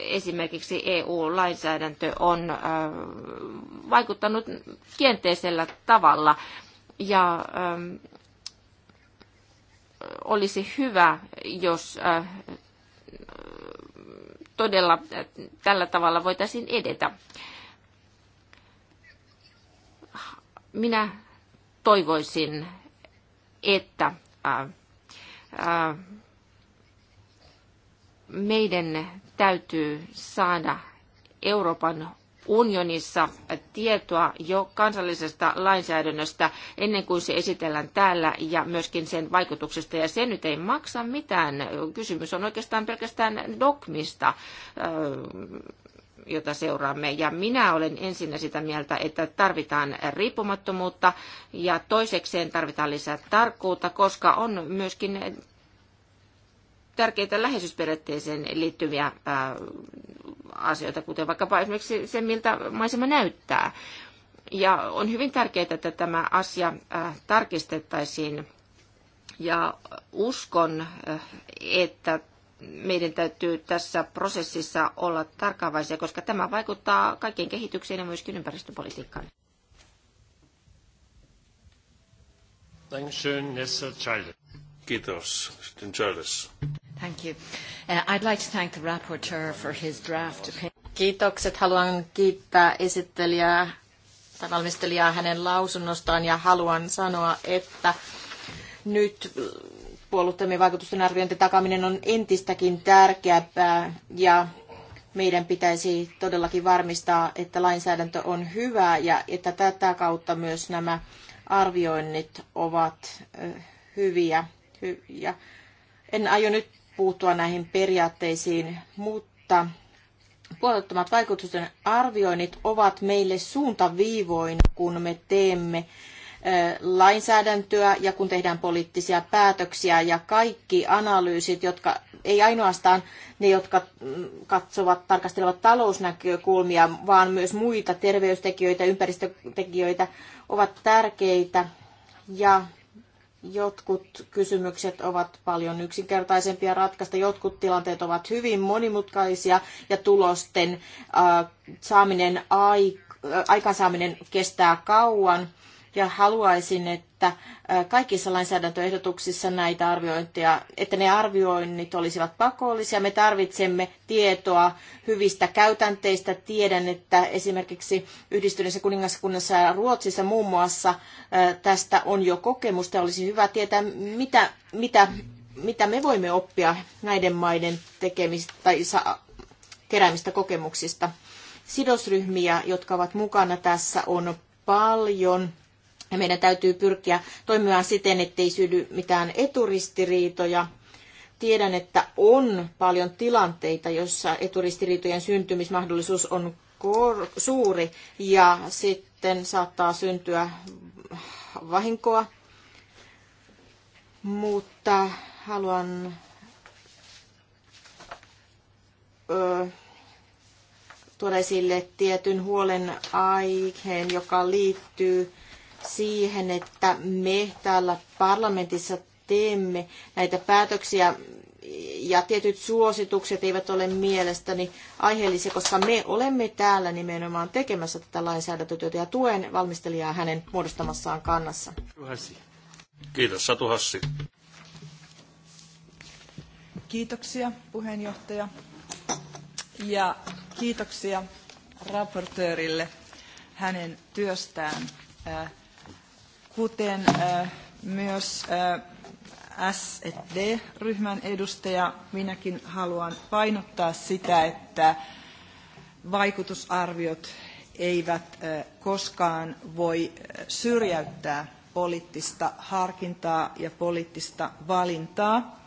esimerkiksi EU-lainsäädäntö on äh, vaikuttanut kienteisellä tavalla. Ja ähm, olisi hyvä, jos todella tällä tavalla voitaisiin edetä. Minä toivoisin, että meidän täytyy saada Euroopan unionissa tietoa jo kansallisesta lainsäädännöstä ennen kuin se esitellään täällä ja myöskin sen vaikutuksesta. Ja se nyt ei maksa mitään. Kysymys on oikeastaan pelkästään dogmista jota seuraamme. Ja minä olen ensinnä sitä mieltä, että tarvitaan riippumattomuutta ja toisekseen tarvitaan lisää tarkkuutta, koska on myöskin tärkeitä läheisyysperiaatteeseen liittyviä äh, asioita, kuten vaikkapa esimerkiksi se, miltä maisema näyttää. Ja on hyvin tärkeää, että tämä asia äh, tarkistettaisiin ja uskon, äh, että meidän täytyy tässä prosessissa olla tarkkaavaisia, koska tämä vaikuttaa kaikkien kehitykseen ja myöskin ympäristöpolitiikkaan. Kiitos. Sitten Charles. Thank you. Uh, I'd like to thank the rapporteur for his draft opinion. Kiitokset. Haluan kiittää esittelijää tai valmistelijaa hänen lausunnostaan ja haluan sanoa, että nyt puolueettomien vaikutusten arviointi takaminen on entistäkin tärkeämpää ja meidän pitäisi todellakin varmistaa, että lainsäädäntö on hyvä ja että tätä kautta myös nämä arvioinnit ovat hyviä. hyviä. En aio nyt puuttua näihin periaatteisiin, mutta puolettomat vaikutusten arvioinnit ovat meille suuntaviivoin, kun me teemme lainsäädäntöä ja kun tehdään poliittisia päätöksiä ja kaikki analyysit, jotka ei ainoastaan ne, jotka mm, katsovat, tarkastelevat talousnäkökulmia, vaan myös muita terveystekijöitä, ympäristötekijöitä ovat tärkeitä ja jotkut kysymykset ovat paljon yksinkertaisempia ratkaista, jotkut tilanteet ovat hyvin monimutkaisia ja tulosten äh, saaminen aik- aikaansaaminen kestää kauan ja haluaisin, että kaikissa lainsäädäntöehdotuksissa näitä arviointeja, että ne arvioinnit olisivat pakollisia. Me tarvitsemme tietoa hyvistä käytänteistä. Tiedän, että esimerkiksi Yhdistyneessä kuningaskunnassa ja Ruotsissa muun muassa tästä on jo kokemusta. Olisi hyvä tietää, mitä, mitä, mitä me voimme oppia näiden maiden tekemistä tai keräämistä kokemuksista. Sidosryhmiä, jotka ovat mukana tässä, on paljon. Ja meidän täytyy pyrkiä toimimaan siten, ettei synny mitään eturistiriitoja. Tiedän, että on paljon tilanteita, joissa eturistiriitojen syntymismahdollisuus on suuri ja sitten saattaa syntyä vahinkoa. Mutta haluan ö, tuoda esille tietyn huolen aiheen, joka liittyy siihen, että me täällä parlamentissa teemme näitä päätöksiä ja tietyt suositukset eivät ole mielestäni aiheellisia, koska me olemme täällä nimenomaan tekemässä tätä lainsäädäntötyötä ja tuen valmistelijaa hänen muodostamassaan kannassa. Kiitos Satu Hassi. Kiitoksia puheenjohtaja ja kiitoksia raportöörille hänen työstään kuten äh, myös äh, SD-ryhmän edustaja, minäkin haluan painottaa sitä, että vaikutusarviot eivät äh, koskaan voi syrjäyttää poliittista harkintaa ja poliittista valintaa.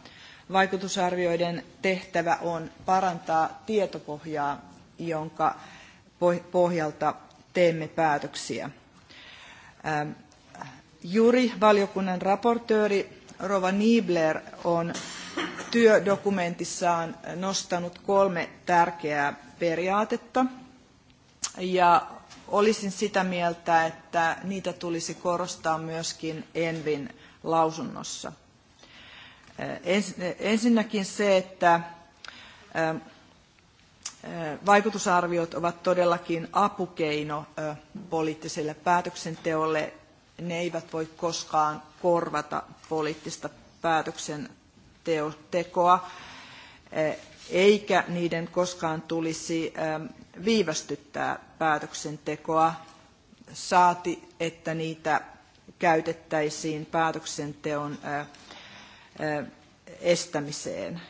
Vaikutusarvioiden tehtävä on parantaa tietopohjaa, jonka pohjalta teemme päätöksiä. Ähm, Juri-valiokunnan raportööri Rova Niebler on työdokumentissaan nostanut kolme tärkeää periaatetta. Ja olisin sitä mieltä, että niitä tulisi korostaa myöskin Envin lausunnossa. Äh, ensinnäkin se, että ähm, äh, vaikutusarviot ovat todellakin apukeino äh, poliittiselle päätöksenteolle ne eivät voi koskaan korvata poliittista päätöksentekoa, eh, eikä niiden koskaan tulisi eh, viivästyttää päätöksentekoa, saati että niitä käytettäisiin päätöksenteon eh, estämiseen.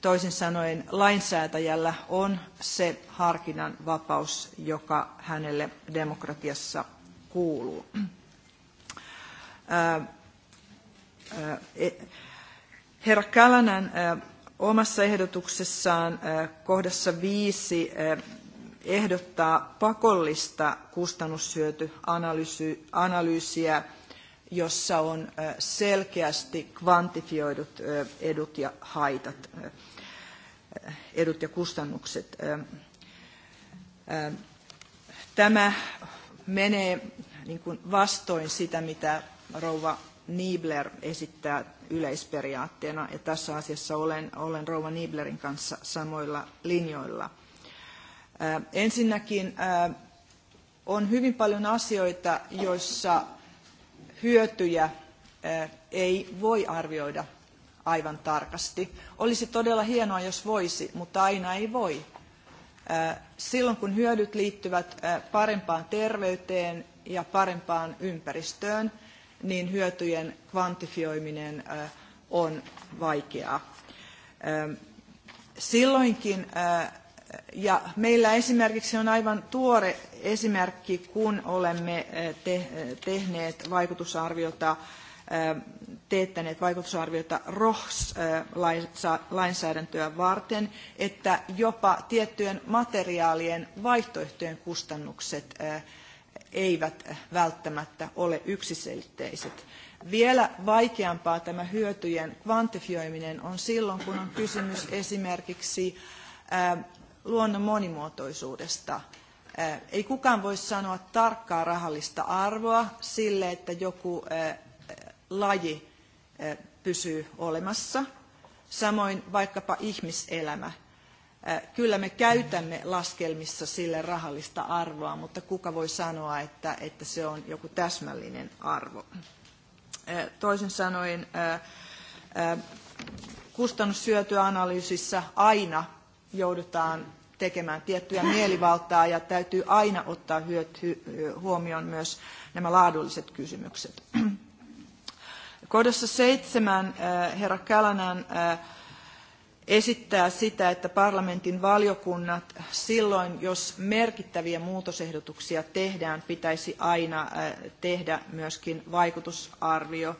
Toisin sanoen lainsäätäjällä on se harkinnan vapaus, joka hänelle demokratiassa kuuluu. E, herra Kälänän omassa ehdotuksessaan kohdassa viisi ehdottaa pakollista kustannushyötyanalyysiä, jossa on selkeästi kvantifioidut edut ja haitat, edut ja kustannukset. Tämä menee niin kuin vastoin sitä, mitä rouva Niebler esittää yleisperiaatteena, ja tässä asiassa olen, olen rouva Nieblerin kanssa samoilla linjoilla. Äh, ensinnäkin äh, on hyvin paljon asioita, joissa hyötyjä äh, ei voi arvioida aivan tarkasti. Olisi todella hienoa, jos voisi, mutta aina ei voi silloin kun hyödyt liittyvät parempaan terveyteen ja parempaan ympäristöön, niin hyötyjen kvantifioiminen on vaikeaa. Silloinkin, ja meillä esimerkiksi on aivan tuore esimerkki, kun olemme tehneet vaikutusarviota teettäneet vaikutusarviota ROHS-lainsäädäntöä varten, että jopa tiettyjen materiaalien vaihtoehtojen kustannukset eivät välttämättä ole yksiselitteiset. Vielä vaikeampaa tämä hyötyjen kvantifioiminen on silloin, kun on kysymys esimerkiksi luonnon monimuotoisuudesta. Ei kukaan voi sanoa tarkkaa rahallista arvoa sille, että joku laji eh, pysyy olemassa, samoin vaikkapa ihmiselämä. Eh, kyllä me käytämme laskelmissa sille rahallista arvoa, mutta kuka voi sanoa, että, että se on joku täsmällinen arvo. Eh, toisin sanoen kustannussyötyanalyysissä aina joudutaan tekemään tiettyä mielivaltaa ja täytyy aina ottaa hyöty, huomioon myös nämä laadulliset kysymykset. Kodossa seitsemän äh, herra Kälänen äh, esittää sitä, että parlamentin valiokunnat silloin, jos merkittäviä muutosehdotuksia tehdään, pitäisi aina äh, tehdä myöskin vaikutusarvio.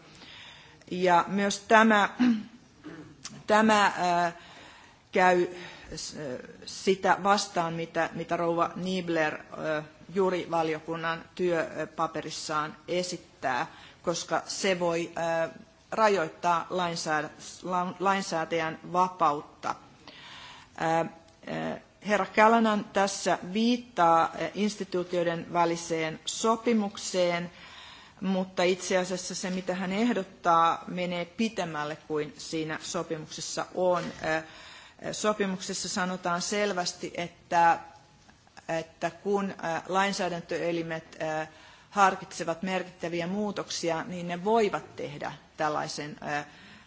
Ja myös tämä, <clears throat> tämä käy sitä vastaan, mitä, mitä rouva Niebler juuri valiokunnan työpaperissaan esittää koska se voi rajoittaa lainsäätäjän vapautta. Herra Kälänan tässä viittaa instituutioiden väliseen sopimukseen, mutta itse asiassa se, mitä hän ehdottaa, menee pitemmälle kuin siinä sopimuksessa on. Sopimuksessa sanotaan selvästi, että, että kun lainsäädäntöelimet harkitsevat merkittäviä muutoksia, niin ne voivat tehdä tällaisen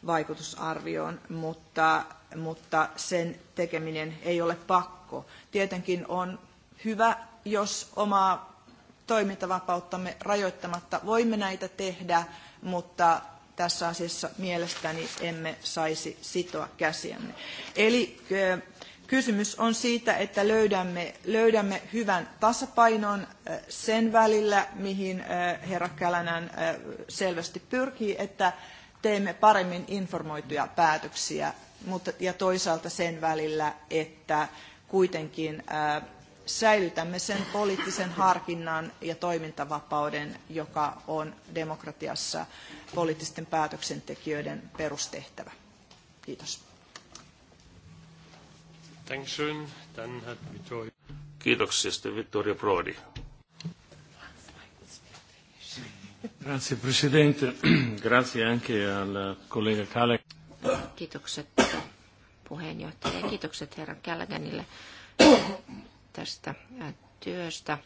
vaikutusarvioon, mutta, mutta sen tekeminen ei ole pakko. Tietenkin on hyvä, jos omaa toimintavapauttamme rajoittamatta voimme näitä tehdä, mutta tässä asiassa mielestäni emme saisi sitoa käsiämme. Eli Kysymys on siitä, että löydämme, löydämme hyvän tasapainon äh, sen välillä, mihin äh, herra Kälänän äh, selvästi pyrkii, että teemme paremmin informoituja päätöksiä mutta, ja toisaalta sen välillä, että kuitenkin säilytämme sen poliittisen harkinnan ja toimintavapauden, joka on demokratiassa poliittisten päätöksentekijöiden perustehtävä. Kiitos. Dankeschön. Dann hat Vittorio. Kiitoksia sitten Vittorio Prodi. Grazie Presidente, <clears throat> grazie anche al collega Kale. Kiitokset puheenjohtaja ja kiitokset herra Kälkänille tästä äh, työstä.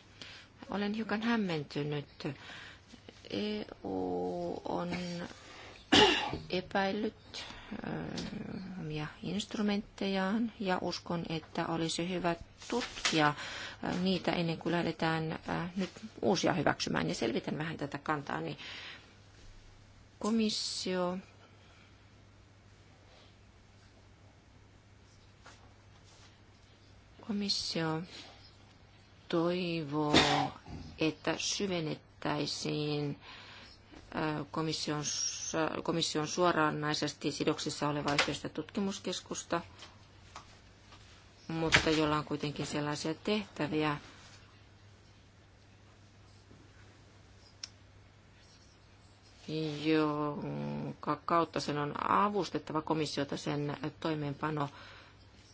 Olen hiukan hämmentynyt. EU on epäillyt ähm, omia instrumenttejaan ja uskon, että olisi hyvä tutkia äh, niitä ennen kuin lähdetään äh, nyt uusia hyväksymään ja selvitän vähän tätä kantaa. Niin komissio komissio toivoo, että syvennettäisiin komission, suoranaisesti sidoksissa oleva yhteistä tutkimuskeskusta, mutta jolla on kuitenkin sellaisia tehtäviä, jonka kautta sen on avustettava komissiota sen toimeenpano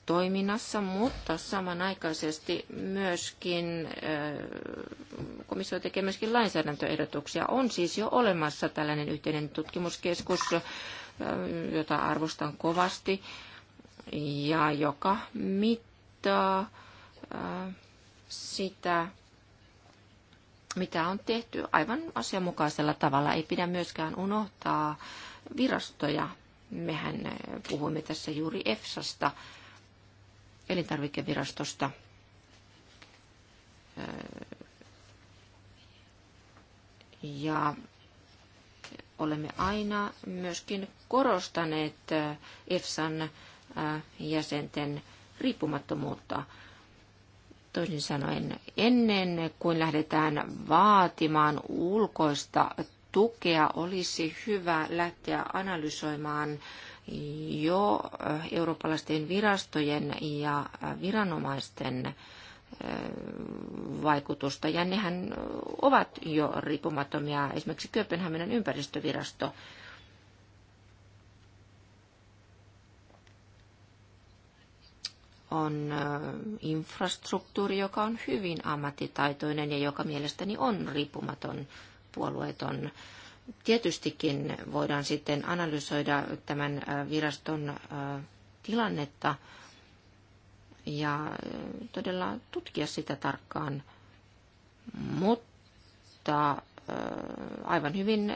toiminnassa, mutta samanaikaisesti myöskin äh, komissio tekee myöskin lainsäädäntöehdotuksia. On siis jo olemassa tällainen yhteinen tutkimuskeskus, äh, jota arvostan kovasti ja joka mittaa äh, sitä, mitä on tehty aivan asianmukaisella tavalla. Ei pidä myöskään unohtaa virastoja. Mehän puhuimme tässä juuri EFSAsta, elintarvikevirastosta ja olemme aina myöskin korostaneet EFSAn äh, jäsenten riippumattomuutta. Toisin sanoen, ennen kuin lähdetään vaatimaan ulkoista tukea, olisi hyvä lähteä analysoimaan jo eh, eurooppalaisten virastojen ja eh, viranomaisten eh, vaikutusta, ja nehän ovat jo riippumattomia, esimerkiksi Kööpenhaminan ympäristövirasto. on infrastruktuuri, joka on hyvin ammattitaitoinen ja joka mielestäni on riippumaton, puolueeton Tietystikin voidaan sitten analysoida tämän äh, viraston äh, tilannetta ja äh, todella tutkia sitä tarkkaan, mutta aivan hyvin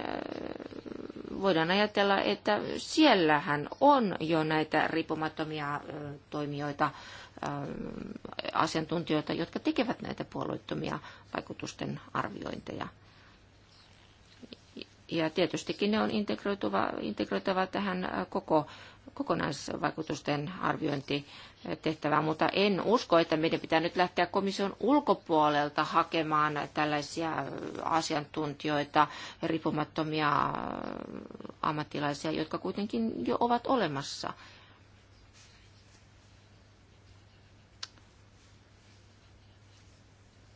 voidaan ajatella, että siellähän on jo näitä riippumattomia toimijoita, asiantuntijoita, jotka tekevät näitä puolueettomia vaikutusten arviointeja. Ja tietystikin ne on integroitava, integroitava tähän koko kokonaisvaikutusten arviointitehtävään, mutta en usko, että meidän pitää nyt lähteä komission ulkopuolelta hakemaan tällaisia asiantuntijoita, riippumattomia ammattilaisia, jotka kuitenkin jo ovat olemassa.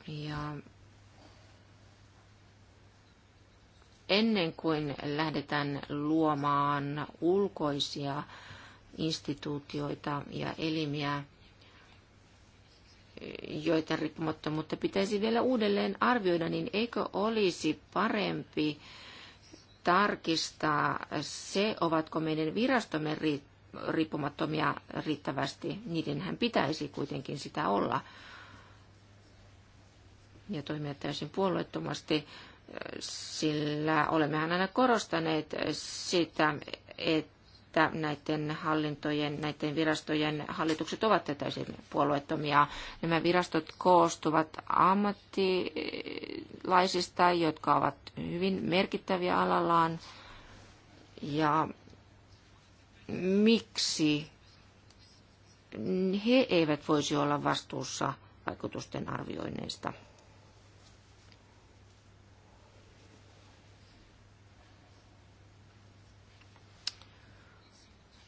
Ja ennen kuin lähdetään luomaan ulkoisia instituutioita ja elimiä, joita riippumattomuutta pitäisi vielä uudelleen arvioida, niin eikö olisi parempi tarkistaa se, ovatko meidän virastomme riippumattomia riittävästi. Niidenhän pitäisi kuitenkin sitä olla ja toimia täysin puolueettomasti sillä olemmehan aina korostaneet sitä, että näiden hallintojen, näiden virastojen hallitukset ovat täysin puolueettomia. Nämä virastot koostuvat ammattilaisista, jotka ovat hyvin merkittäviä alallaan. Ja miksi he eivät voisi olla vastuussa vaikutusten arvioinneista?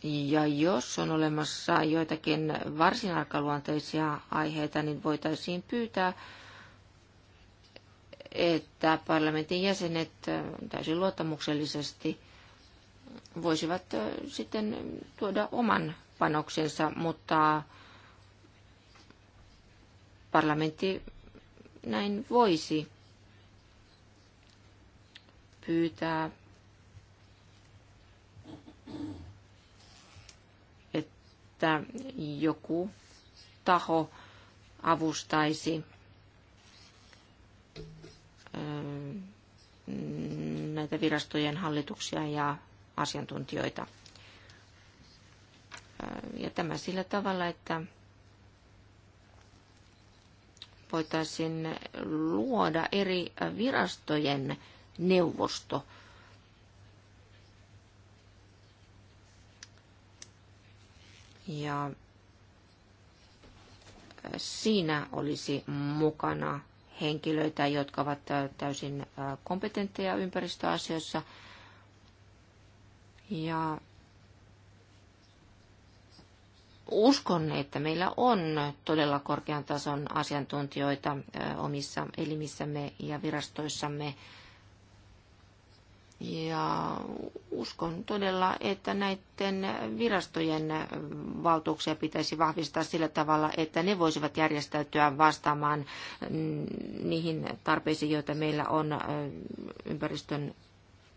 Ja jos on olemassa joitakin varsin arkaluonteisia aiheita, niin voitaisiin pyytää, että parlamentin jäsenet täysin luottamuksellisesti voisivat sitten tuoda oman panoksensa, mutta parlamentti näin voisi pyytää että joku taho avustaisi näitä virastojen hallituksia ja asiantuntijoita. Ja tämä sillä tavalla, että voitaisiin luoda eri virastojen neuvosto – Ja siinä olisi mukana henkilöitä, jotka ovat täysin kompetentteja ympäristöasioissa. Ja uskon, että meillä on todella korkean tason asiantuntijoita omissa elimissämme ja virastoissamme ja uskon todella, että näiden virastojen valtuuksia pitäisi vahvistaa sillä tavalla, että ne voisivat järjestäytyä vastaamaan niihin tarpeisiin, joita meillä on ympäristön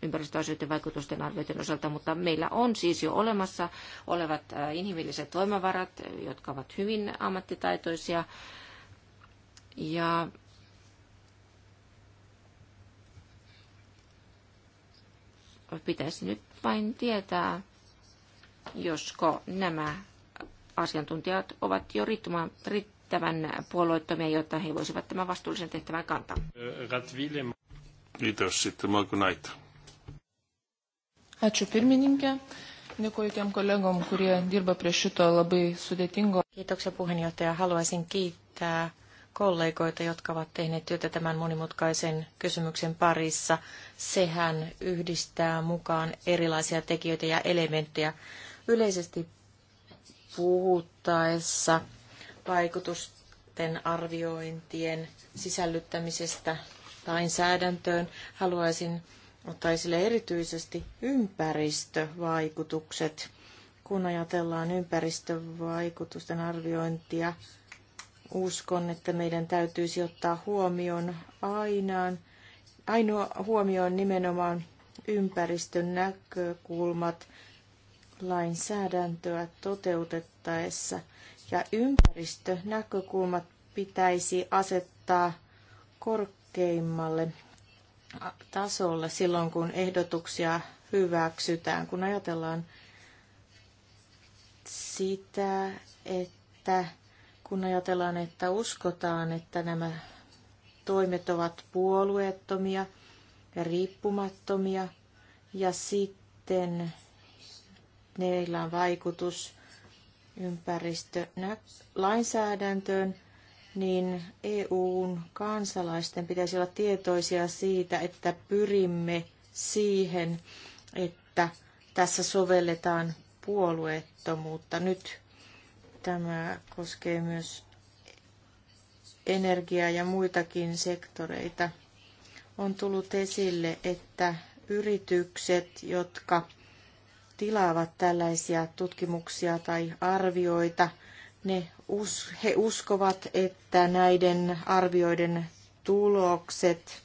ympäristöasioiden vaikutusten arvioiden osalta, mutta meillä on siis jo olemassa olevat inhimilliset voimavarat, jotka ovat hyvin ammattitaitoisia. Ja Pitäisi nyt vain tietää, josko nämä asiantuntijat ovat jo riittävän puolueettomia, jotta he voisivat tämän vastuullisen tehtävän kantaa. Kiitos. Sitten Marko Naita. Ačiū pirmininkė. Dėkuoju tiem kolegom, kurie dirba prie šito labai sudėtingo. Kiitoksia puheenjohtaja. Haluaisin kiittää kollegoita, jotka ovat tehneet työtä tämän monimutkaisen kysymyksen parissa. Sehän yhdistää mukaan erilaisia tekijöitä ja elementtejä. Yleisesti puhuttaessa vaikutusten arviointien sisällyttämisestä lainsäädäntöön haluaisin ottaa esille erityisesti ympäristövaikutukset. Kun ajatellaan ympäristövaikutusten arviointia, uskon, että meidän täytyisi ottaa huomioon ainaan, ainoa huomioon nimenomaan ympäristön näkökulmat lainsäädäntöä toteutettaessa. Ja ympäristönäkökulmat pitäisi asettaa korkeimmalle tasolle silloin, kun ehdotuksia hyväksytään, kun ajatellaan sitä, että kun ajatellaan, että uskotaan, että nämä toimet ovat puolueettomia ja riippumattomia, ja sitten neillä on vaikutus ympäristölainsäädäntöön, niin EUn kansalaisten pitäisi olla tietoisia siitä, että pyrimme siihen, että tässä sovelletaan puolueettomuutta. Nyt Tämä koskee myös energiaa ja muitakin sektoreita. On tullut esille, että yritykset, jotka tilaavat tällaisia tutkimuksia tai arvioita, ne us, he uskovat, että näiden arvioiden tulokset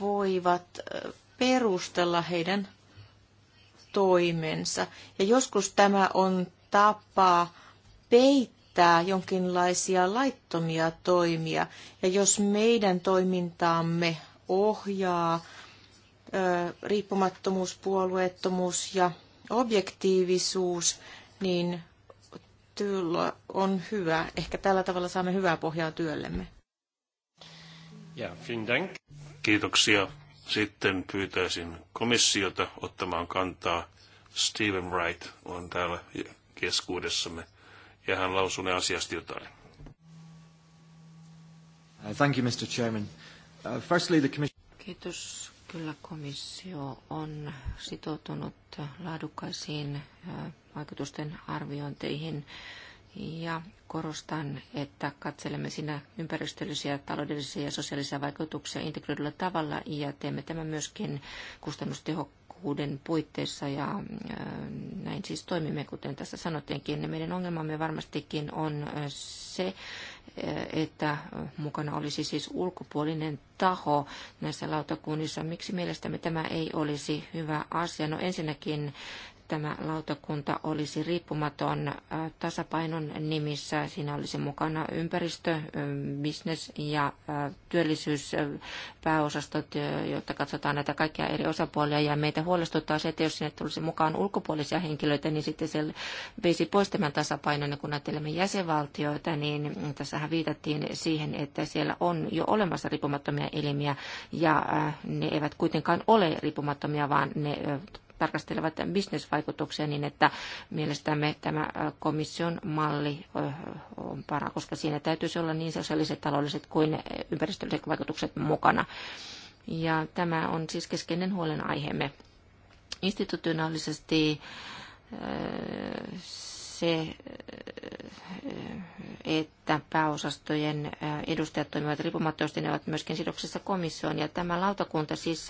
voivat perustella heidän toimensa. Ja joskus tämä on tapa peittää jonkinlaisia laittomia toimia. Ja jos meidän toimintaamme ohjaa riippumattomuus, puolueettomuus ja objektiivisuus, niin työllä on hyvä. Ehkä tällä tavalla saamme hyvää pohjaa työllemme. Ja, dank. Kiitoksia. Sitten pyytäisin komissiota ottamaan kantaa. Stephen Wright on täällä keskuudessamme. Ja hän lausui ne asiasta jotain. Uh, thank you, Mr. Chairman. Uh, firstly, the commission... Kiitos. Kyllä komissio on sitoutunut laadukkaisiin uh, vaikutusten arviointeihin ja korostan, että katselemme siinä ympäristöllisiä, taloudellisia ja sosiaalisia vaikutuksia integroidulla tavalla ja teemme tämän myöskin kustannustehokkaasti tehokkuuden puitteissa ja äh, näin siis toimimme, kuten tässä sanottiinkin. Niin meidän ongelmamme varmastikin on äh, se, äh, että mukana olisi siis ulkopuolinen taho näissä lautakunnissa. Miksi mielestämme tämä ei olisi hyvä asia? No ensinnäkin tämä lautakunta olisi riippumaton äh, tasapainon nimissä. Siinä olisi mukana ympäristö, äh, business ja äh, työllisyyspääosastot, jotta katsotaan näitä kaikkia eri osapuolia. Ja meitä huolestuttaa se, että jos sinne tulisi mukaan ulkopuolisia henkilöitä, niin sitten se veisi pois tämän tasapainon. Ja kun ajattelemme jäsenvaltioita, niin tässähän viitattiin siihen, että siellä on jo olemassa riippumattomia elimiä ja ne eivät kuitenkaan ole riippumattomia, vaan ne tarkastelevat bisnesvaikutuksia niin, että mielestämme tämä komission malli on para, koska siinä täytyisi olla niin sosiaaliset, taloudelliset kuin ympäristölliset vaikutukset mukana. Ja tämä on siis keskeinen huolenaiheemme. Institutionaalisesti se, että pääosastojen edustajat toimivat riippumattomasti, ne ovat myöskin sidoksissa komissioon. Ja tämä lautakunta siis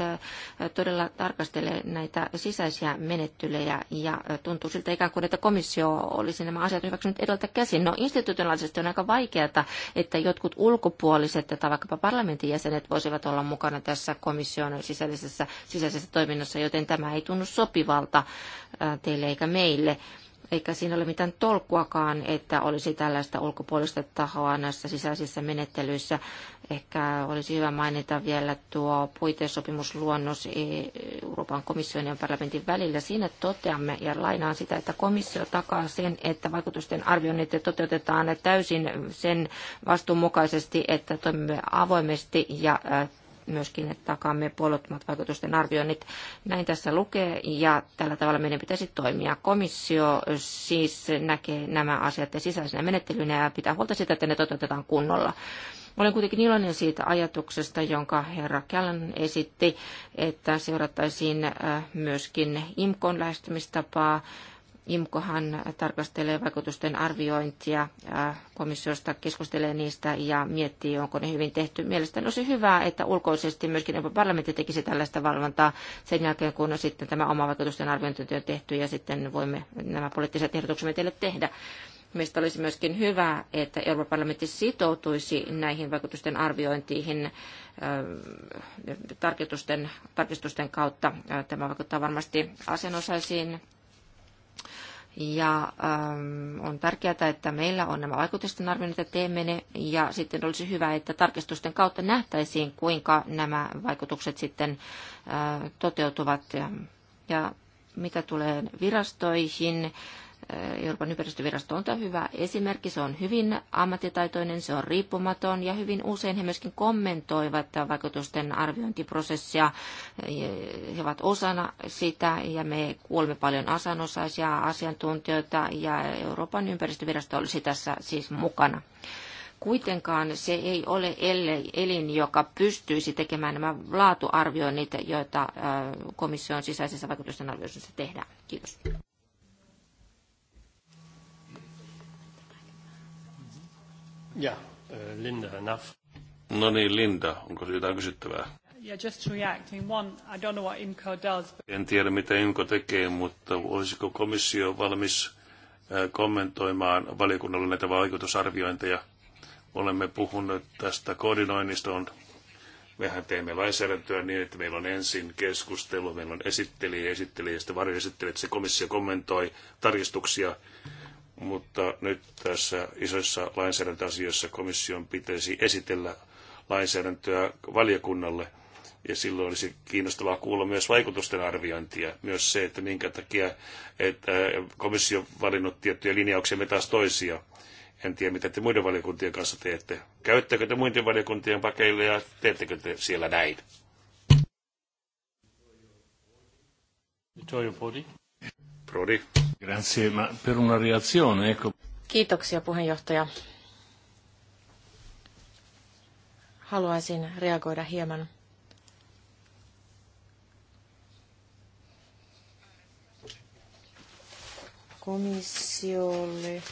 todella tarkastelee näitä sisäisiä menettelyjä ja tuntuu siltä ikään kuin, että komissio olisi nämä asiat hyväksynyt edeltä käsin. No institutionaalisesti on aika vaikeata, että jotkut ulkopuoliset tai vaikkapa parlamentin jäsenet voisivat olla mukana tässä komission sisäisessä, sisäisessä toiminnassa, joten tämä ei tunnu sopivalta teille eikä meille eikä siinä ole mitään tolkkuakaan, että olisi tällaista ulkopuolista tahoa näissä sisäisissä menettelyissä. Ehkä olisi hyvä mainita vielä tuo puitesopimusluonnos e- Euroopan komission ja parlamentin välillä. Siinä toteamme ja lainaan sitä, että komissio takaa sen, että vaikutusten arvioinnit toteutetaan täysin sen vastuun mukaisesti, että toimimme avoimesti ja äh, myöskin, että takaamme puolueettomat vaikutusten arvioinnit. Näin tässä lukee ja tällä tavalla meidän pitäisi toimia. Komissio siis näkee nämä asiat ja sisäisenä menettelynä ja pitää huolta siitä, että ne toteutetaan kunnolla. Olen kuitenkin iloinen siitä ajatuksesta, jonka herra Kellan esitti, että seurattaisiin äh, myöskin IMKon lähestymistapaa IMKOhan tarkastelee vaikutusten arviointia, komissiosta keskustelee niistä ja miettii, onko ne hyvin tehty. Mielestäni olisi hyvä, että ulkoisesti myöskin Euroopan parlamentti tekisi tällaista valvontaa sen jälkeen, kun sitten tämä oma vaikutusten arviointi on tehty ja sitten voimme nämä poliittiset ehdotuksemme teille tehdä. Meistä olisi myöskin hyvä, että Euroopan parlamentti sitoutuisi näihin vaikutusten arviointiin tarkistusten, tarkistusten kautta. Tämä vaikuttaa varmasti asianosaisiin ja ähm, on tärkeää, että meillä on nämä vaikutusten arvioinnit ja teemme ne. Ja sitten olisi hyvä, että tarkistusten kautta nähtäisiin, kuinka nämä vaikutukset sitten äh, toteutuvat. Ja, ja mitä tulee virastoihin, äh, Eh, Euroopan ympäristövirasto on tämä hyvä esimerkki. Se on hyvin ammattitaitoinen, se on riippumaton ja hyvin usein he myöskin kommentoivat vaikutusten arviointiprosessia. Eh, he ovat osana sitä ja me kuulemme paljon asianosaisia asiantuntijoita ja Euroopan ympäristövirasto olisi tässä siis mukana kuitenkaan se ei ole elin, joka pystyisi tekemään nämä laatuarvioinnit, joita eh, komission sisäisessä vaikutusten arvioinnissa tehdään. Kiitos. Ja, eh, Linda, enough. No niin, Linda, onko jotain kysyttävää? Yeah, just react. I mean, one, I don't know what IMCO does. But... En tiedä, mitä IMCO tekee, mutta olisiko komissio valmis eh, kommentoimaan valiokunnalle näitä vaikutusarviointeja. Olemme puhuneet tästä koordinoinnista. On, mehän teemme lainsäädäntöä niin, että meillä on ensin keskustelu, meillä on esittelijä, esittelijä ja sitten varjoesittelijä, että se komissio kommentoi tarkistuksia mutta nyt tässä isossa lainsäädäntöasioissa komission pitäisi esitellä lainsäädäntöä valiokunnalle, ja silloin olisi kiinnostavaa kuulla myös vaikutusten arviointia, myös se, että minkä takia että komissio on valinnut tiettyjä linjauksia, me taas toisia. En tiedä, mitä te muiden valiokuntien kanssa teette. Käyttäkö te muiden valiokuntien pakeille ja teettekö te siellä näin? Vittorio Prodi. Prodi. Grazie, ma per una reazione, ecco. Kiitoksia puheenjohtaja. Haluaisin reagoida hieman. Komissiolle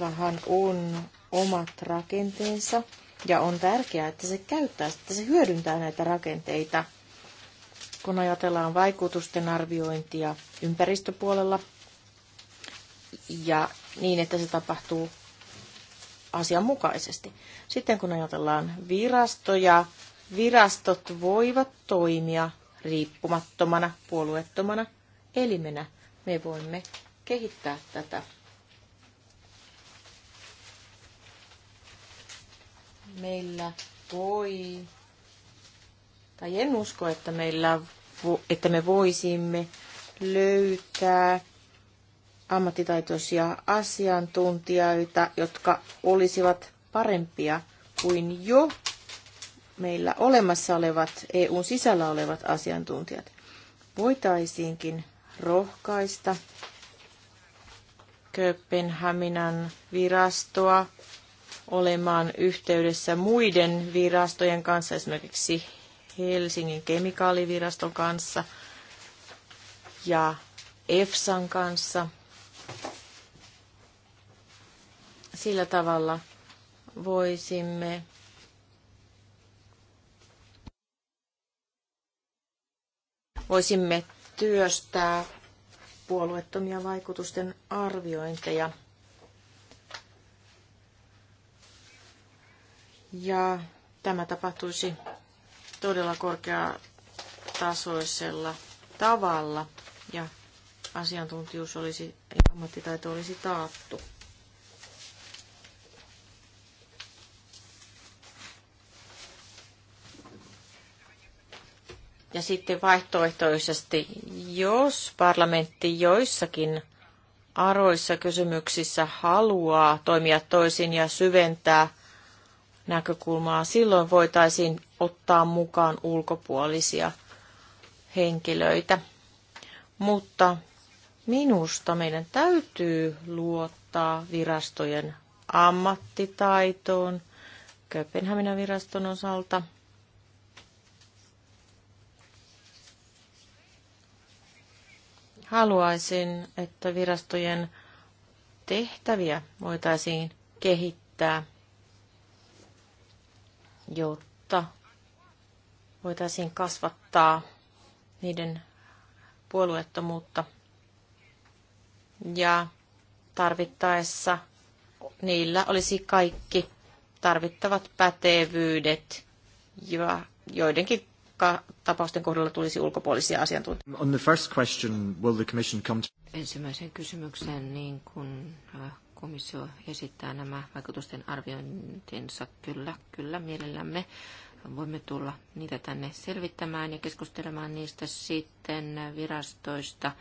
vähän on omat rakenteensa ja on tärkeää, että se käyttää, että se hyödyntää näitä rakenteita – kun ajatellaan vaikutusten arviointia ympäristöpuolella ja niin, että se tapahtuu asianmukaisesti. Sitten kun ajatellaan virastoja, virastot voivat toimia riippumattomana, puolueettomana elimenä. Me voimme kehittää tätä. Meillä voi tai en usko, että, meillä, että me voisimme löytää ammattitaitoisia asiantuntijoita, jotka olisivat parempia kuin jo meillä olemassa olevat EUn sisällä olevat asiantuntijat. Voitaisiinkin rohkaista Kööpenhaminan virastoa olemaan yhteydessä muiden virastojen kanssa, esimerkiksi Helsingin kemikaaliviraston kanssa ja EFSAn kanssa sillä tavalla voisimme voisimme työstää puolueettomia vaikutusten arviointeja. Ja tämä tapahtuisi todella korkeatasoisella tavalla ja asiantuntijuus olisi, ja ammattitaito olisi taattu. Ja sitten vaihtoehtoisesti, jos parlamentti joissakin aroissa kysymyksissä haluaa toimia toisin ja syventää näkökulmaa, silloin voitaisiin ottaa mukaan ulkopuolisia henkilöitä. Mutta minusta meidän täytyy luottaa virastojen ammattitaitoon Kööpenhaminan viraston osalta. Haluaisin, että virastojen tehtäviä voitaisiin kehittää, jotta voitaisiin kasvattaa niiden puolueettomuutta ja tarvittaessa niillä olisi kaikki tarvittavat pätevyydet ja joidenkin tapausten kohdalla tulisi ulkopuolisia asiantuntijoita. On the first question, will the commission come to... Ensimmäisen kysymyksen, niin kun äh, komissio esittää nämä vaikutusten arviointinsa, kyllä, kyllä mielellämme voimme tulla niitä tänne selvittämään ja keskustelemaan niistä sitten virastoista.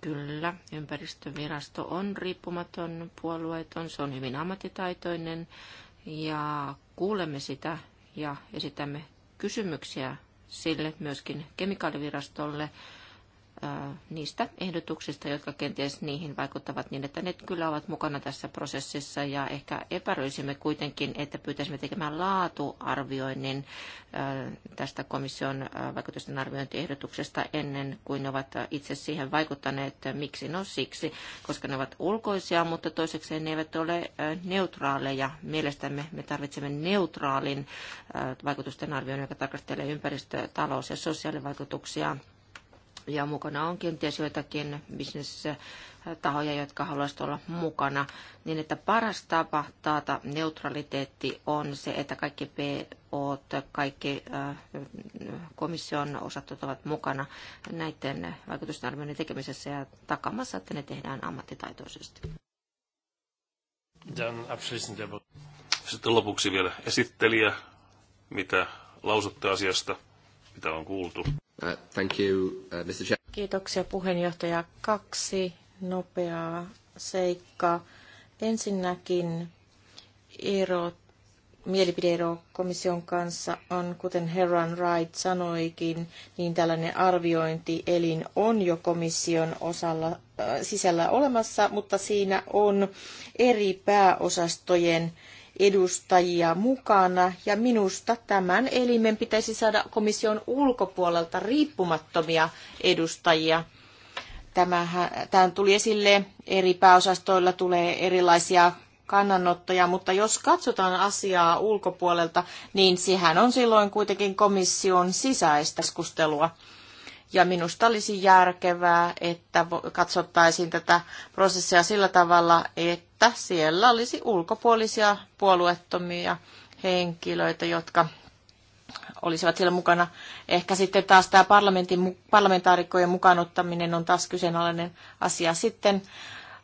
Kyllä, ympäristövirasto on riippumaton, puolueeton, se on hyvin ammattitaitoinen ja kuulemme sitä ja esitämme kysymyksiä sille myöskin kemikaalivirastolle Äh, niistä ehdotuksista, jotka kenties niihin vaikuttavat niin, että ne kyllä ovat mukana tässä prosessissa ja ehkä epäröisimme kuitenkin, että pyytäisimme tekemään laatuarvioinnin äh, tästä komission äh, vaikutusten arviointiehdotuksesta ennen kuin ne ovat itse siihen vaikuttaneet. Miksi? No siksi, koska ne ovat ulkoisia, mutta toiseksi ne eivät ole neutraaleja. Mielestämme me tarvitsemme neutraalin vaikutusten arvioinnin, joka tarkastelee ympäristö-, talous- ja sosiaalivaikutuksia ja mukana on kenties joitakin bisnestahoja, jotka haluaisivat olla mukana, niin että paras tapa taata neutraliteetti on se, että kaikki PO, kaikki äh, komission osat ovat mukana näiden vaikutusarvioiden tekemisessä ja takamassa, että ne tehdään ammattitaitoisesti. Sitten lopuksi vielä esittelijä, mitä lausutte asiasta, mitä on kuultu. Uh, thank you, uh, Mr. Chair. Kiitoksia puheenjohtaja. Kaksi nopeaa seikkaa. Ensinnäkin ero, mielipideero komission kanssa on, kuten Herran Wright sanoikin, niin tällainen arviointielin on jo komission osalla, äh, sisällä olemassa, mutta siinä on eri pääosastojen äh, edustajia mukana ja minusta tämän elimen pitäisi saada komission ulkopuolelta riippumattomia edustajia. Tämähän, tämän tuli esille, eri pääosastoilla tulee erilaisia kannanottoja, mutta jos katsotaan asiaa ulkopuolelta, niin sehän on silloin kuitenkin komission sisäistä keskustelua. Ja minusta olisi järkevää, että katsottaisiin tätä prosessia sillä tavalla, että että siellä olisi ulkopuolisia puolueettomia henkilöitä, jotka olisivat siellä mukana. Ehkä sitten taas tämä parlamentin, parlamentaarikkojen mukaanottaminen on taas kyseenalainen asia. Sitten,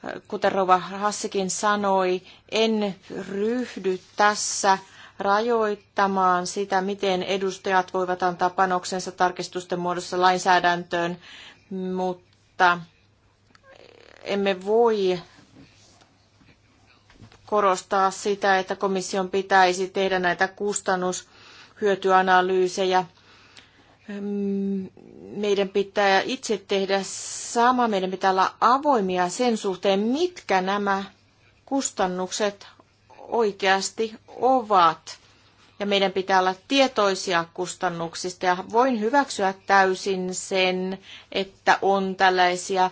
äh, kuten Rova Hassikin sanoi, en ryhdy tässä rajoittamaan sitä, miten edustajat voivat antaa panoksensa tarkistusten muodossa lainsäädäntöön, mutta emme voi korostaa sitä, että komission pitäisi tehdä näitä kustannushyötyanalyysejä. Mm, meidän pitää itse tehdä sama, meidän pitää olla avoimia sen suhteen, mitkä nämä kustannukset oikeasti ovat. Ja meidän pitää olla tietoisia kustannuksista ja voin hyväksyä täysin sen, että on tällaisia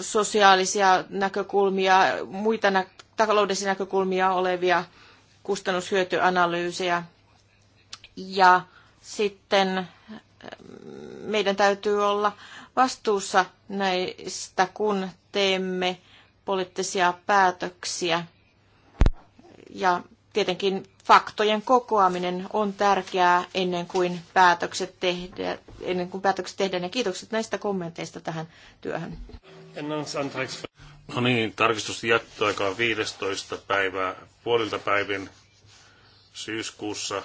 sosiaalisia näkökulmia, muita taloudellisia näkökulmia olevia kustannushyötyanalyysejä. Ja sitten eh, meidän täytyy olla vastuussa näistä, kun teemme poliittisia päätöksiä. Ja tietenkin faktojen kokoaminen on tärkeää ennen kuin päätökset, ennen kuin päätökset tehdään. Ja kiitokset näistä kommenteista tähän työhön. No niin, tarkistus aikaa 15. päivää puolilta päivin syyskuussa,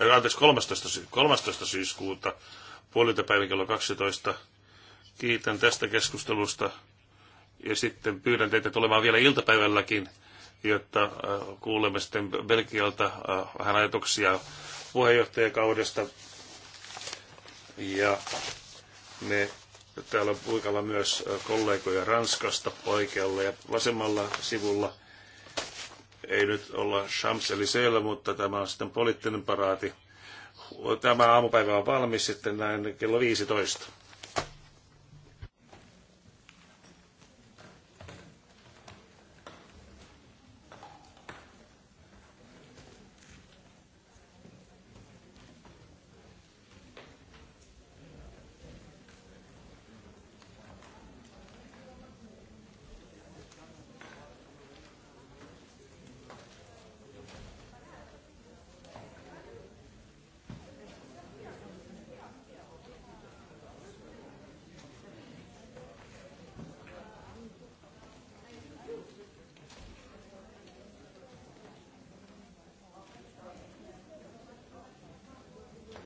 Ei, äh, anteeksi 13. Sy- 13. syyskuuta puolilta päivin kello 12. Kiitän tästä keskustelusta ja sitten pyydän teitä tulemaan vielä iltapäivälläkin, jotta äh, kuulemme sitten Belgialta äh, vähän ajatuksia puheenjohtajakaudesta. Ja me Täällä on puikalla myös kollegoja Ranskasta paikalla ja vasemmalla sivulla. Ei nyt olla champs mutta tämä on sitten poliittinen paraati. Tämä aamupäivä on valmis sitten näin kello 15.